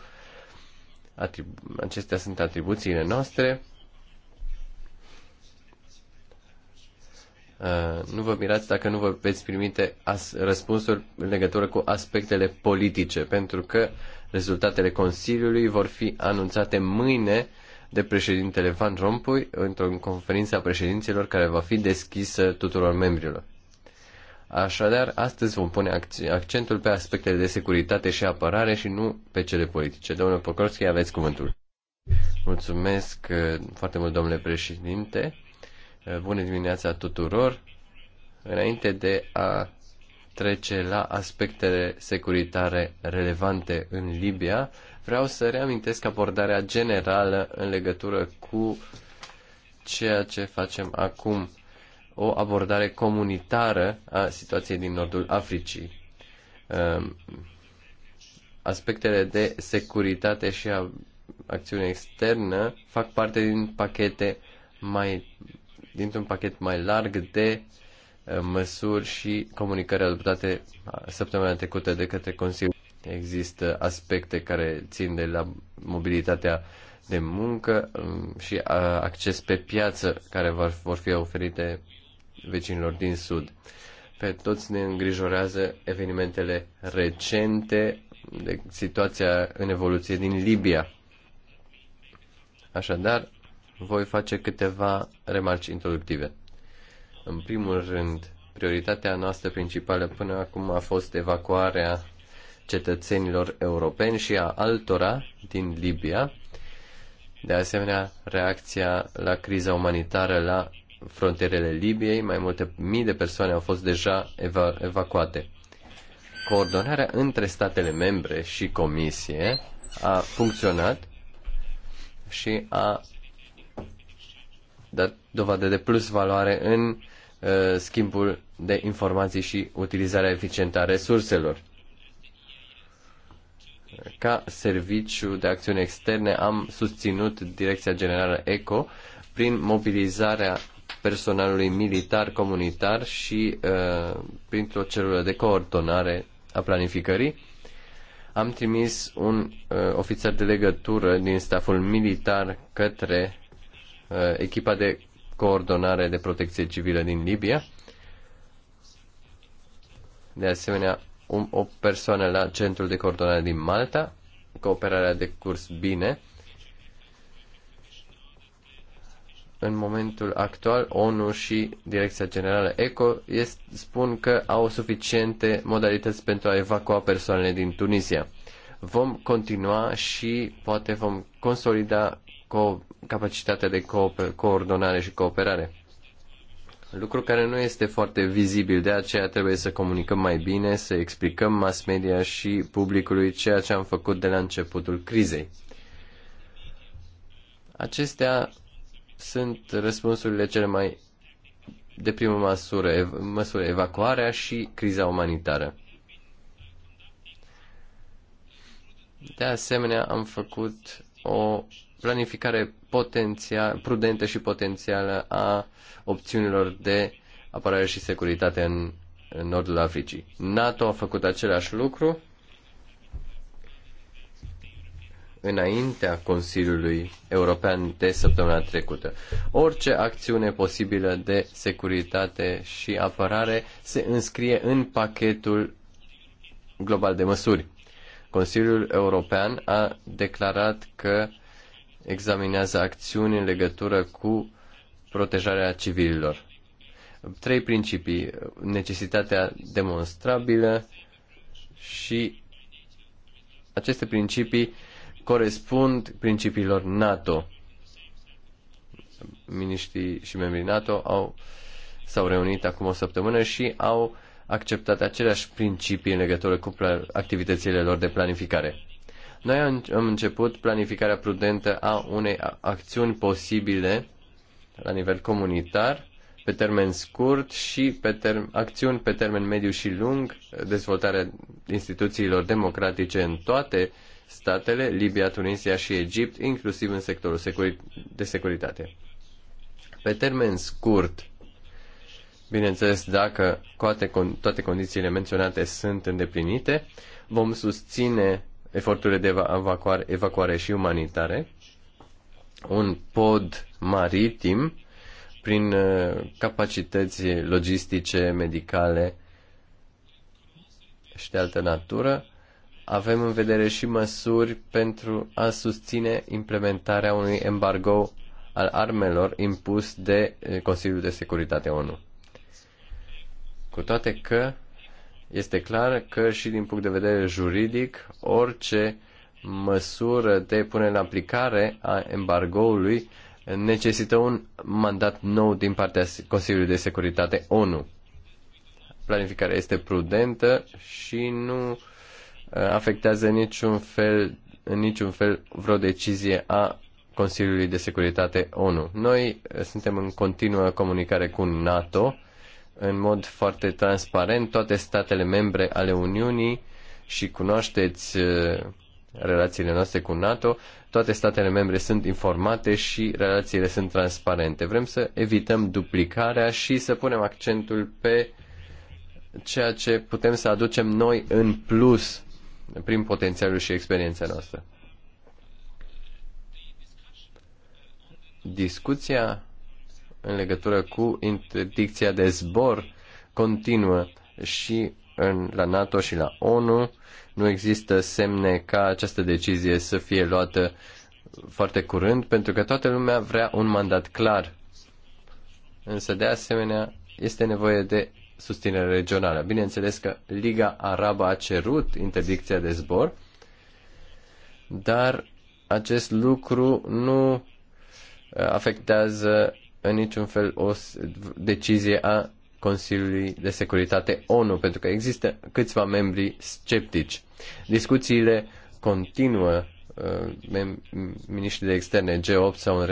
atribu- acestea sunt atribuțiile noastre. Uh, nu vă mirați dacă nu vă veți primite răspunsuri în legătură cu aspectele politice, pentru că rezultatele Consiliului vor fi anunțate mâine uh, de președintele Van Rompuy într-o conferință a președinților care va fi deschisă tuturor membrilor. Așadar, astăzi vom pune accentul pe aspectele de securitate și apărare și nu pe cele politice. Domnule Pocorski, aveți cuvântul. Mulțumesc uh, foarte mult, domnule președinte. Uh, bună dimineața tuturor. Înainte de a trece la aspectele securitare relevante în Libia, vreau să reamintesc abordarea generală în legătură cu ceea ce facem acum, o abordare comunitară a situației din nordul Africii. Um, aspectele de securitate și a acțiune externă fac parte din pachete mai dintr-un pachet mai larg de uh, măsuri și comunicări adoptate săptămâna trecută de către Consiliu. Există aspecte care țin de la mobilitatea de muncă um, și uh, acces pe piață care vor fi oferite vecinilor din Sud. Pe toți ne îngrijorează evenimentele recente de situația în evoluție din Libia. Așadar, voi face câteva remarci introductive. În primul rând, prioritatea noastră principală până acum a fost evacuarea cetățenilor europeni și a altora din Libia. De asemenea, reacția la criza umanitară la frontierele Libiei, mai multe mii de persoane au fost deja eva- evacuate. Coordonarea între statele membre și comisie a funcționat și a dat dovadă de plus valoare în Uh, schimbul de informații și utilizarea eficientă a resurselor. Ca serviciu de acțiune externe am susținut Direcția Generală ECO prin mobilizarea personalului militar comunitar și uh, printr-o celulă de coordonare a planificării. Am trimis un uh, ofițer de legătură din staful militar către uh, echipa de coordonare de protecție civilă din Libia. De asemenea, un, o persoană la centrul de coordonare din Malta. Cooperarea de curs bine. În momentul actual, ONU și Direcția Generală ECO este, spun că au suficiente modalități pentru a evacua persoanele din Tunisia. Vom continua și poate vom consolida co- capacitatea de co- coordonare și cooperare. Lucru care nu este foarte vizibil, de aceea trebuie să comunicăm mai bine, să explicăm mass media și publicului ceea ce am făcut de la începutul crizei. Acestea sunt răspunsurile cele mai de primă măsură, ev- măsură evacuarea și criza umanitară. De asemenea, am făcut o planificare potențial, prudentă și potențială a opțiunilor de apărare și securitate în, în nordul Africii. NATO a făcut același lucru înaintea Consiliului European de săptămâna trecută. Orice acțiune posibilă de securitate și apărare se înscrie în pachetul global de măsuri. Consiliul European a declarat că uh, examinează acțiuni în legătură cu protejarea civililor. Trei principii. Necesitatea demonstrabilă și aceste principii corespund principiilor NATO. Miniștrii și membrii NATO au, s-au reunit acum o săptămână și au acceptat aceleași principii în legătură cu activitățile lor de planificare. Noi am început planificarea prudentă a unei acțiuni posibile la nivel comunitar, pe termen scurt și pe term- acțiuni pe termen mediu și lung, dezvoltarea instituțiilor democratice în toate statele, Libia, Tunisia și Egipt, inclusiv în sectorul securi- de securitate. Pe termen scurt, bineînțeles, dacă toate, toate condițiile menționate sunt îndeplinite, vom susține eforturile de evacuare, evacuare și umanitare, un pod maritim prin uh, capacități logistice, medicale și de altă natură. Avem în vedere și măsuri pentru a susține implementarea unui embargo al armelor impus de uh, Consiliul de Securitate ONU. Cu toate că este clar că și din punct de vedere juridic, orice măsură de punere în aplicare a embargoului necesită un mandat nou din partea Consiliului de Securitate ONU. Planificarea este prudentă și nu uh, afectează niciun fel, în niciun fel vreo decizie a Consiliului de Securitate ONU. Noi uh, suntem în continuă comunicare cu NATO în mod foarte transparent toate statele membre ale Uniunii și cunoașteți uh, relațiile noastre cu NATO, toate statele membre sunt informate și relațiile sunt transparente. Vrem să evităm duplicarea și să punem accentul pe ceea ce putem să aducem noi în plus prin potențialul și experiența noastră. Discuția în legătură cu interdicția de zbor continuă și în, la NATO și la ONU. Nu există semne ca această decizie să fie luată foarte curând, pentru că toată lumea vrea un mandat clar. Însă, de asemenea, este nevoie de susținere regională. Bineînțeles că Liga Arabă a cerut interdicția de zbor, dar acest lucru nu afectează în niciun fel o decizie a Consiliului de Securitate ONU, pentru că există câțiva membri sceptici. Discuțiile continuă. Uh, Ministrii de externe G8 s-au,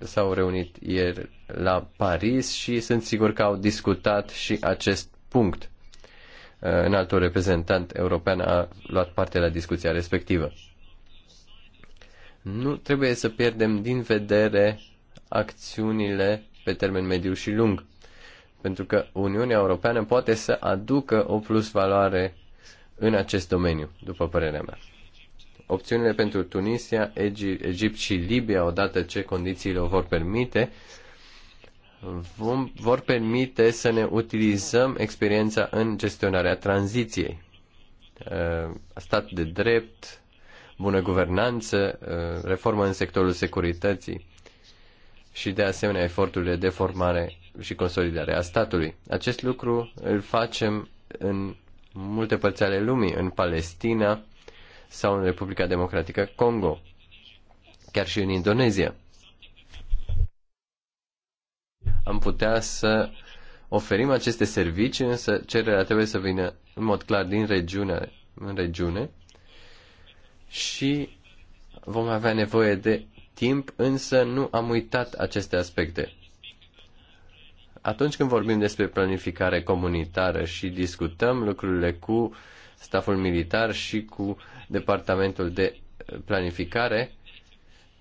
s-au reunit ieri la Paris și sunt sigur că au discutat și acest punct. Uh, în altul reprezentant european a luat parte la discuția respectivă. Nu trebuie să pierdem din vedere acțiunile pe termen mediu și lung. Pentru că Uniunea Europeană poate să aducă o plus valoare în acest domeniu, după părerea mea. Opțiunile pentru Tunisia, Egipt și Libia, odată ce condițiile o vor permite, vom, vor permite să ne utilizăm experiența în gestionarea tranziției. Uh, stat de drept, bună guvernanță, uh, reformă în sectorul securității și de asemenea eforturile de formare și consolidare a statului. Acest lucru îl facem în multe părți ale lumii, în Palestina sau în Republica Democratică Congo, chiar și în Indonezia. Am putea să oferim aceste servicii, însă cererea trebuie să vină în mod clar din regiune în regiune și vom avea nevoie de timp, însă nu am uitat aceste aspecte. Atunci când vorbim despre planificare comunitară și discutăm lucrurile cu staful militar și cu departamentul de planificare,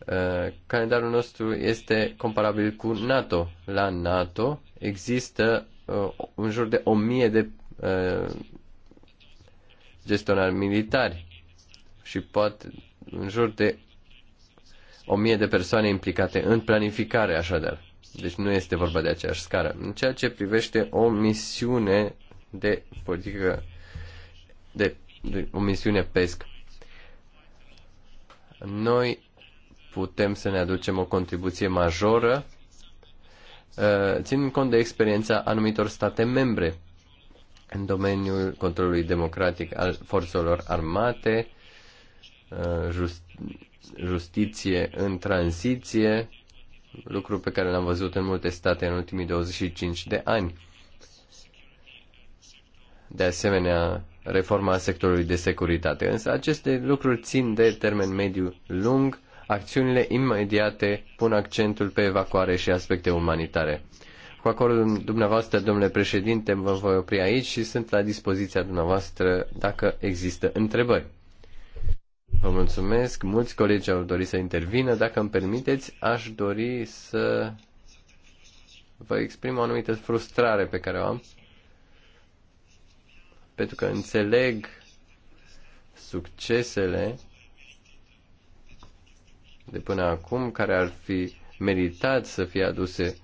uh, calendarul nostru este comparabil cu NATO. La NATO există uh, în jur de o mie de uh, gestionari militari și poate în jur de o mie de persoane implicate în planificare, așadar. Deci nu este vorba de aceeași scară. În ceea ce privește o misiune de politică, de, de o misiune PESC, noi putem să ne aducem o contribuție majoră uh, ținând cont de experiența anumitor state membre în domeniul controlului democratic al forțelor armate, uh, just, justiție în tranziție, lucru pe care l-am văzut în multe state în ultimii 25 de ani. De asemenea, reforma sectorului de securitate. Însă aceste lucruri țin de termen mediu lung, acțiunile imediate pun accentul pe evacuare și aspecte umanitare. Cu acordul dumneavoastră, domnule președinte, vă voi opri aici și sunt la dispoziția dumneavoastră dacă există întrebări. Vă mulțumesc. Mulți colegi au dorit să intervină. Dacă îmi permiteți, aș dori să vă exprim o anumită frustrare pe care o am. Pentru că înțeleg succesele de până acum care ar fi meritat să fie aduse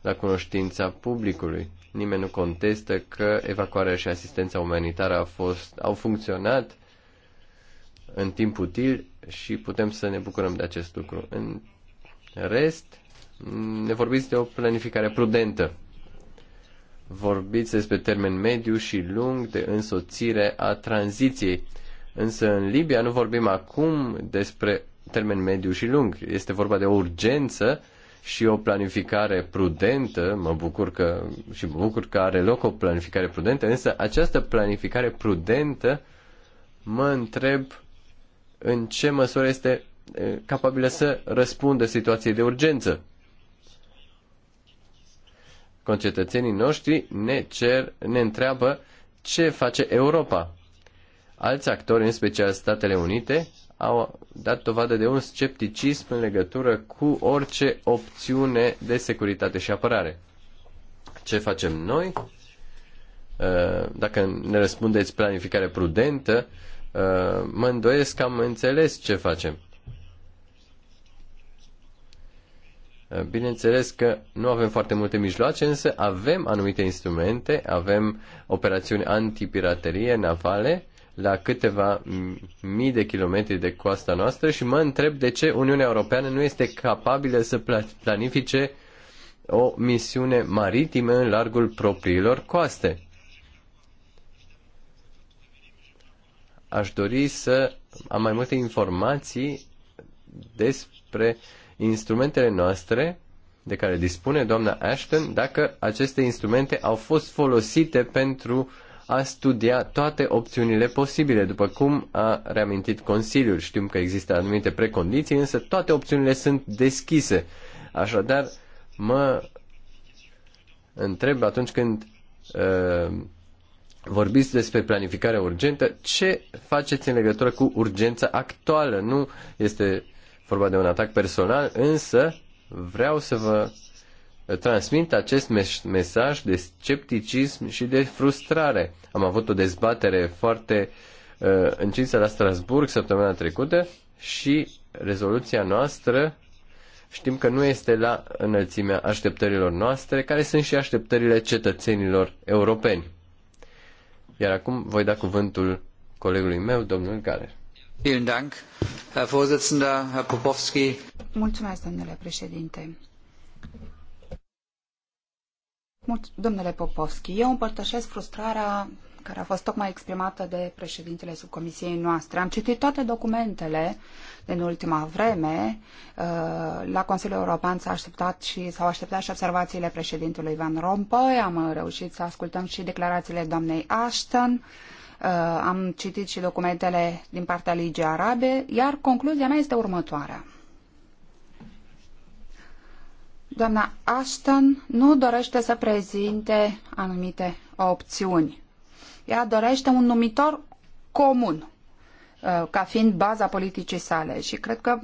la cunoștința publicului. Nimeni nu contestă că evacuarea și asistența umanitară a fost, au funcționat în timp util și putem să ne bucurăm de acest lucru. În rest, ne vorbiți de o planificare prudentă. Vorbiți despre termen mediu și lung de însoțire a tranziției. Însă în Libia nu vorbim acum despre termen mediu și lung. Este vorba de o urgență și o planificare prudentă. Mă bucur că și mă bucur că are loc o planificare prudentă, însă această planificare prudentă mă întreb în ce măsură este capabilă să răspundă situației de urgență. Concetățenii noștri ne cer, ne întreabă ce face Europa. Alți actori, în special Statele Unite, au dat dovadă de un scepticism în legătură cu orice opțiune de securitate și apărare. Ce facem noi? Dacă ne răspundeți planificare prudentă, Uh, mă îndoiesc că am înțeles ce facem. Uh, bineînțeles că nu avem foarte multe mijloace, însă avem anumite instrumente, avem operațiuni antipiraterie navale la câteva mii de kilometri de coasta noastră și mă întreb de ce Uniunea Europeană nu este capabilă să planifice o misiune maritimă în largul propriilor coaste. aș dori să am mai multe informații despre instrumentele noastre de care dispune doamna Ashton, dacă aceste instrumente au fost folosite pentru a studia toate opțiunile posibile, după cum a reamintit Consiliul. Știm că există anumite precondiții, însă toate opțiunile sunt deschise. Așadar, mă întreb atunci când uh, vorbiți despre planificare urgentă, ce faceți în legătură cu urgența actuală? Nu este vorba de un atac personal, însă vreau să vă transmit acest mesaj de scepticism și de frustrare. Am avut o dezbatere foarte uh, încinsă la Strasburg săptămâna trecută și rezoluția noastră știm că nu este la înălțimea așteptărilor noastre, care sunt și așteptările cetățenilor europeni. Iar acum voi da cuvântul colegului meu, domnul Galer. Mulțumesc, domnule președinte. Domnule Popovski, eu împărtășesc frustrarea care a fost tocmai exprimată de președintele subcomisiei noastre. Am citit toate documentele din ultima vreme. Uh, la Consiliul European s-au așteptat și, s-au așteptat și observațiile președintelui Van Rompuy. Am reușit să ascultăm și declarațiile doamnei Ashton. Uh, am citit și documentele din partea Ligii Arabe, iar concluzia mea este următoarea. Doamna Ashton nu dorește să prezinte anumite opțiuni ea dorește un numitor comun uh, ca fiind baza politicii sale și cred că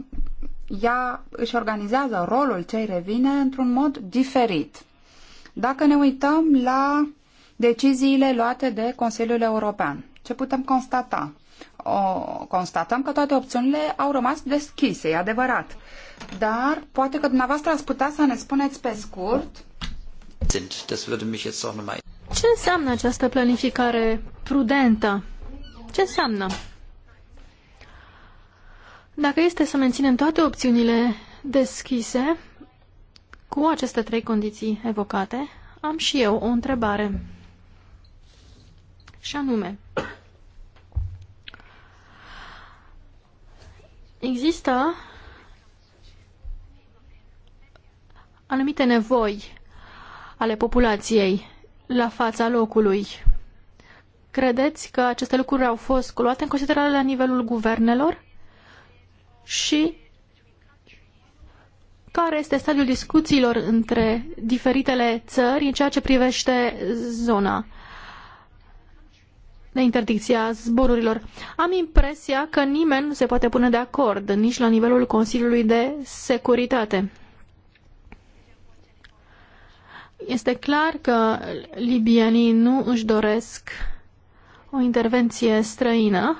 ea își organizează rolul ce îi revine într-un mod diferit. Dacă ne uităm la deciziile luate de Consiliul European, ce putem constata? O, constatăm că toate opțiunile au rămas deschise, e adevărat. Dar poate că dumneavoastră ați putea să ne spuneți pe scurt. Sind. Das würde mich jetzt auch ce înseamnă această planificare prudentă? Ce înseamnă? Dacă este să menținem toate opțiunile deschise, cu aceste trei condiții evocate, am și eu o întrebare. Și anume, există anumite nevoi ale populației la fața locului. Credeți că aceste lucruri au fost luate în considerare la nivelul guvernelor? Și care este stadiul discuțiilor între diferitele țări în ceea ce privește zona de interdicție a zborurilor? Am impresia că nimeni nu se poate pune de acord nici la nivelul Consiliului de Securitate. Este clar că libienii nu își doresc o intervenție străină.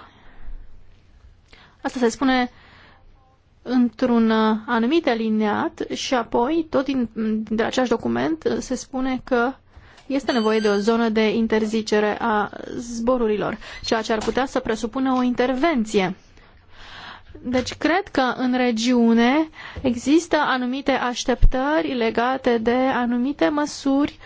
Asta se spune într-un anumit alineat și apoi, tot din, de același document, se spune că este nevoie de o zonă de interzicere a zborurilor, ceea ce ar putea să presupună o intervenție deci cred că în regiune există anumite așteptări legate de anumite măsuri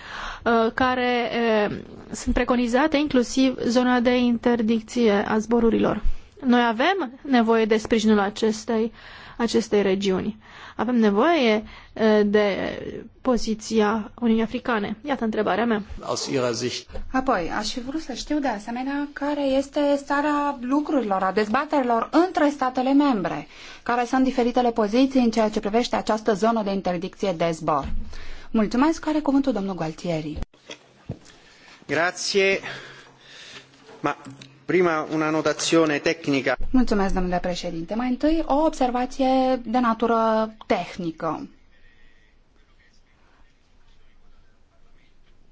uh, care uh, sunt preconizate, inclusiv zona de interdicție a zborurilor. Noi avem nevoie de sprijinul acestei, acestei regiuni. Avem nevoie de poziția Uniunii Africane. Iată întrebarea mea. Apoi, aș fi vrut să știu de asemenea care este starea lucrurilor, a dezbaterilor între statele membre, care sunt diferitele poziții în ceea ce privește această zonă de interdicție de zbor. Mulțumesc, care cuvântul domnul Gualtieri. Grazie. Ma Prima, una notazione tecnică. Mulțumesc, domnule președinte. Mai întâi, o observație de natură tehnică.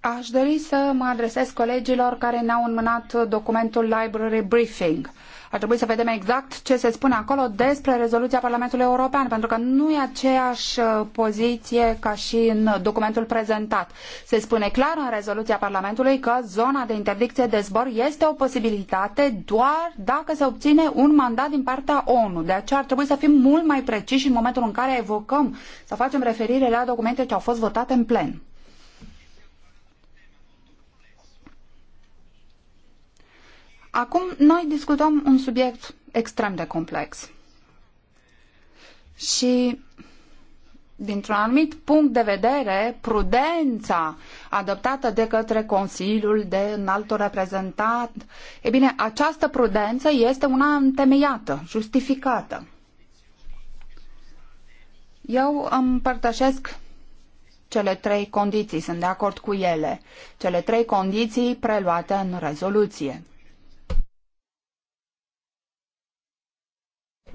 Aș dori să mă adresez colegilor care ne-au înmânat documentul Library Briefing. Ar trebui să vedem exact ce se spune acolo despre rezoluția Parlamentului European, pentru că nu e aceeași uh, poziție ca și în documentul prezentat. Se spune clar în rezoluția Parlamentului că zona de interdicție de zbor este o posibilitate doar dacă se obține un mandat din partea ONU. De aceea ar trebui să fim mult mai preciși în momentul în care evocăm, să facem referire la documente ce au fost votate în plen. Acum noi discutăm un subiect extrem de complex. Și dintr-un anumit punct de vedere, prudența adoptată de către Consiliul de înaltul reprezentant, e bine, această prudență este una întemeiată, justificată. Eu împărtășesc cele trei condiții, sunt de acord cu ele, cele trei condiții preluate în rezoluție.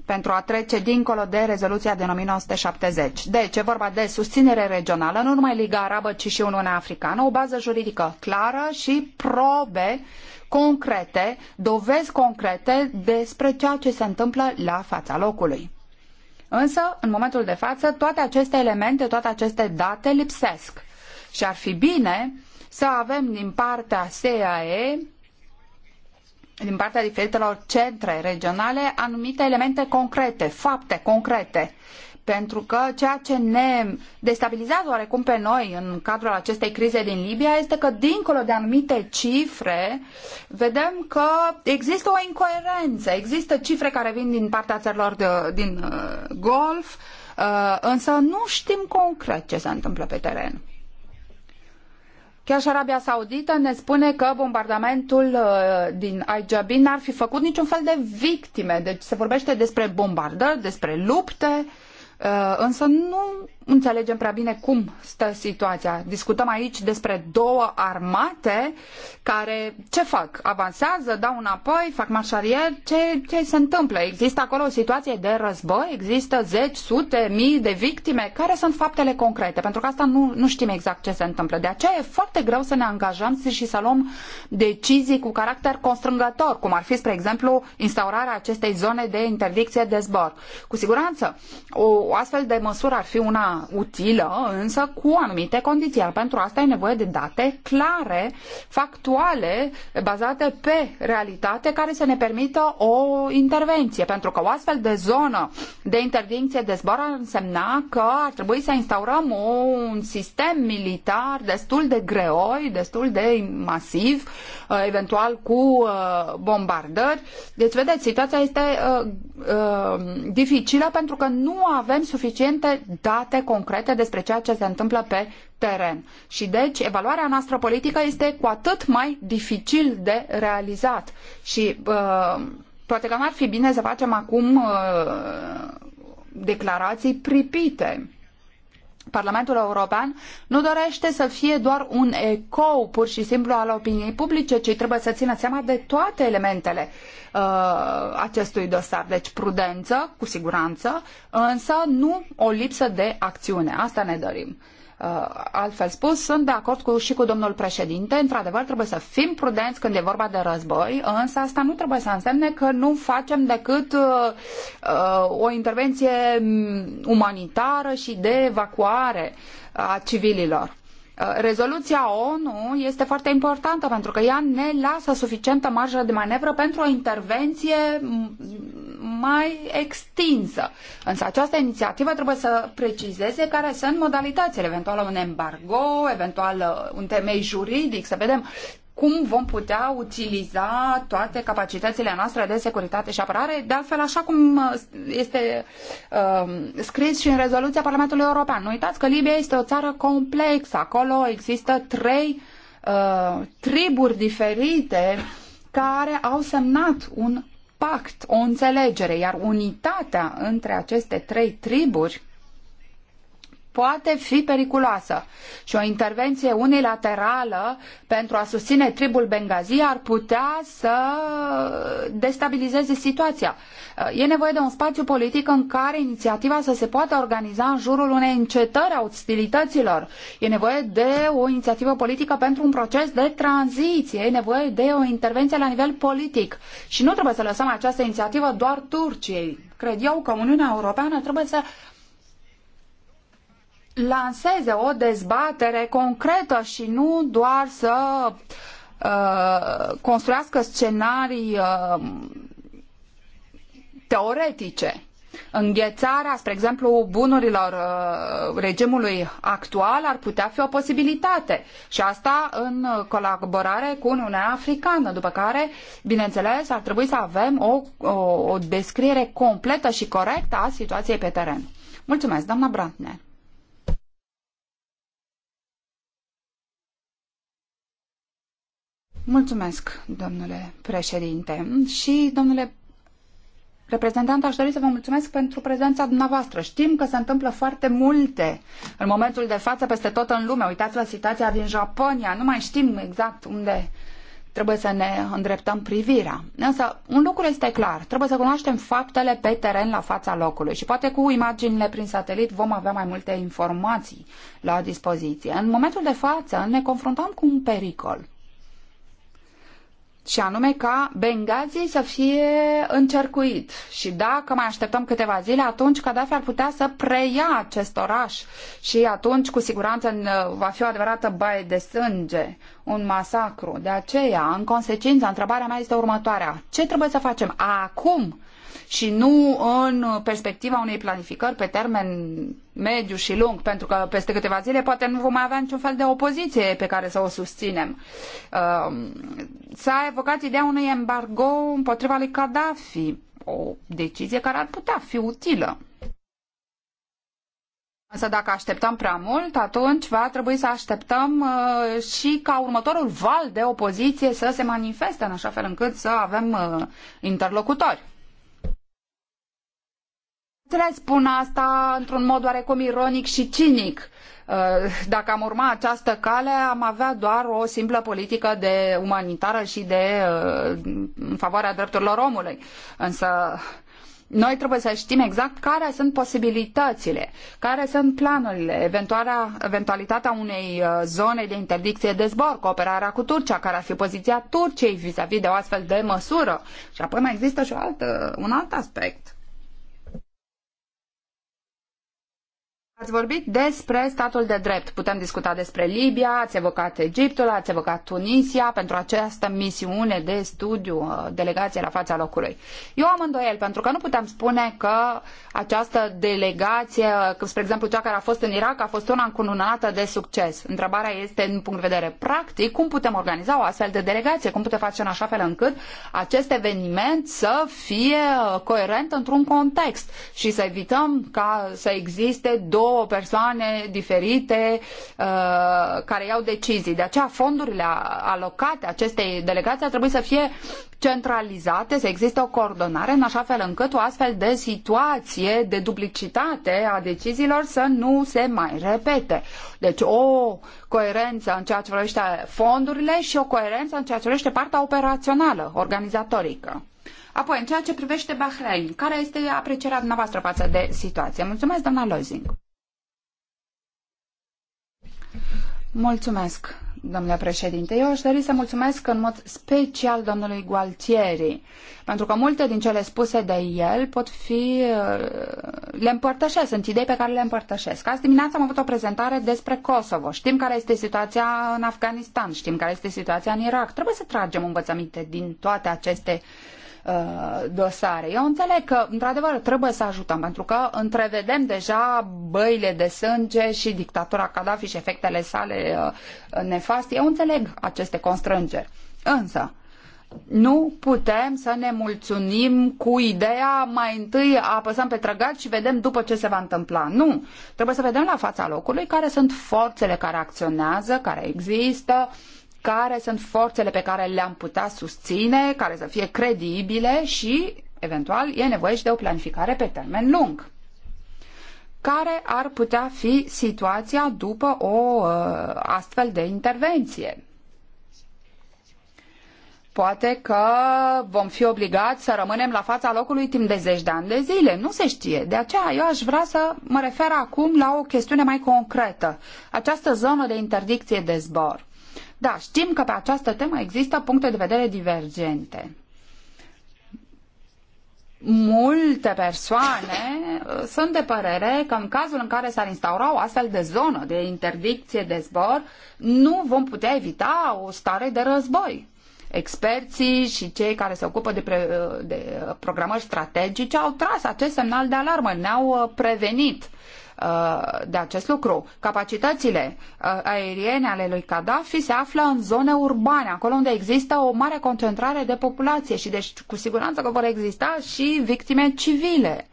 pentru a trece dincolo de rezoluția de 1970. Deci, e vorba de susținere regională, nu numai Liga Arabă, ci și Uniunea Africană, o bază juridică clară și probe concrete, dovezi concrete despre ceea ce se întâmplă la fața locului. Însă, în momentul de față, toate aceste elemente, toate aceste date lipsesc. Și ar fi bine să avem din partea SAE din partea diferitelor centre regionale anumite elemente concrete, fapte concrete pentru că ceea ce ne destabilizează oarecum pe noi în cadrul acestei crize din Libia este că, dincolo de anumite cifre, vedem că există o incoerență. Există cifre care vin din partea țărilor de, din uh, Golf, uh, însă nu știm concret ce se întâmplă pe teren. Chiar și Arabia Saudită ne spune că bombardamentul uh, din Aijabin n-ar fi făcut niciun fel de victime. Deci se vorbește despre bombardări, despre lupte, uh, însă nu înțelegem prea bine cum stă situația. Discutăm aici despre două armate care ce fac? Avansează, dau înapoi, fac marșarier? Ce, ce se întâmplă? Există acolo o situație de război? Există zeci, sute, mii de victime? Care sunt faptele concrete? Pentru că asta nu, nu știm exact ce se întâmplă. De aceea e foarte greu să ne angajăm și să luăm decizii cu caracter constrângător, cum ar fi, spre exemplu, instaurarea acestei zone de interdicție de zbor. Cu siguranță, o, o astfel de măsură ar fi una utilă, însă cu anumite condiții, iar pentru asta e nevoie de date clare, factuale, bazate pe realitate, care să ne permită o intervenție, pentru că o astfel de zonă de interdicție de zbor ar însemna că ar trebui să instaurăm un sistem militar destul de greoi, destul de masiv, uh, eventual cu uh, bombardări. Deci, vedeți, situația este uh, dificilă pentru că nu avem suficiente date concrete despre ceea ce se întâmplă pe teren. Și deci evaluarea noastră politică este cu atât mai dificil de realizat. Și uh, poate că n-ar fi bine să facem acum uh, declarații pripite. Parlamentul European nu dorește să fie doar un ecou pur și simplu al opiniei publice, ci trebuie să țină seama de toate elementele uh, acestui dosar. Deci prudență, cu siguranță, însă nu o lipsă de acțiune. Asta ne dorim. Uh, altfel spus, sunt de acord cu, și cu domnul președinte. Într-adevăr, trebuie să fim prudenți când e vorba de război, însă asta nu trebuie să însemne că nu facem decât uh, uh, o intervenție umanitară și de evacuare a civililor. Uh, rezoluția ONU este foarte importantă pentru că ea ne lasă suficientă marjă de manevră pentru o intervenție mai extinsă. Însă această inițiativă trebuie să precizeze care sunt modalitățile, eventual un embargo, eventual uh, un temei juridic, să vedem cum vom putea utiliza toate capacitățile noastre de securitate și apărare, de altfel așa cum uh, este uh, scris și în rezoluția Parlamentului European. Nu uitați că Libia este o țară complexă, acolo există trei uh, triburi diferite care au semnat un pact, o înțelegere, iar unitatea între aceste trei triburi poate fi periculoasă și o intervenție unilaterală pentru a susține tribul Benghazi ar putea să destabilizeze situația. Uh, e nevoie de un spațiu politic în care inițiativa să se poată organiza în jurul unei încetări a ostilităților. E nevoie de o inițiativă politică pentru un proces de tranziție. E nevoie de o intervenție la nivel politic. Și nu trebuie să lăsăm această inițiativă doar Turciei cred eu că Uniunea Europeană trebuie să lanseze o dezbatere concretă și nu doar să uh, construiască scenarii uh, teoretice. Înghețarea, spre exemplu, bunurilor uh, regimului actual ar putea fi o posibilitate și asta în colaborare cu Uniunea Africană, după care, bineînțeles, ar trebui să avem o, o, o descriere completă și corectă a situației pe teren. Mulțumesc, doamna Brantner. Mulțumesc, domnule președinte. Și, domnule reprezentant, aș dori să vă mulțumesc pentru prezența dumneavoastră. Știm că se întâmplă foarte multe în momentul de față peste tot în lume. Uitați la situația din Japonia. Nu mai știm exact unde trebuie să ne îndreptăm privirea. Însă, un lucru este clar, trebuie să cunoaștem faptele pe teren la fața locului și poate cu imaginile prin satelit vom avea mai multe informații la dispoziție. În momentul de față ne confruntăm cu un pericol și anume ca Benghazi să fie încercuit. Și dacă mai așteptăm câteva zile, atunci Gaddafi ar putea să preia acest oraș și atunci cu siguranță uh, va fi o adevărată baie de sânge, un masacru. De aceea, în consecință, întrebarea mea este următoarea. Ce trebuie să facem acum și nu în perspectiva unei planificări pe termen mediu și lung, pentru că peste câteva zile poate nu vom mai avea niciun fel de opoziție pe care să o susținem. Um, s-a evocat ideea unui embargo împotriva lui Gaddafi, o decizie care ar putea fi utilă. Însă dacă așteptăm prea mult, atunci va trebui să așteptăm uh, și ca următorul val de opoziție să se manifeste în așa fel încât să avem uh, interlocutori le spun asta într-un mod oarecum ironic și cinic. Uh, dacă am urma această cale, am avea doar o simplă politică de umanitară și de uh, în favoarea drepturilor omului. Însă noi trebuie să știm exact care sunt posibilitățile, care sunt planurile, eventualitatea unei uh, zone de interdicție de zbor, cooperarea cu Turcia, care ar fi poziția Turciei vis a -vis de o astfel de măsură. Și apoi mai există și o altă, un alt aspect Ați vorbit despre statul de drept. Putem discuta despre Libia, ați evocat Egiptul, ați evocat Tunisia pentru această misiune de studiu, uh, delegație la fața locului. Eu am îndoiel, pentru că nu putem spune că această delegație, că, spre exemplu cea care a fost în Irak, a fost una încununată de succes. Întrebarea este, în punct de vedere practic, cum putem organiza o astfel de delegație, cum putem face în așa fel încât acest eveniment să fie uh, coerent într-un context și să evităm ca să existe două două persoane diferite uh, care iau decizii. De aceea fondurile alocate acestei delegații ar trebui să fie centralizate, să existe o coordonare în așa fel încât o astfel de situație de duplicitate a deciziilor să nu se mai repete. Deci o coerență în ceea ce vorbește fondurile și o coerență în ceea ce vorbește partea operațională, organizatorică. Apoi, în ceea ce privește Bahrain, care este aprecierea dumneavoastră față de situație? Mulțumesc, doamna Lozing. Mulțumesc, domnule președinte. Eu aș dori să mulțumesc în mod special domnului Gualtieri, pentru că multe din cele spuse de el pot fi, le împărtășesc, sunt idei pe care le împărtășesc. Azi dimineața am avut o prezentare despre Kosovo. Știm care este situația în Afganistan, știm care este situația în Irak. Trebuie să tragem învățăminte din toate aceste uh, Uh, dosare. Eu înțeleg că, într-adevăr, trebuie să ajutăm, pentru că întrevedem deja băile de sânge și dictatura Gaddafi și efectele sale uh, nefaste. Eu înțeleg aceste constrângeri. Însă, nu putem să ne mulțumim cu ideea mai întâi apăsăm pe trăgat și vedem după ce se va întâmpla. Nu. Trebuie să vedem la fața locului care sunt forțele care acționează, care există, care sunt forțele pe care le-am putea susține, care să fie credibile și, eventual, e nevoie și de o planificare pe termen lung. Care ar putea fi situația după o uh, astfel de intervenție? Poate că vom fi obligați să rămânem la fața locului timp de zeci de ani de zile. Nu se știe. De aceea eu aș vrea să mă refer acum la o chestiune mai concretă. Această zonă de interdicție de zbor. Da, știm că pe această temă există puncte de vedere divergente. Multe persoane uh, sunt de părere că în cazul în care s-ar instaura o astfel de zonă de interdicție de zbor, nu vom putea evita o stare de război experții și cei care se ocupă de, pre, uh, de programări strategice au tras acest semnal de alarmă, ne-au uh, prevenit. Uh, de acest lucru. Capacitățile uh, aeriene ale lui Gaddafi se află în zone urbane, acolo unde există o mare concentrare de populație și deci cu siguranță că vor exista și victime civile.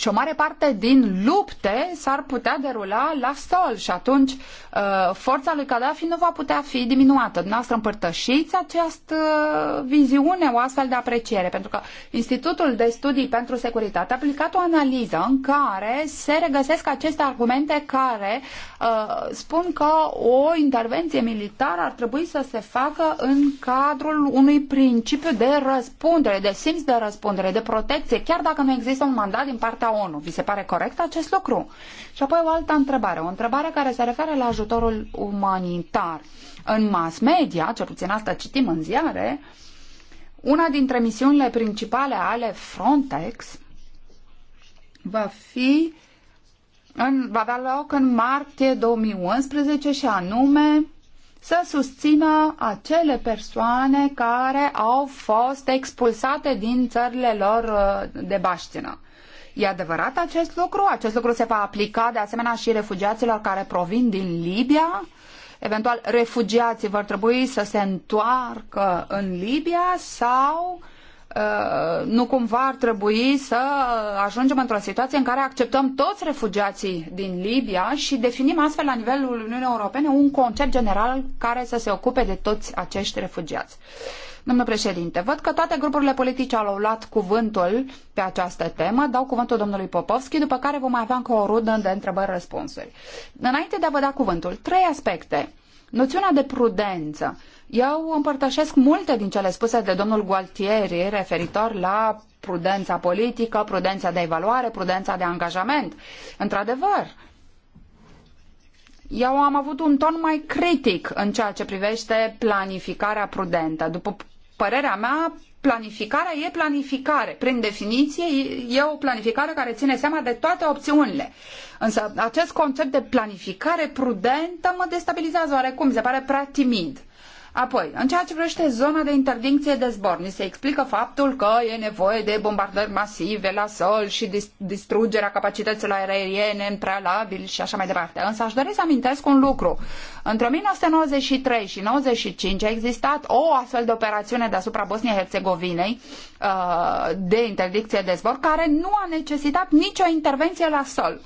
Și o mare parte din lupte s-ar putea derula la sol și atunci uh, forța lui Gaddafi nu va putea fi diminuată. Dumneavoastră împărtășiți această uh, viziune, o astfel de apreciere, pentru că Institutul de Studii pentru Securitate a aplicat o analiză în care se regăsesc aceste argumente care uh, spun că o intervenție militară ar trebui să se facă în cadrul unui principiu de răspundere, de simț de răspundere, de protecție, chiar dacă nu există un mandat din partea adresa ONU. Vi se pare corect acest lucru? Și apoi o altă întrebare, o întrebare care se referă la ajutorul umanitar. În mass media, cel puțin asta citim în ziare, una dintre misiunile principale ale Frontex va fi în, va avea loc în martie 2011 și anume să susțină acele persoane care au fost expulsate din țările lor uh, de baștină. E adevărat acest lucru? Acest lucru se va aplica de asemenea și refugiaților care provin din Libia? Eventual, refugiații vor trebui să se întoarcă în Libia sau uh, nu cumva ar trebui să ajungem într-o situație în care acceptăm toți refugiații din Libia și definim astfel la nivelul Uniunii Europene un concept general care să se ocupe de toți acești refugiați. Uh, Domnul președinte, văd că toate grupurile politice au luat cuvântul pe această temă. Dau cuvântul domnului Popovski, după care vom mai avea încă o rundă de întrebări-răspunsuri. Înainte de a vă da cuvântul, trei aspecte. Noțiunea de prudență. Eu împărtășesc multe din cele spuse de domnul Gualtieri referitor la prudența politică, prudența de evaluare, prudența de angajament. Într-adevăr, eu am avut un ton mai critic în ceea ce privește planificarea prudentă. După părerea mea, planificarea e planificare. Prin definiție, e o planificare care ține seama de toate opțiunile. Însă acest concept de planificare prudentă mă destabilizează oarecum, se pare prea timid. Apoi, în ceea ce privește zona de interdicție de zbor, ni se explică faptul că e nevoie de bombardări masive la sol și distrugerea capacităților aeriene în prealabil și așa mai departe. Însă aș dori să amintesc un lucru. Între 1993 și 95 a existat o astfel de operațiune deasupra Bosniei-Herzegovinei uh, de interdicție de zbor care nu a necesitat nicio intervenție la sol.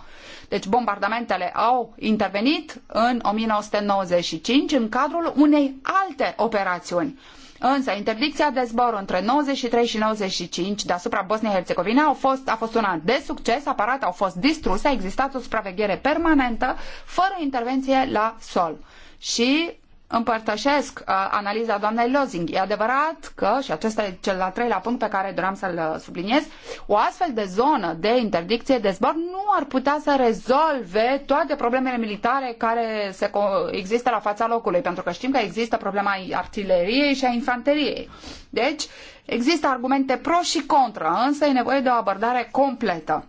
Deci bombardamentele au intervenit în 1995 în cadrul unei alte operațiuni. Însă interdicția de zbor între 93 și 95 deasupra Bosniei Herțegovina a fost, a fost una de succes, aparate au fost distruse, a existat o supraveghere permanentă fără intervenție la sol. Și Împărtășesc uh, analiza doamnei Lozing. E adevărat că, și acesta e cel al treilea punct pe care doream să-l uh, subliniez, o astfel de zonă de interdicție de zbor nu ar putea să rezolve toate problemele militare care se există la fața locului, pentru că știm că există problema artileriei și a infanteriei. Deci, există argumente pro și contra, însă e nevoie de o abordare completă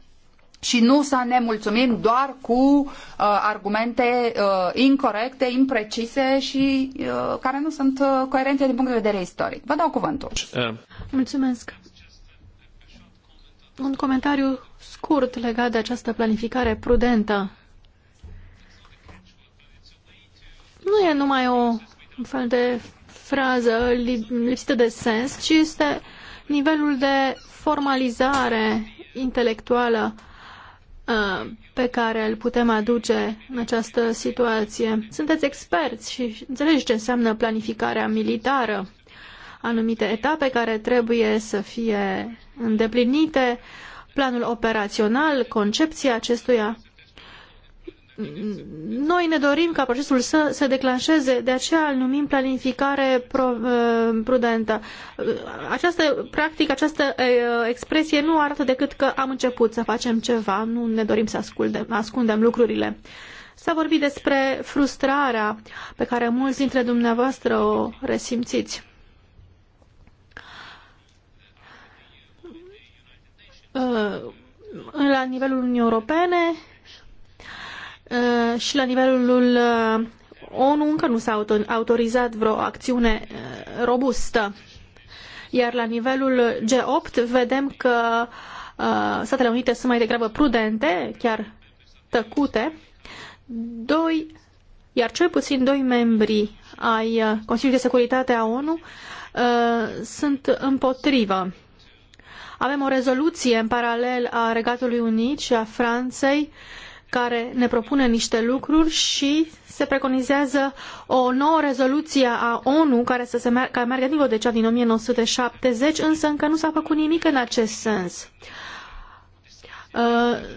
și nu să ne mulțumim doar cu uh, argumente uh, incorrecte, imprecise și uh, care nu sunt uh, coerente din punct de vedere istoric. Vă dau cuvântul. Uh. Mulțumesc. Un comentariu scurt legat de această planificare prudentă. Nu e numai o un fel de frază lipsită de sens, ci este nivelul de formalizare intelectuală pe care îl putem aduce în această situație. Sunteți experți și înțelegeți ce înseamnă planificarea militară, anumite etape care trebuie să fie îndeplinite, planul operațional, concepția acestuia noi ne dorim ca procesul să se declanșeze, de aceea îl numim planificare uh, prudentă. Această, practică, această uh, expresie nu arată decât că am început să facem ceva, nu ne dorim să ascundem, ascundem lucrurile. S-a vorbit despre frustrarea pe care mulți dintre dumneavoastră o resimțiți. Uh, la nivelul Uniunii Europene, Uh, și la nivelul uh, ONU încă nu s-a autorizat vreo acțiune uh, robustă. Iar la nivelul G8 vedem că Statele Unite sunt mai degrabă prudente, chiar tăcute. Doi, iar cel puțin doi membri ai Consiliului de Securitate a ONU sunt împotrivă. Avem o rezoluție în paralel a Regatului Unit și a Franței uh, care ne propune niște lucruri și se preconizează o nouă rezoluție a ONU care să se mer- care meargă dincolo de cea din 1970, însă încă nu s-a făcut nimic în acest sens. Uh,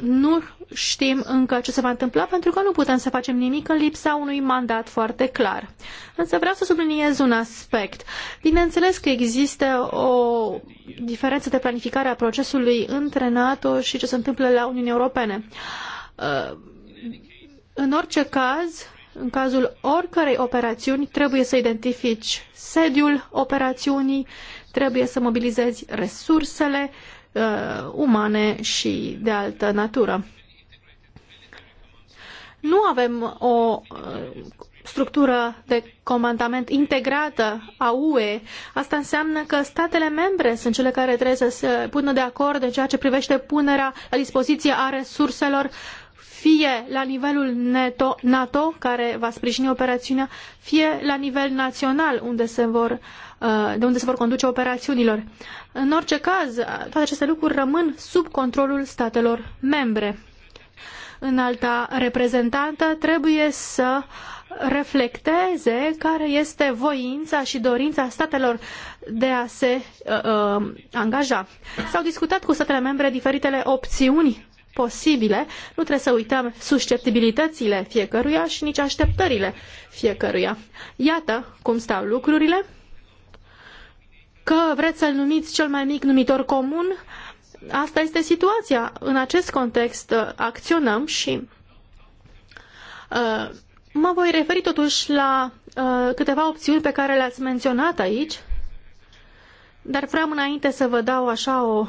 nu știm încă ce se va întâmpla pentru că nu putem să facem nimic în lipsa unui mandat foarte clar. Însă vreau să subliniez un aspect. Bineînțeles că există o diferență de planificare a procesului între NATO și ce se întâmplă la Uniunea Europeană. Uh, Uh, în orice caz, în cazul oricărei operațiuni, trebuie să identifici sediul operațiunii, trebuie să mobilizezi resursele uh, umane și de altă natură. Nu avem o uh, structură de comandament integrată a UE. Asta înseamnă că statele membre sunt cele care trebuie să se pună de acord în ceea ce privește punerea la dispoziție a resurselor uh, fie la nivelul NATO, NATO care va sprijini operațiunea, fie la nivel național, unde se vor, uh, de unde se vor conduce operațiunilor. În orice caz, toate aceste lucruri rămân sub controlul statelor membre. În alta reprezentantă trebuie să reflecteze care este voința și dorința statelor de a se uh, uh angaja. S-au discutat cu statele membre diferitele opțiuni posibile. Nu trebuie să uităm susceptibilitățile fiecăruia și nici așteptările fiecăruia. Iată cum stau lucrurile, că vreți să-l numiți cel mai mic numitor comun, asta este situația. În acest context uh, acționăm și uh, mă voi referi totuși la uh, câteva opțiuni pe care le-ați menționat aici, dar vreau înainte să vă dau așa o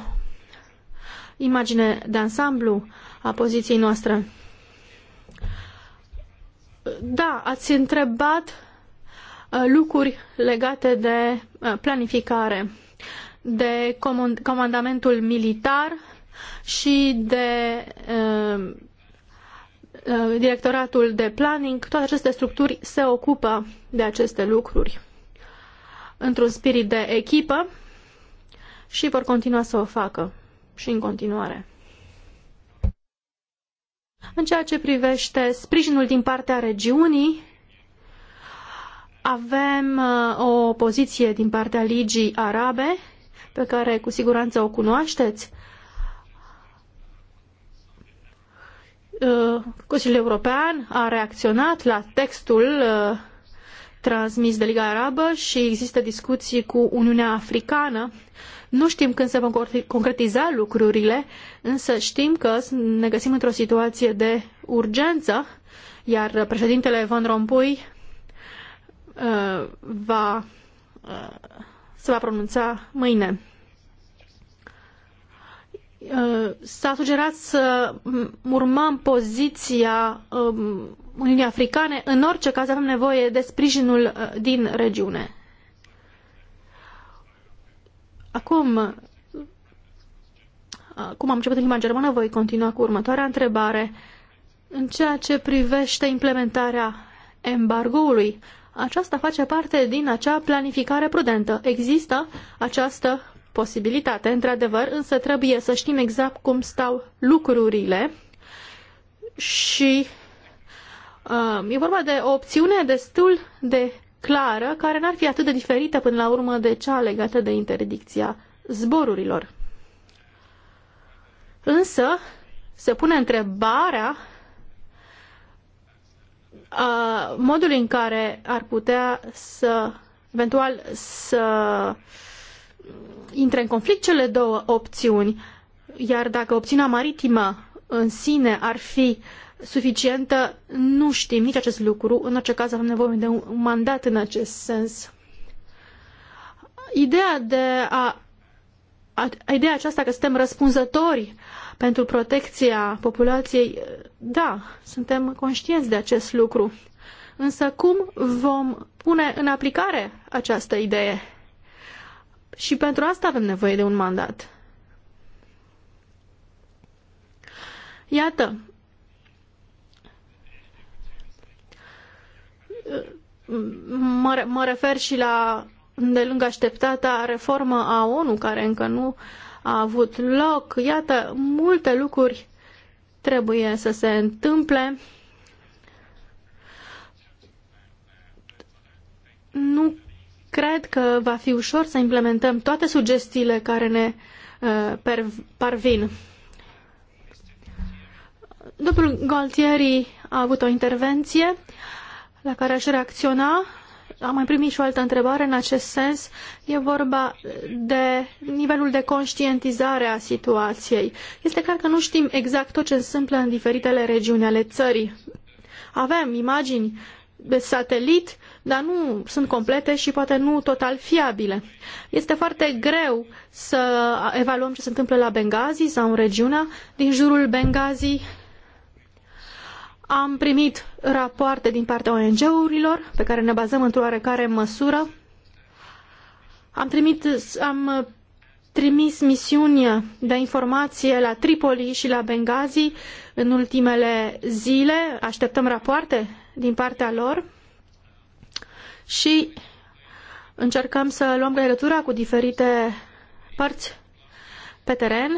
imagine de ansamblu a poziției noastre. Da, ați întrebat uh, lucruri legate de uh, planificare, de comandamentul militar și de uh, directoratul de planning, toate aceste structuri se ocupă de aceste lucruri într-un spirit de echipă și vor continua să o facă și în continuare. În ceea ce privește sprijinul din partea regiunii, avem uh, o poziție din partea Ligii Arabe, pe care cu siguranță o cunoașteți. Uh, Consiliul European a reacționat la textul uh, transmis de Liga Arabă și există discuții cu Uniunea Africană nu știm când se vor concretiza lucrurile, însă știm că ne găsim într-o situație de urgență, iar președintele Van Rompuy uh, va, uh, se va pronunța mâine. Uh, s-a sugerat să urmăm poziția um, Uniunii Africane. În orice caz avem nevoie de sprijinul uh, din regiune. Acum, cum am început în limba germană, voi continua cu următoarea întrebare. În ceea ce privește implementarea embargoului, aceasta face parte din acea planificare prudentă. Există această posibilitate, într-adevăr, însă trebuie să știm exact cum stau lucrurile și uh, e vorba de o opțiune destul de clară, care n-ar fi atât de diferită până la urmă de cea legată de interdicția zborurilor. Însă, se pune întrebarea a modului în care ar putea să, eventual, să intre în conflict cele două opțiuni, iar dacă opțiunea maritimă în sine ar fi uh, suficientă. Nu știm nici acest lucru. În orice caz avem nevoie de un mandat în acest sens. Ideea de a, ideea aceasta că suntem răspunzători pentru protecția populației, da, suntem conștienți de acest lucru. Însă cum vom pune în aplicare această idee? Și pentru asta avem nevoie de un mandat. Iată, mă, mă refer și la îndelung așteptata reformă a ONU, care încă nu a avut loc. Iată, multe lucruri trebuie să se întâmple. Nu cred că va fi ușor să implementăm toate sugestiile care ne uh, parvin. Domnul Galtieri a avut o intervenție la care aș reacționa. Am mai primit și o altă întrebare în acest sens. E vorba de nivelul de conștientizare a situației. Este clar că nu știm exact tot ce întâmplă în diferitele regiuni ale țării. Avem imagini de satelit, dar nu sunt complete și poate nu total fiabile. Este foarte greu să evaluăm ce se întâmplă la Benghazi sau în regiunea din jurul Benghazi am primit rapoarte din partea ONG-urilor, pe care ne bazăm într-o oarecare măsură. Am, trimit, am trimis misiuni de informație la Tripoli și la Benghazi în ultimele zile. Așteptăm rapoarte din partea lor și încercăm să luăm legătura cu diferite părți pe teren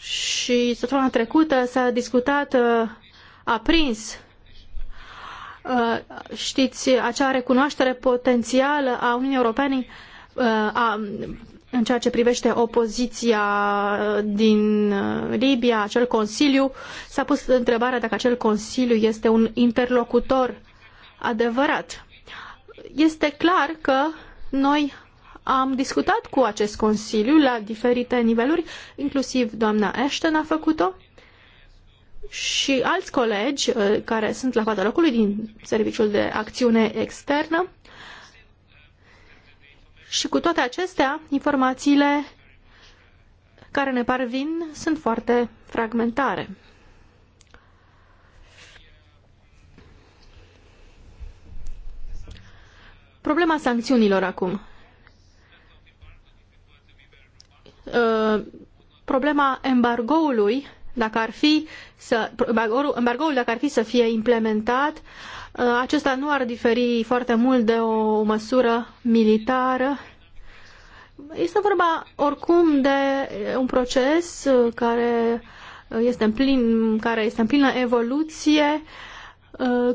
și săptămâna trecută s-a discutat uh, aprins uh, știți, acea recunoaștere potențială a Uniunii Europene uh, a, în ceea ce privește opoziția din Libia, acel Consiliu, s-a pus întrebarea dacă acel Consiliu este un interlocutor adevărat. Este clar că noi am discutat cu acest Consiliu la diferite niveluri, inclusiv doamna Ashton a făcut-o și alți colegi uh, care sunt la fața locului din Serviciul de Acțiune Externă. Și cu toate acestea, informațiile care ne parvin sunt foarte fragmentare. Problema sancțiunilor acum. Uh, problema embargoului, dacă ar fi să, embargoul dacă ar fi să fie implementat, uh, acesta nu ar diferi foarte mult de o măsură militară. Este vorba oricum de un proces uh, care este în, plin, care este în plină evoluție.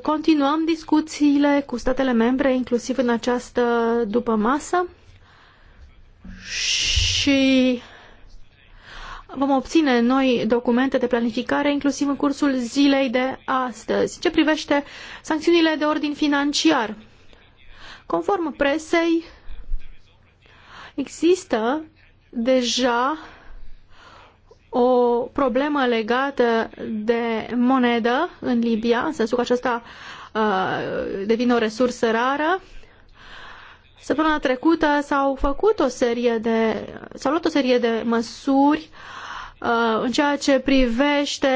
Continuăm discuțiile cu statele membre, inclusiv în această după masă și vom obține noi documente de planificare, inclusiv în cursul zilei de astăzi. Ce privește sancțiunile de ordin financiar, conform presei, există deja o problemă legată de monedă în Libia, în sensul că aceasta uh, devine o resursă rară Săptămâna trecută s-au făcut o serie de, s-au luat o serie de măsuri uh, în ceea ce privește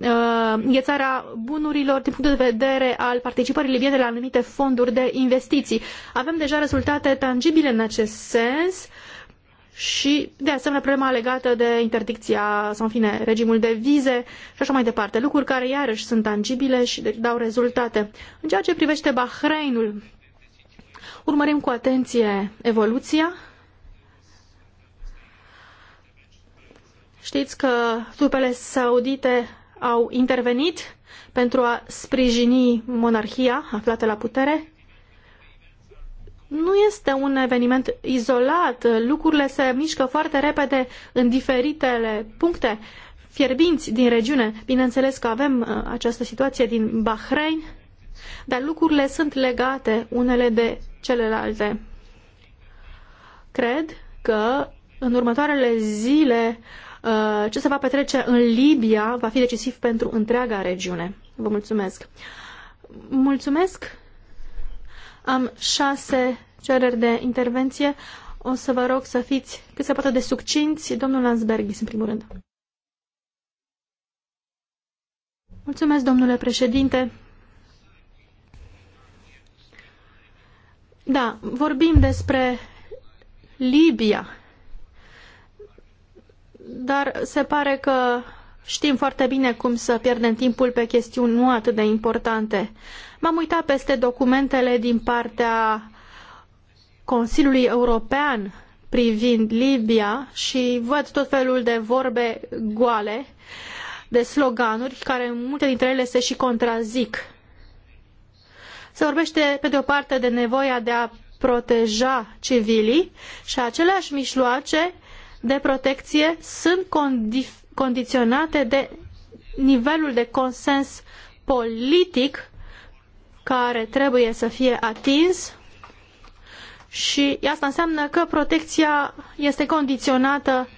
uh, înghețarea bunurilor din punctul de vedere al participării libiene la anumite fonduri de investiții. Avem deja rezultate tangibile în acest sens și, de asemenea, problema legată de interdicția sau, în fine, regimul de vize și așa mai departe. Lucruri care, iarăși, sunt tangibile și deci, dau rezultate. În ceea ce privește Bahrainul, Urmărim cu atenție evoluția. Știți că trupele saudite au intervenit pentru a sprijini monarhia aflată la putere. Nu este un eveniment izolat, lucrurile se mișcă foarte repede în diferitele puncte fierbinți din regiune. Bineînțeles că avem uh, această situație din Bahrain, dar lucrurile sunt legate unele de celelalte. Cred că în următoarele zile uh, ce se va petrece în Libia va fi decisiv pentru întreaga regiune. Vă mulțumesc! Mulțumesc! Am șase cereri de intervenție. O să vă rog să fiți cât se poate de succinți. Domnul Lansbergis, în primul rând. Mulțumesc, domnule președinte. Da, vorbim despre Libia, dar se pare că știm foarte bine cum să pierdem timpul pe chestiuni nu atât de importante. M-am uitat peste documentele din partea Consiliului European privind Libia și văd tot felul de vorbe goale, de sloganuri, care multe dintre ele se și contrazic. Se vorbește, pe de o parte, de nevoia de a proteja civilii și aceleași mijloace de protecție sunt condi- condiționate de nivelul de consens politic care trebuie să fie atins și asta înseamnă că protecția este condiționată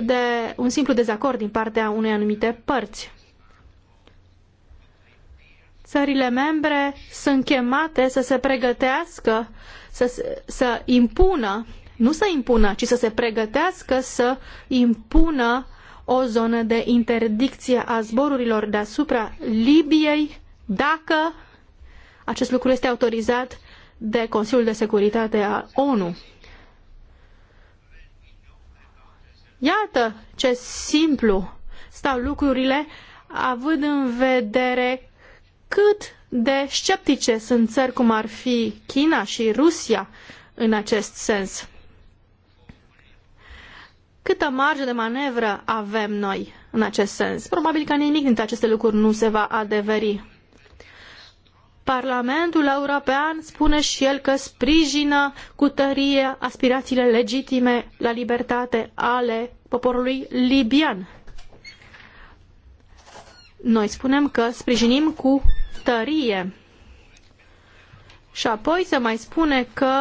de un simplu dezacord din partea unei anumite părți țările membre sunt chemate să se pregătească, să, să impună, nu să impună, ci să se pregătească să impună o zonă de interdicție a zborurilor deasupra Libiei dacă acest lucru este autorizat de Consiliul de Securitate al ONU. Iată ce simplu stau lucrurile având în vedere cât de sceptice sunt țări cum ar fi China și Rusia în acest sens. Câtă marge de manevră avem noi în acest sens? Probabil că nimic dintre aceste lucruri nu se va adeveri. Parlamentul European spune și el că sprijină cu tărie aspirațiile legitime la libertate ale poporului libian. Noi spunem că sprijinim cu tărie. Și apoi se mai spune că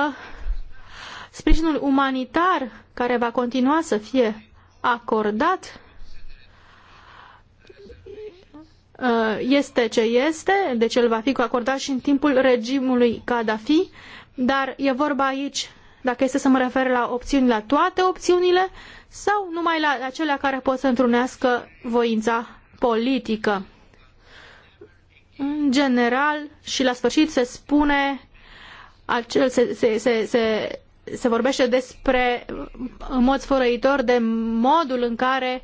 sprijinul umanitar care va continua să fie acordat uh, este ce este, deci el va fi acordat și în timpul regimului Gaddafi, dar e vorba aici dacă este să mă refer la opțiuni, la toate opțiunile sau numai la acelea care pot să întrunească voința politică. În general, și la sfârșit se spune, acel, se, se, se, se, se vorbește despre, în mod sfărăitor, de modul în care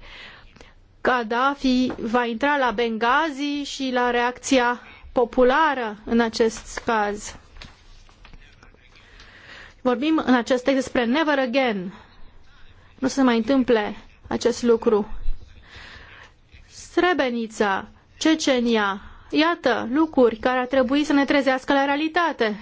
Gaddafi va intra la Benghazi și la reacția populară în acest caz. Vorbim în acest text despre never again. Nu se mai întâmple acest lucru. Srebenița, Cecenia, iată lucruri care ar trebui să ne trezească la realitate.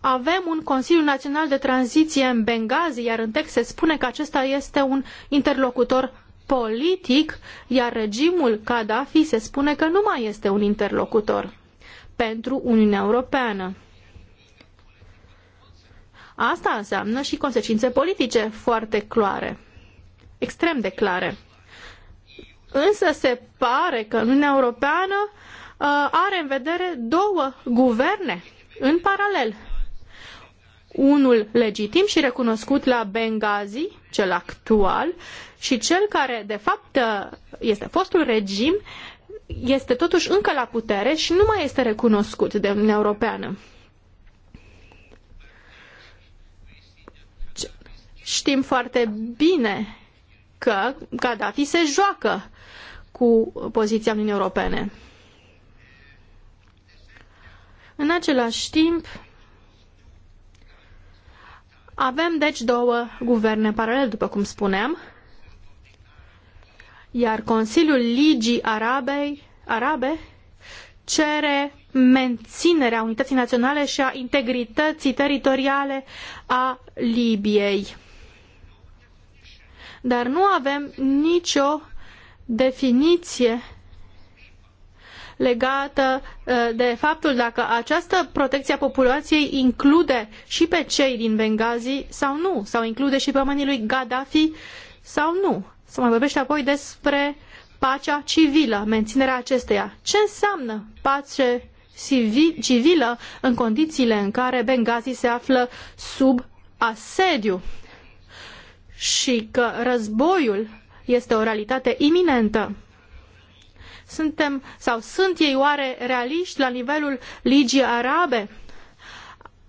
Avem un Consiliu Național de Tranziție în Benghazi, iar în text se spune că acesta este un interlocutor politic, iar regimul Gaddafi se spune că nu mai este un interlocutor pentru Uniunea Europeană. Asta înseamnă și consecințe politice foarte clare extrem de clare. Însă se pare că Uniunea Europeană uh, are în vedere două guverne în paralel. Unul legitim și recunoscut la Benghazi, cel actual, și cel care, de fapt, uh, este fostul regim, este totuși încă la putere și nu mai este recunoscut de Uniunea Europeană. Știm foarte bine că Gaddafi se joacă cu poziția Uniunii Europene. În același timp, avem deci două guverne paralele, după cum spuneam, iar Consiliul Ligii Arabei, Arabe cere menținerea unității naționale și a integrității teritoriale a Libiei dar nu avem nicio definiție legată uh, de faptul dacă această protecție a populației include și pe cei din Benghazi sau nu, sau include și pe oamenii lui Gaddafi sau nu. Să mai vorbește apoi despre pacea civilă, menținerea acesteia. Ce înseamnă pace civilă în condițiile în care Benghazi se află sub asediu? și că războiul este o realitate iminentă. Suntem sau sunt ei oare realiști la nivelul Ligii Arabe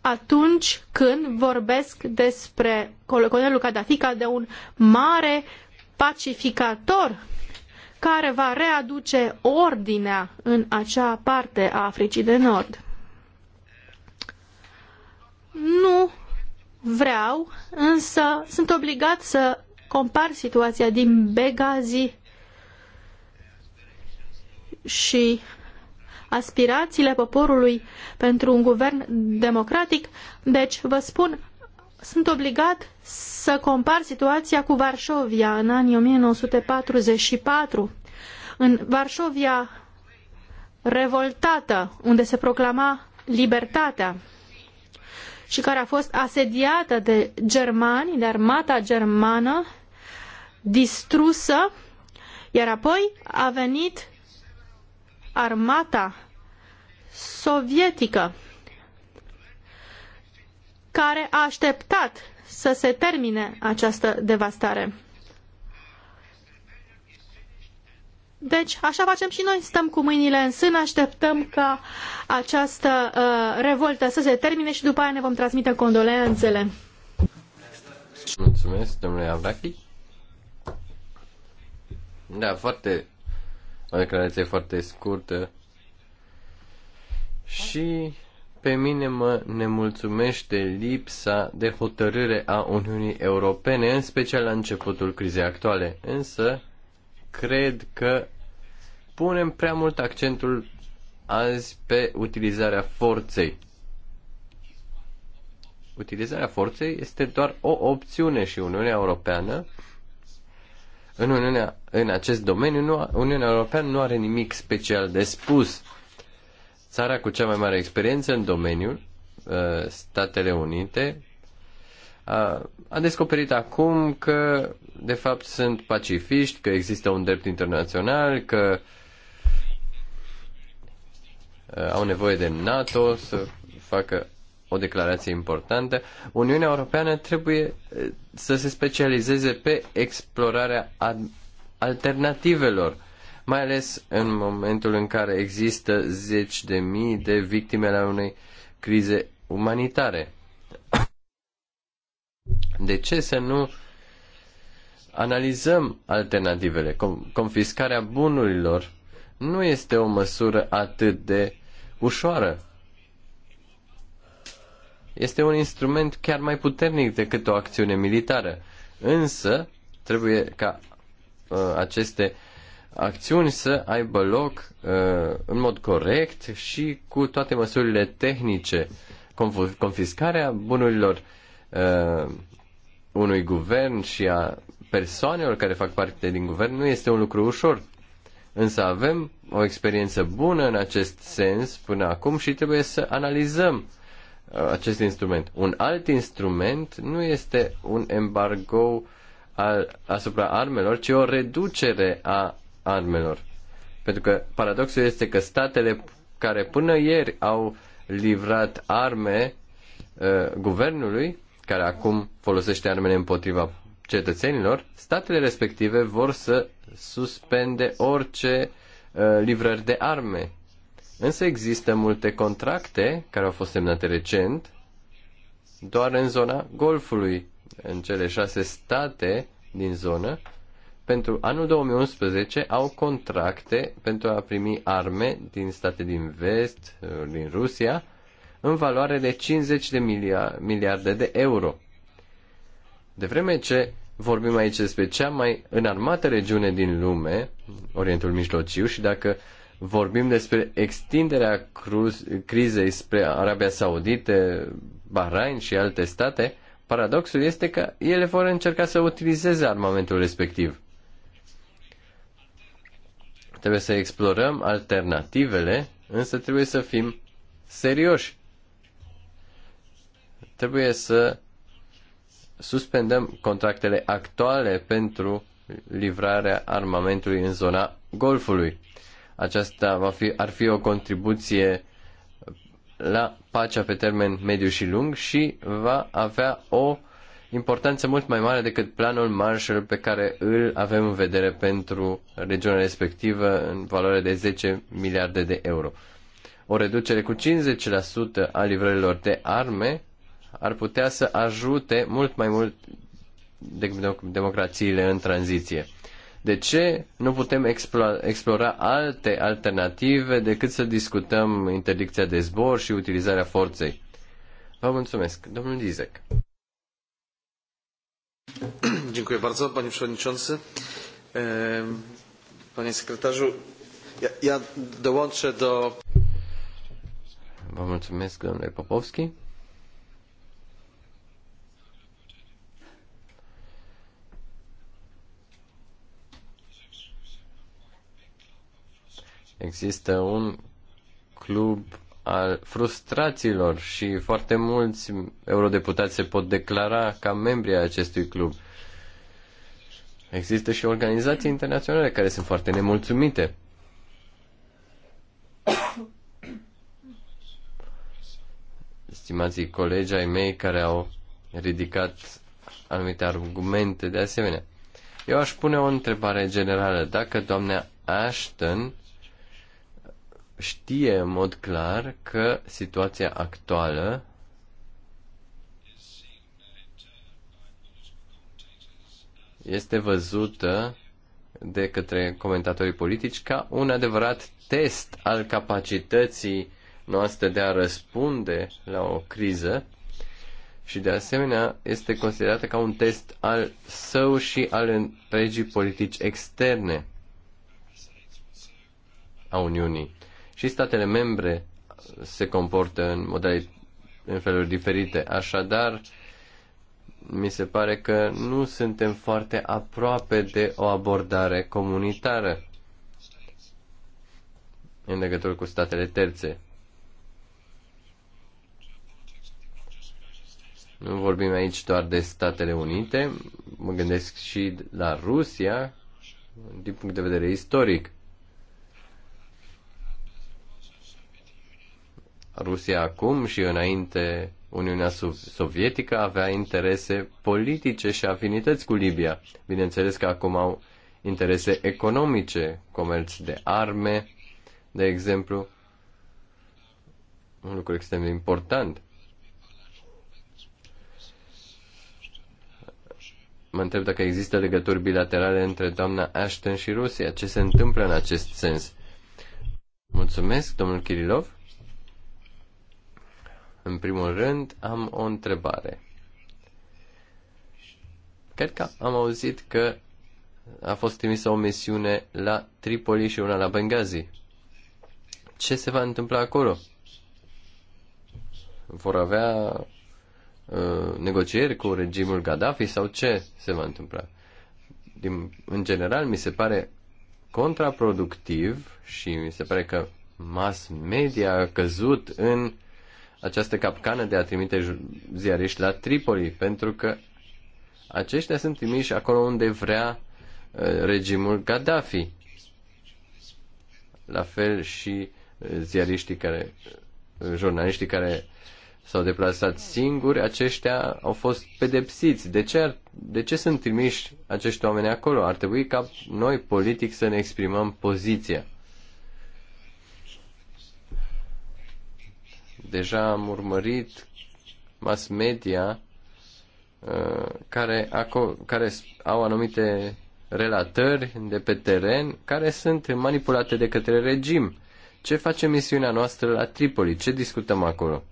atunci când vorbesc despre colonelul Gaddafi ca de un mare pacificator care va readuce ordinea în acea parte a Africii de Nord? Nu vreau, însă sunt obligat să compar situația din Benghazi și aspirațiile poporului pentru un guvern democratic. Deci, vă spun, sunt obligat să compar situația cu Varșovia în anii 1944. În Varșovia revoltată, unde se proclama libertatea și care a fost asediată de germani, de armata germană, distrusă, iar apoi a venit armata sovietică care a așteptat să se termine această devastare. Deci, așa facem și noi, stăm cu mâinile în sân, așteptăm ca această uh, revoltă să se termine și după aia ne vom transmite condoleanțele. Mulțumesc, domnule Avrachi. Da, foarte... o declarație foarte scurtă. Și pe mine mă nemulțumește lipsa de hotărâre a Uniunii Europene, în special la începutul crizei actuale. Însă, cred că punem prea mult accentul azi pe utilizarea forței. Utilizarea forței este doar o opțiune și Uniunea Europeană în, Uniunea, în acest domeniu nu, Uniunea Europeană nu are nimic special de spus. Țara cu cea mai mare experiență în domeniul, uh, Statele Unite, a, a descoperit acum că de fapt sunt pacifiști, că există un drept internațional, că uh, au nevoie de NATO să facă o declarație importantă. Uniunea Europeană trebuie uh, să se specializeze pe explorarea alternativelor, mai ales în momentul în care există zeci de mii de victime la unei crize umanitare. De ce să nu analizăm alternativele. Confiscarea bunurilor nu este o măsură atât de ușoară. Este un instrument chiar mai puternic decât o acțiune militară. Însă, trebuie ca uh, aceste acțiuni să aibă loc uh, în mod corect și cu toate măsurile tehnice. confiscarea bunurilor uh, unui guvern și a persoanelor care fac parte din guvern nu este un lucru ușor. Însă avem o experiență bună în acest sens până acum și trebuie să analizăm uh, acest instrument. Un alt instrument nu este un embargo al, asupra armelor, ci o reducere a armelor. Pentru că paradoxul este că statele care până ieri au livrat arme uh, guvernului, care acum folosește armele împotriva cetățenilor, statele respective vor să suspende orice uh, livrări de arme. Însă există multe contracte care au fost semnate recent doar în zona Golfului, în cele șase state din zonă, pentru anul 2011 au contracte pentru a primi arme din state din vest, uh, din Rusia, în valoare de 50 de miliarde de euro. De vreme ce vorbim aici despre cea mai înarmată regiune din lume, Orientul Mijlociu, și dacă vorbim despre extinderea crizei spre Arabia Saudită, Bahrain și alte state, paradoxul este că ele vor încerca să utilizeze armamentul respectiv. Trebuie să explorăm alternativele, însă trebuie să fim serioși. Trebuie să suspendăm contractele actuale pentru livrarea armamentului în zona Golfului. Aceasta va fi, ar fi o contribuție la pacea pe termen mediu și lung și va avea o importanță mult mai mare decât planul Marshall pe care îl avem în vedere pentru regiunea respectivă în valoare de 10 miliarde de euro. O reducere cu 50% a livrărilor de arme ar putea să ajute mult mai mult de democrațiile în tranziție. De ce nu putem explora alte alternative decât să discutăm interdicția de zbor și utilizarea forței? Vă mulțumesc. Domnul Dizek. Dziękuję bardzo, panie przewodniczący. Panie sekretarzu, ja, ja dołączę do... Vă mulțumesc, domnule Popovski. Există un club al frustrațiilor și foarte mulți eurodeputați se pot declara ca membri ai acestui club. Există și organizații internaționale care sunt foarte nemulțumite. Stimații colegi ai mei care au ridicat anumite argumente de asemenea. Eu aș pune o întrebare generală. Dacă doamna Ashton știe în mod clar că situația actuală este văzută de către comentatorii politici ca un adevărat test al capacității noastre de a răspunde la o criză și de asemenea este considerată ca un test al său și al întregii politici externe a Uniunii și statele membre se comportă în modalități în feluri diferite. Așadar, mi se pare că nu suntem foarte aproape de o abordare comunitară în legătură cu statele terțe. Nu vorbim aici doar de Statele Unite, mă gândesc și la Rusia din punct de vedere istoric. Rusia acum și înainte Uniunea Sovietică avea interese politice și afinități cu Libia. Bineînțeles că acum au interese economice, comerț de arme, de exemplu. Un lucru extrem de important. Mă întreb dacă există legături bilaterale între doamna Ashton și Rusia. Ce se întâmplă în acest sens? Mulțumesc, domnul Kirilov. În primul rând, am o întrebare. Cred că am auzit că a fost trimisă o misiune la Tripoli și una la Benghazi. Ce se va întâmpla acolo? Vor avea uh, negocieri cu regimul Gaddafi sau ce se va întâmpla? Din, în general, mi se pare contraproductiv și mi se pare că mass media a căzut în această capcană de a trimite ziariști la Tripoli, pentru că aceștia sunt trimiși acolo unde vrea uh, regimul Gaddafi. La fel și uh, ziariștii care, uh, jurnaliștii care s-au deplasat singuri, aceștia au fost pedepsiți. De ce, ar, de ce sunt trimiși acești oameni acolo? Ar trebui ca noi, politic, să ne exprimăm poziția. Deja am urmărit mass media uh, care, care au anumite relatări de pe teren care sunt manipulate de către regim. Ce face misiunea noastră la Tripoli? Ce discutăm acolo?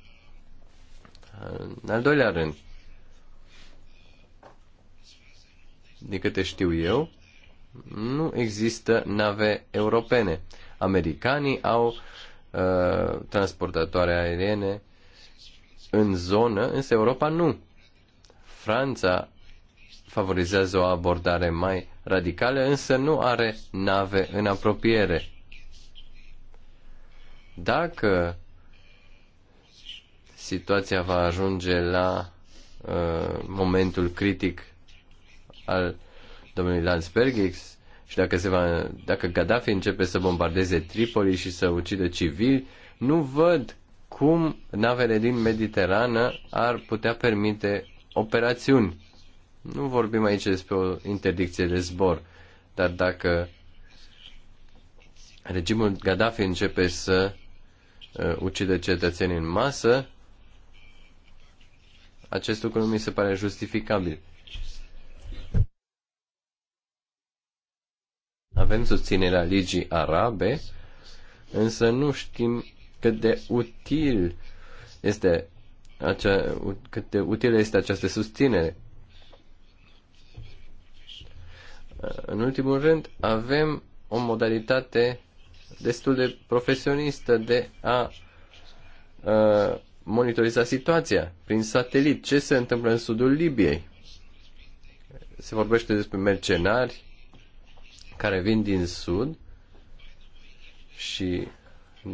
În al doilea rând, din câte știu eu, nu există nave europene. Americanii au Uh, transportatoare aeriene în zonă, însă Europa nu. Franța favorizează o abordare mai radicală, însă nu are nave în apropiere. Dacă situația va ajunge la uh, momentul critic al domnului Landsbergis, și dacă, se va, dacă Gaddafi începe să bombardeze Tripoli și să ucidă civili, nu văd cum navele din Mediterană ar putea permite operațiuni. Nu vorbim aici despre o interdicție de zbor, dar dacă regimul Gaddafi începe să uh, ucide cetățenii în masă, acest lucru nu mi se pare justificabil. Avem susținerea Ligii Arabe, însă nu știm cât de util este acea, cât de utilă este această susținere. În ultimul rând, avem o modalitate destul de profesionistă de a, a monitoriza situația prin satelit. Ce se întâmplă în sudul Libiei? Se vorbește despre mercenari care vin din sud și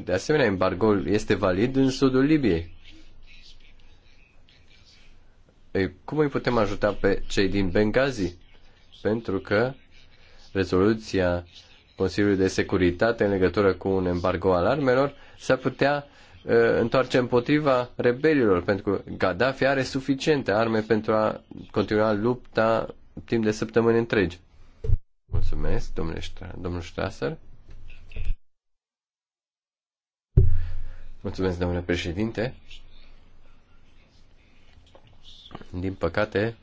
de asemenea embargoul este valid în sudul Libiei. Ei, cum îi putem ajuta pe cei din Benghazi? Pentru că rezoluția Consiliului de Securitate în legătură cu un embargo al armelor s-ar putea uh, întoarce împotriva rebelilor, pentru că Gaddafi are suficiente arme pentru a continua lupta timp de săptămâni întregi. Mulțumesc, domnule Stra- domnul Strasser. Mulțumesc, domnule președinte. Din păcate,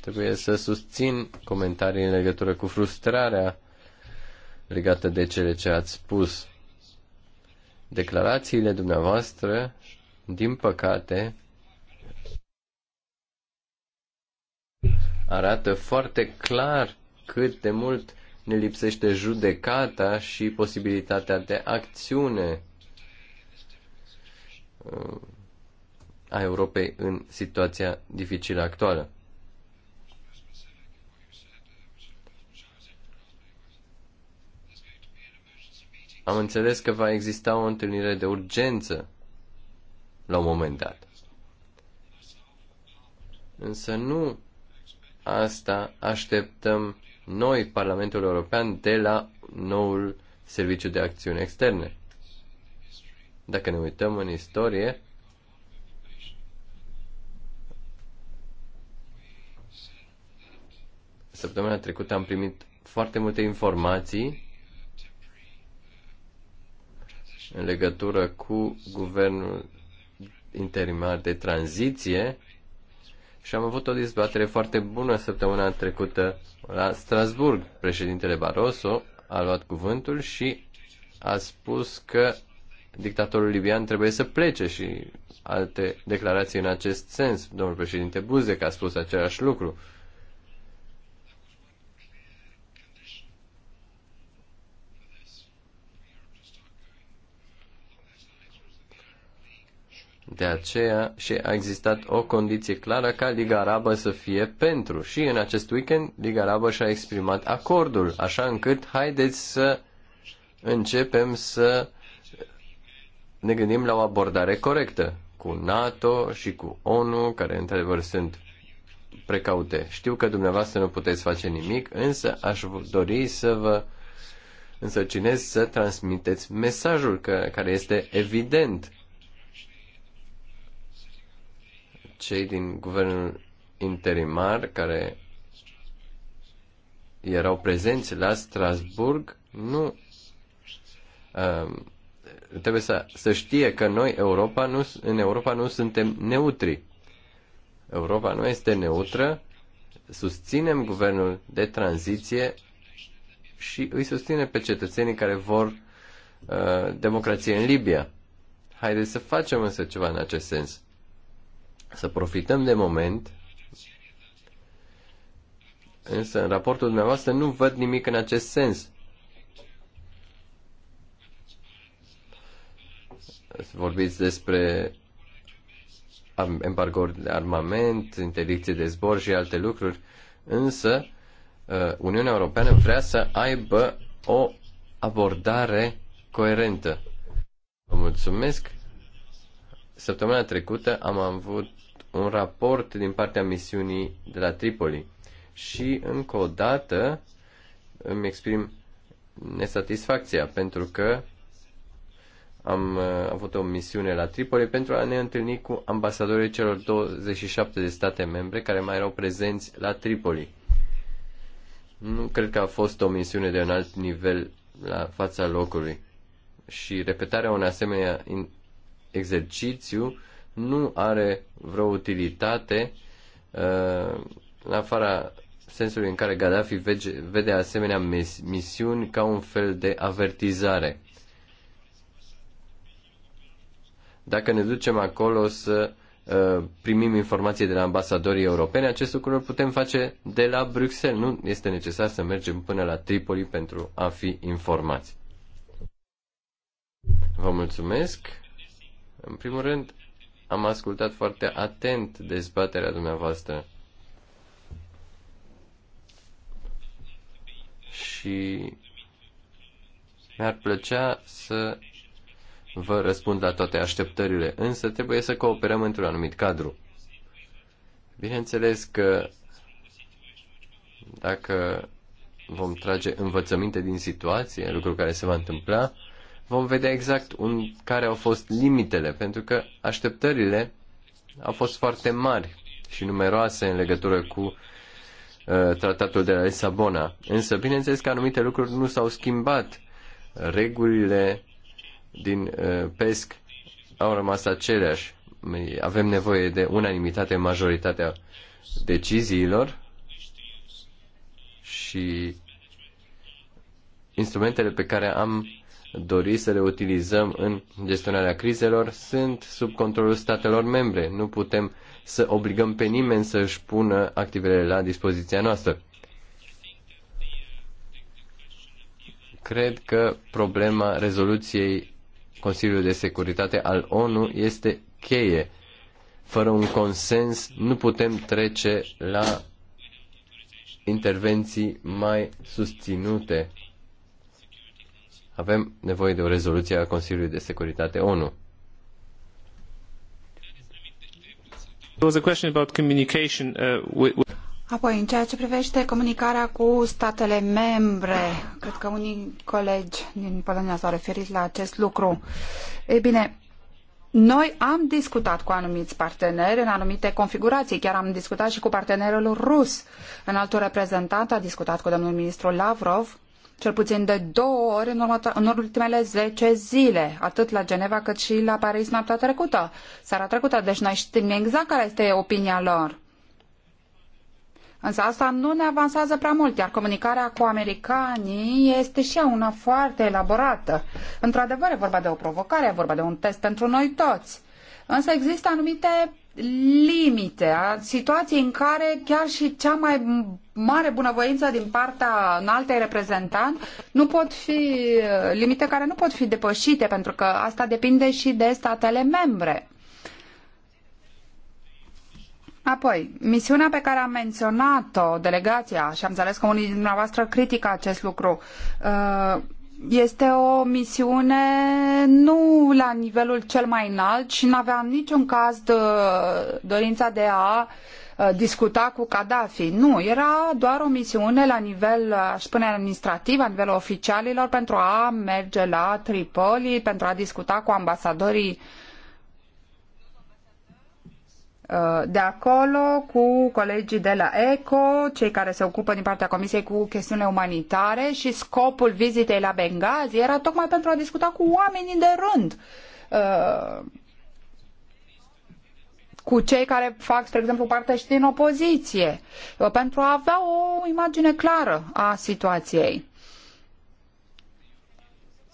trebuie să susțin comentarii în legătură cu frustrarea legată de cele ce ați spus. Declarațiile dumneavoastră, din păcate, arată foarte clar cât de mult ne lipsește judecata și posibilitatea de acțiune uh, a Europei în situația dificilă actuală. Am înțeles că va exista o întâlnire de urgență la un moment dat. Însă nu asta așteptăm noi, Parlamentul European, de la noul Serviciu de Acțiuni Externe. Dacă ne uităm în istorie, săptămâna trecută am primit foarte multe informații în legătură cu guvernul interimar de tranziție și am avut o dezbatere foarte bună săptămâna trecută la Strasburg. Președintele Barroso a luat cuvântul și a spus că dictatorul libian trebuie să plece și alte declarații în acest sens. Domnul președinte Buzek a spus același lucru. De aceea și a existat o condiție clară ca Liga Arabă să fie pentru. Și în acest weekend Liga Arabă și-a exprimat acordul, așa încât haideți să începem să ne gândim la o abordare corectă cu NATO și cu ONU, care într-adevăr sunt precaute. Știu că dumneavoastră nu puteți face nimic, însă aș dori să vă însărcinez să transmiteți mesajul că, care este evident cei din guvernul interimar care erau prezenți la Strasburg nu uh, trebuie să, să știe că noi Europa nu, în Europa nu suntem neutri. Europa nu este neutră, susținem guvernul de tranziție și îi susține pe cetățenii care vor uh, democrație în Libia. Haideți să facem însă ceva în acest sens să profităm de moment, însă în raportul dumneavoastră nu văd nimic în acest sens. Vorbiți despre embargo de armament, interdicție de zbor și alte lucruri, însă uh, Uniunea Europeană vrea să aibă o abordare coerentă. Vă mulțumesc. Săptămâna trecută am avut un raport din partea misiunii de la Tripoli. Și încă o dată îmi exprim nesatisfacția pentru că am uh, avut o misiune la Tripoli pentru a ne întâlni cu ambasadorii celor 27 de state membre care mai erau prezenți la Tripoli. Nu cred că a fost o misiune de un alt nivel la fața locului. Și repetarea unui asemenea exercițiu nu are vreo utilitate uh, în afara sensului în care Gaddafi vede asemenea misiuni ca un fel de avertizare. Dacă ne ducem acolo să uh, primim informații de la ambasadorii europeni, acest lucru îl putem face de la Bruxelles. Nu este necesar să mergem până la Tripoli pentru a fi informați. Vă mulțumesc. În primul rând, am ascultat foarte atent dezbaterea dumneavoastră. Și mi-ar plăcea să vă răspund la toate așteptările, însă trebuie să cooperăm într-un anumit cadru. Bineînțeles că dacă vom trage învățăminte din situație, lucru care se va întâmpla, vom vedea exact un, care au fost limitele, pentru că așteptările au fost foarte mari și numeroase în legătură cu uh, tratatul de la Lisabona. Însă, bineînțeles că anumite lucruri nu s-au schimbat. Regulile din uh, PESC au rămas aceleași. Avem nevoie de unanimitate în majoritatea deciziilor și instrumentele pe care am dori să le utilizăm în gestionarea crizelor sunt sub controlul statelor membre. Nu putem să obligăm pe nimeni să își pună activele la dispoziția noastră. Cred că problema rezoluției Consiliului de Securitate al ONU este cheie. Fără un consens nu putem trece la intervenții mai susținute avem nevoie de o rezoluție a Consiliului de Securitate ONU. Uh, Apoi, în ceea ce privește comunicarea cu statele membre, cred că unii colegi din Polonia s-au referit la acest lucru. Ei bine, noi am discutat cu anumiți parteneri în anumite configurații, chiar am discutat și cu partenerul rus. În altul reprezentant a discutat cu domnul ministru Lavrov cel puțin de două ori în, în ultimele zece zile, atât la Geneva cât și la Paris noaptea trecută, seara trecută. Deci noi știm exact care este opinia lor. Însă asta nu ne avansează prea mult, iar comunicarea cu americanii este și ea una foarte elaborată. Într-adevăr, e vorba de o provocare, e vorba de un test pentru noi toți. Însă există anumite limite, a situației în care chiar și cea mai mare bunăvoință din partea înaltei reprezentant nu pot fi limite care nu pot fi depășite, pentru că asta depinde și de statele membre. Apoi, misiunea pe care am menționat-o, delegația, și am înțeles că unii dintre dumneavoastră critică acest lucru, uh, este o misiune nu la nivelul cel mai înalt și nu aveam niciun caz de dorința de a discuta cu Gaddafi. Nu, era doar o misiune la nivel, aș spune, administrativ, la nivelul oficialilor, pentru a merge la Tripoli, pentru a discuta cu ambasadorii uh, Uh, de acolo cu colegii de la ECO, cei care se ocupă din partea Comisiei cu chestiunile umanitare și scopul vizitei la Benghazi era tocmai pentru a discuta cu oamenii de rând. Uh, cu cei care fac, spre exemplu, parte și din opoziție, uh, pentru a avea o imagine clară a situației.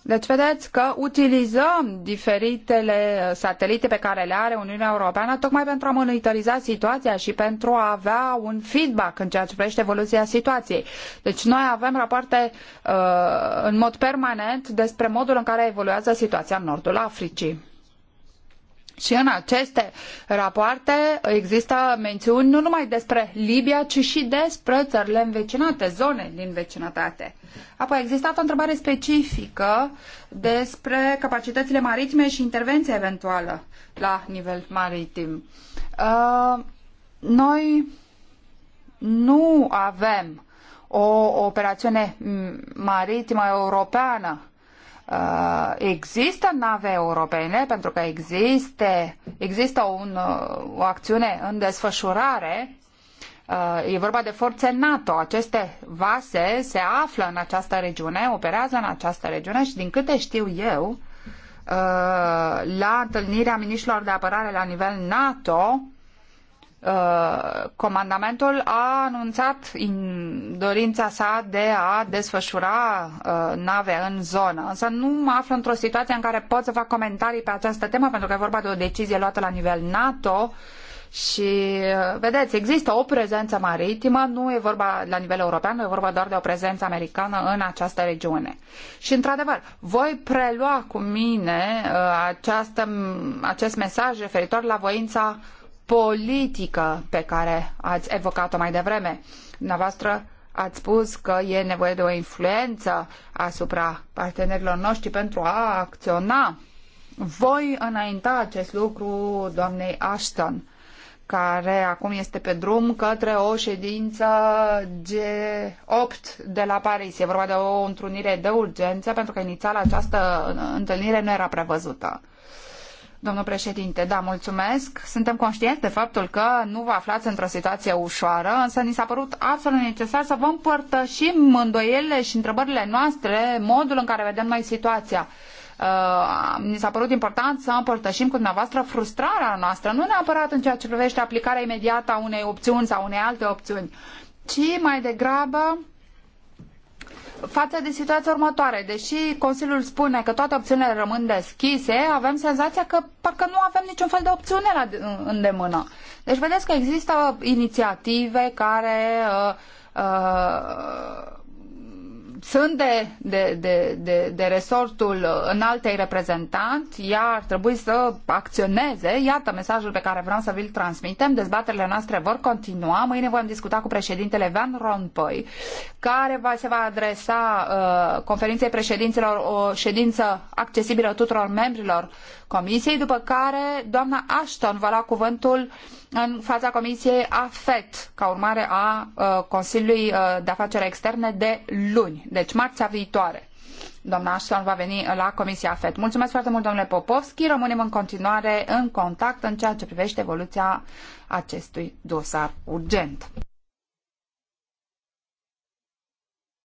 Deci vedeți că utilizăm diferitele satelite pe care le are Uniunea Europeană tocmai pentru a monitoriza situația și pentru a avea un feedback în ceea ce privește evoluția situației. Deci noi avem rapoarte uh, în mod permanent despre modul în care evoluează situația în nordul Africii. Și în aceste rapoarte există mențiuni nu numai despre Libia, ci și despre țările învecinate, zone din vecinătate. Apoi a existat o întrebare specifică despre capacitățile maritime și intervenția eventuală la nivel maritim. Uh, noi nu avem o operațiune maritimă europeană Uh, există nave europene, pentru că existe, există un, uh, o acțiune în desfășurare. Uh, e vorba de forțe NATO. Aceste vase se află în această regiune, operează în această regiune și din câte știu eu, la întâlnirea miniștilor de apărare la nivel NATO, Uh, comandamentul a anunțat in dorința sa de a desfășura uh, nave în zonă, însă nu mă aflu într-o situație în care pot să fac comentarii pe această temă, pentru că e vorba de o decizie luată la nivel NATO și, uh, vedeți, există o prezență maritimă, nu e vorba la nivel european, nu e vorba doar de o prezență americană în această regiune. Și, într-adevăr, voi prelua cu mine uh, această, acest mesaj referitor la voința politică pe care ați evocat-o mai devreme. Dumneavoastră ați spus că e nevoie de o influență asupra partenerilor noștri pentru a acționa. Voi înainta acest lucru doamnei Ashton, care acum este pe drum către o ședință G8 de la Paris. E vorba de o întrunire de urgență, pentru că inițial această întâlnire nu era prevăzută. Domnul președinte, da, mulțumesc. Suntem conștienți de faptul că nu vă aflați într-o situație ușoară, însă ni s-a părut absolut necesar să vă împărtășim îndoielile și întrebările noastre, modul în care vedem noi situația. Uh, s-a părut important să împărtășim cu dumneavoastră frustrarea noastră, nu neapărat în ceea ce privește aplicarea imediată a unei opțiuni sau unei alte opțiuni, ci mai degrabă față de situația următoare. Deși Consiliul spune că toate opțiunile rămân deschise, avem senzația că parcă nu avem niciun fel de opțiune la îndemână. Deci vedeți că există inițiative care uh, uh, sunt de, de, de, de, de resortul înaltei reprezentant, ea ar trebui să acționeze. Iată mesajul pe care vreau să vi-l transmitem. Dezbaterile noastre vor continua. Mâine vom discuta cu președintele Van Rompuy, care va, se va adresa uh, conferinței președinților o ședință accesibilă tuturor membrilor Comisiei, după care doamna Ashton va lua cuvântul în fața Comisiei AFET, ca urmare a uh, Consiliului uh, de Afaceri Externe de luni, deci marțea viitoare. Doamna Ashton va veni la Comisia AFET. Mulțumesc foarte mult, domnule Popovski. Rămânem în continuare în contact în ceea ce privește evoluția acestui dosar urgent.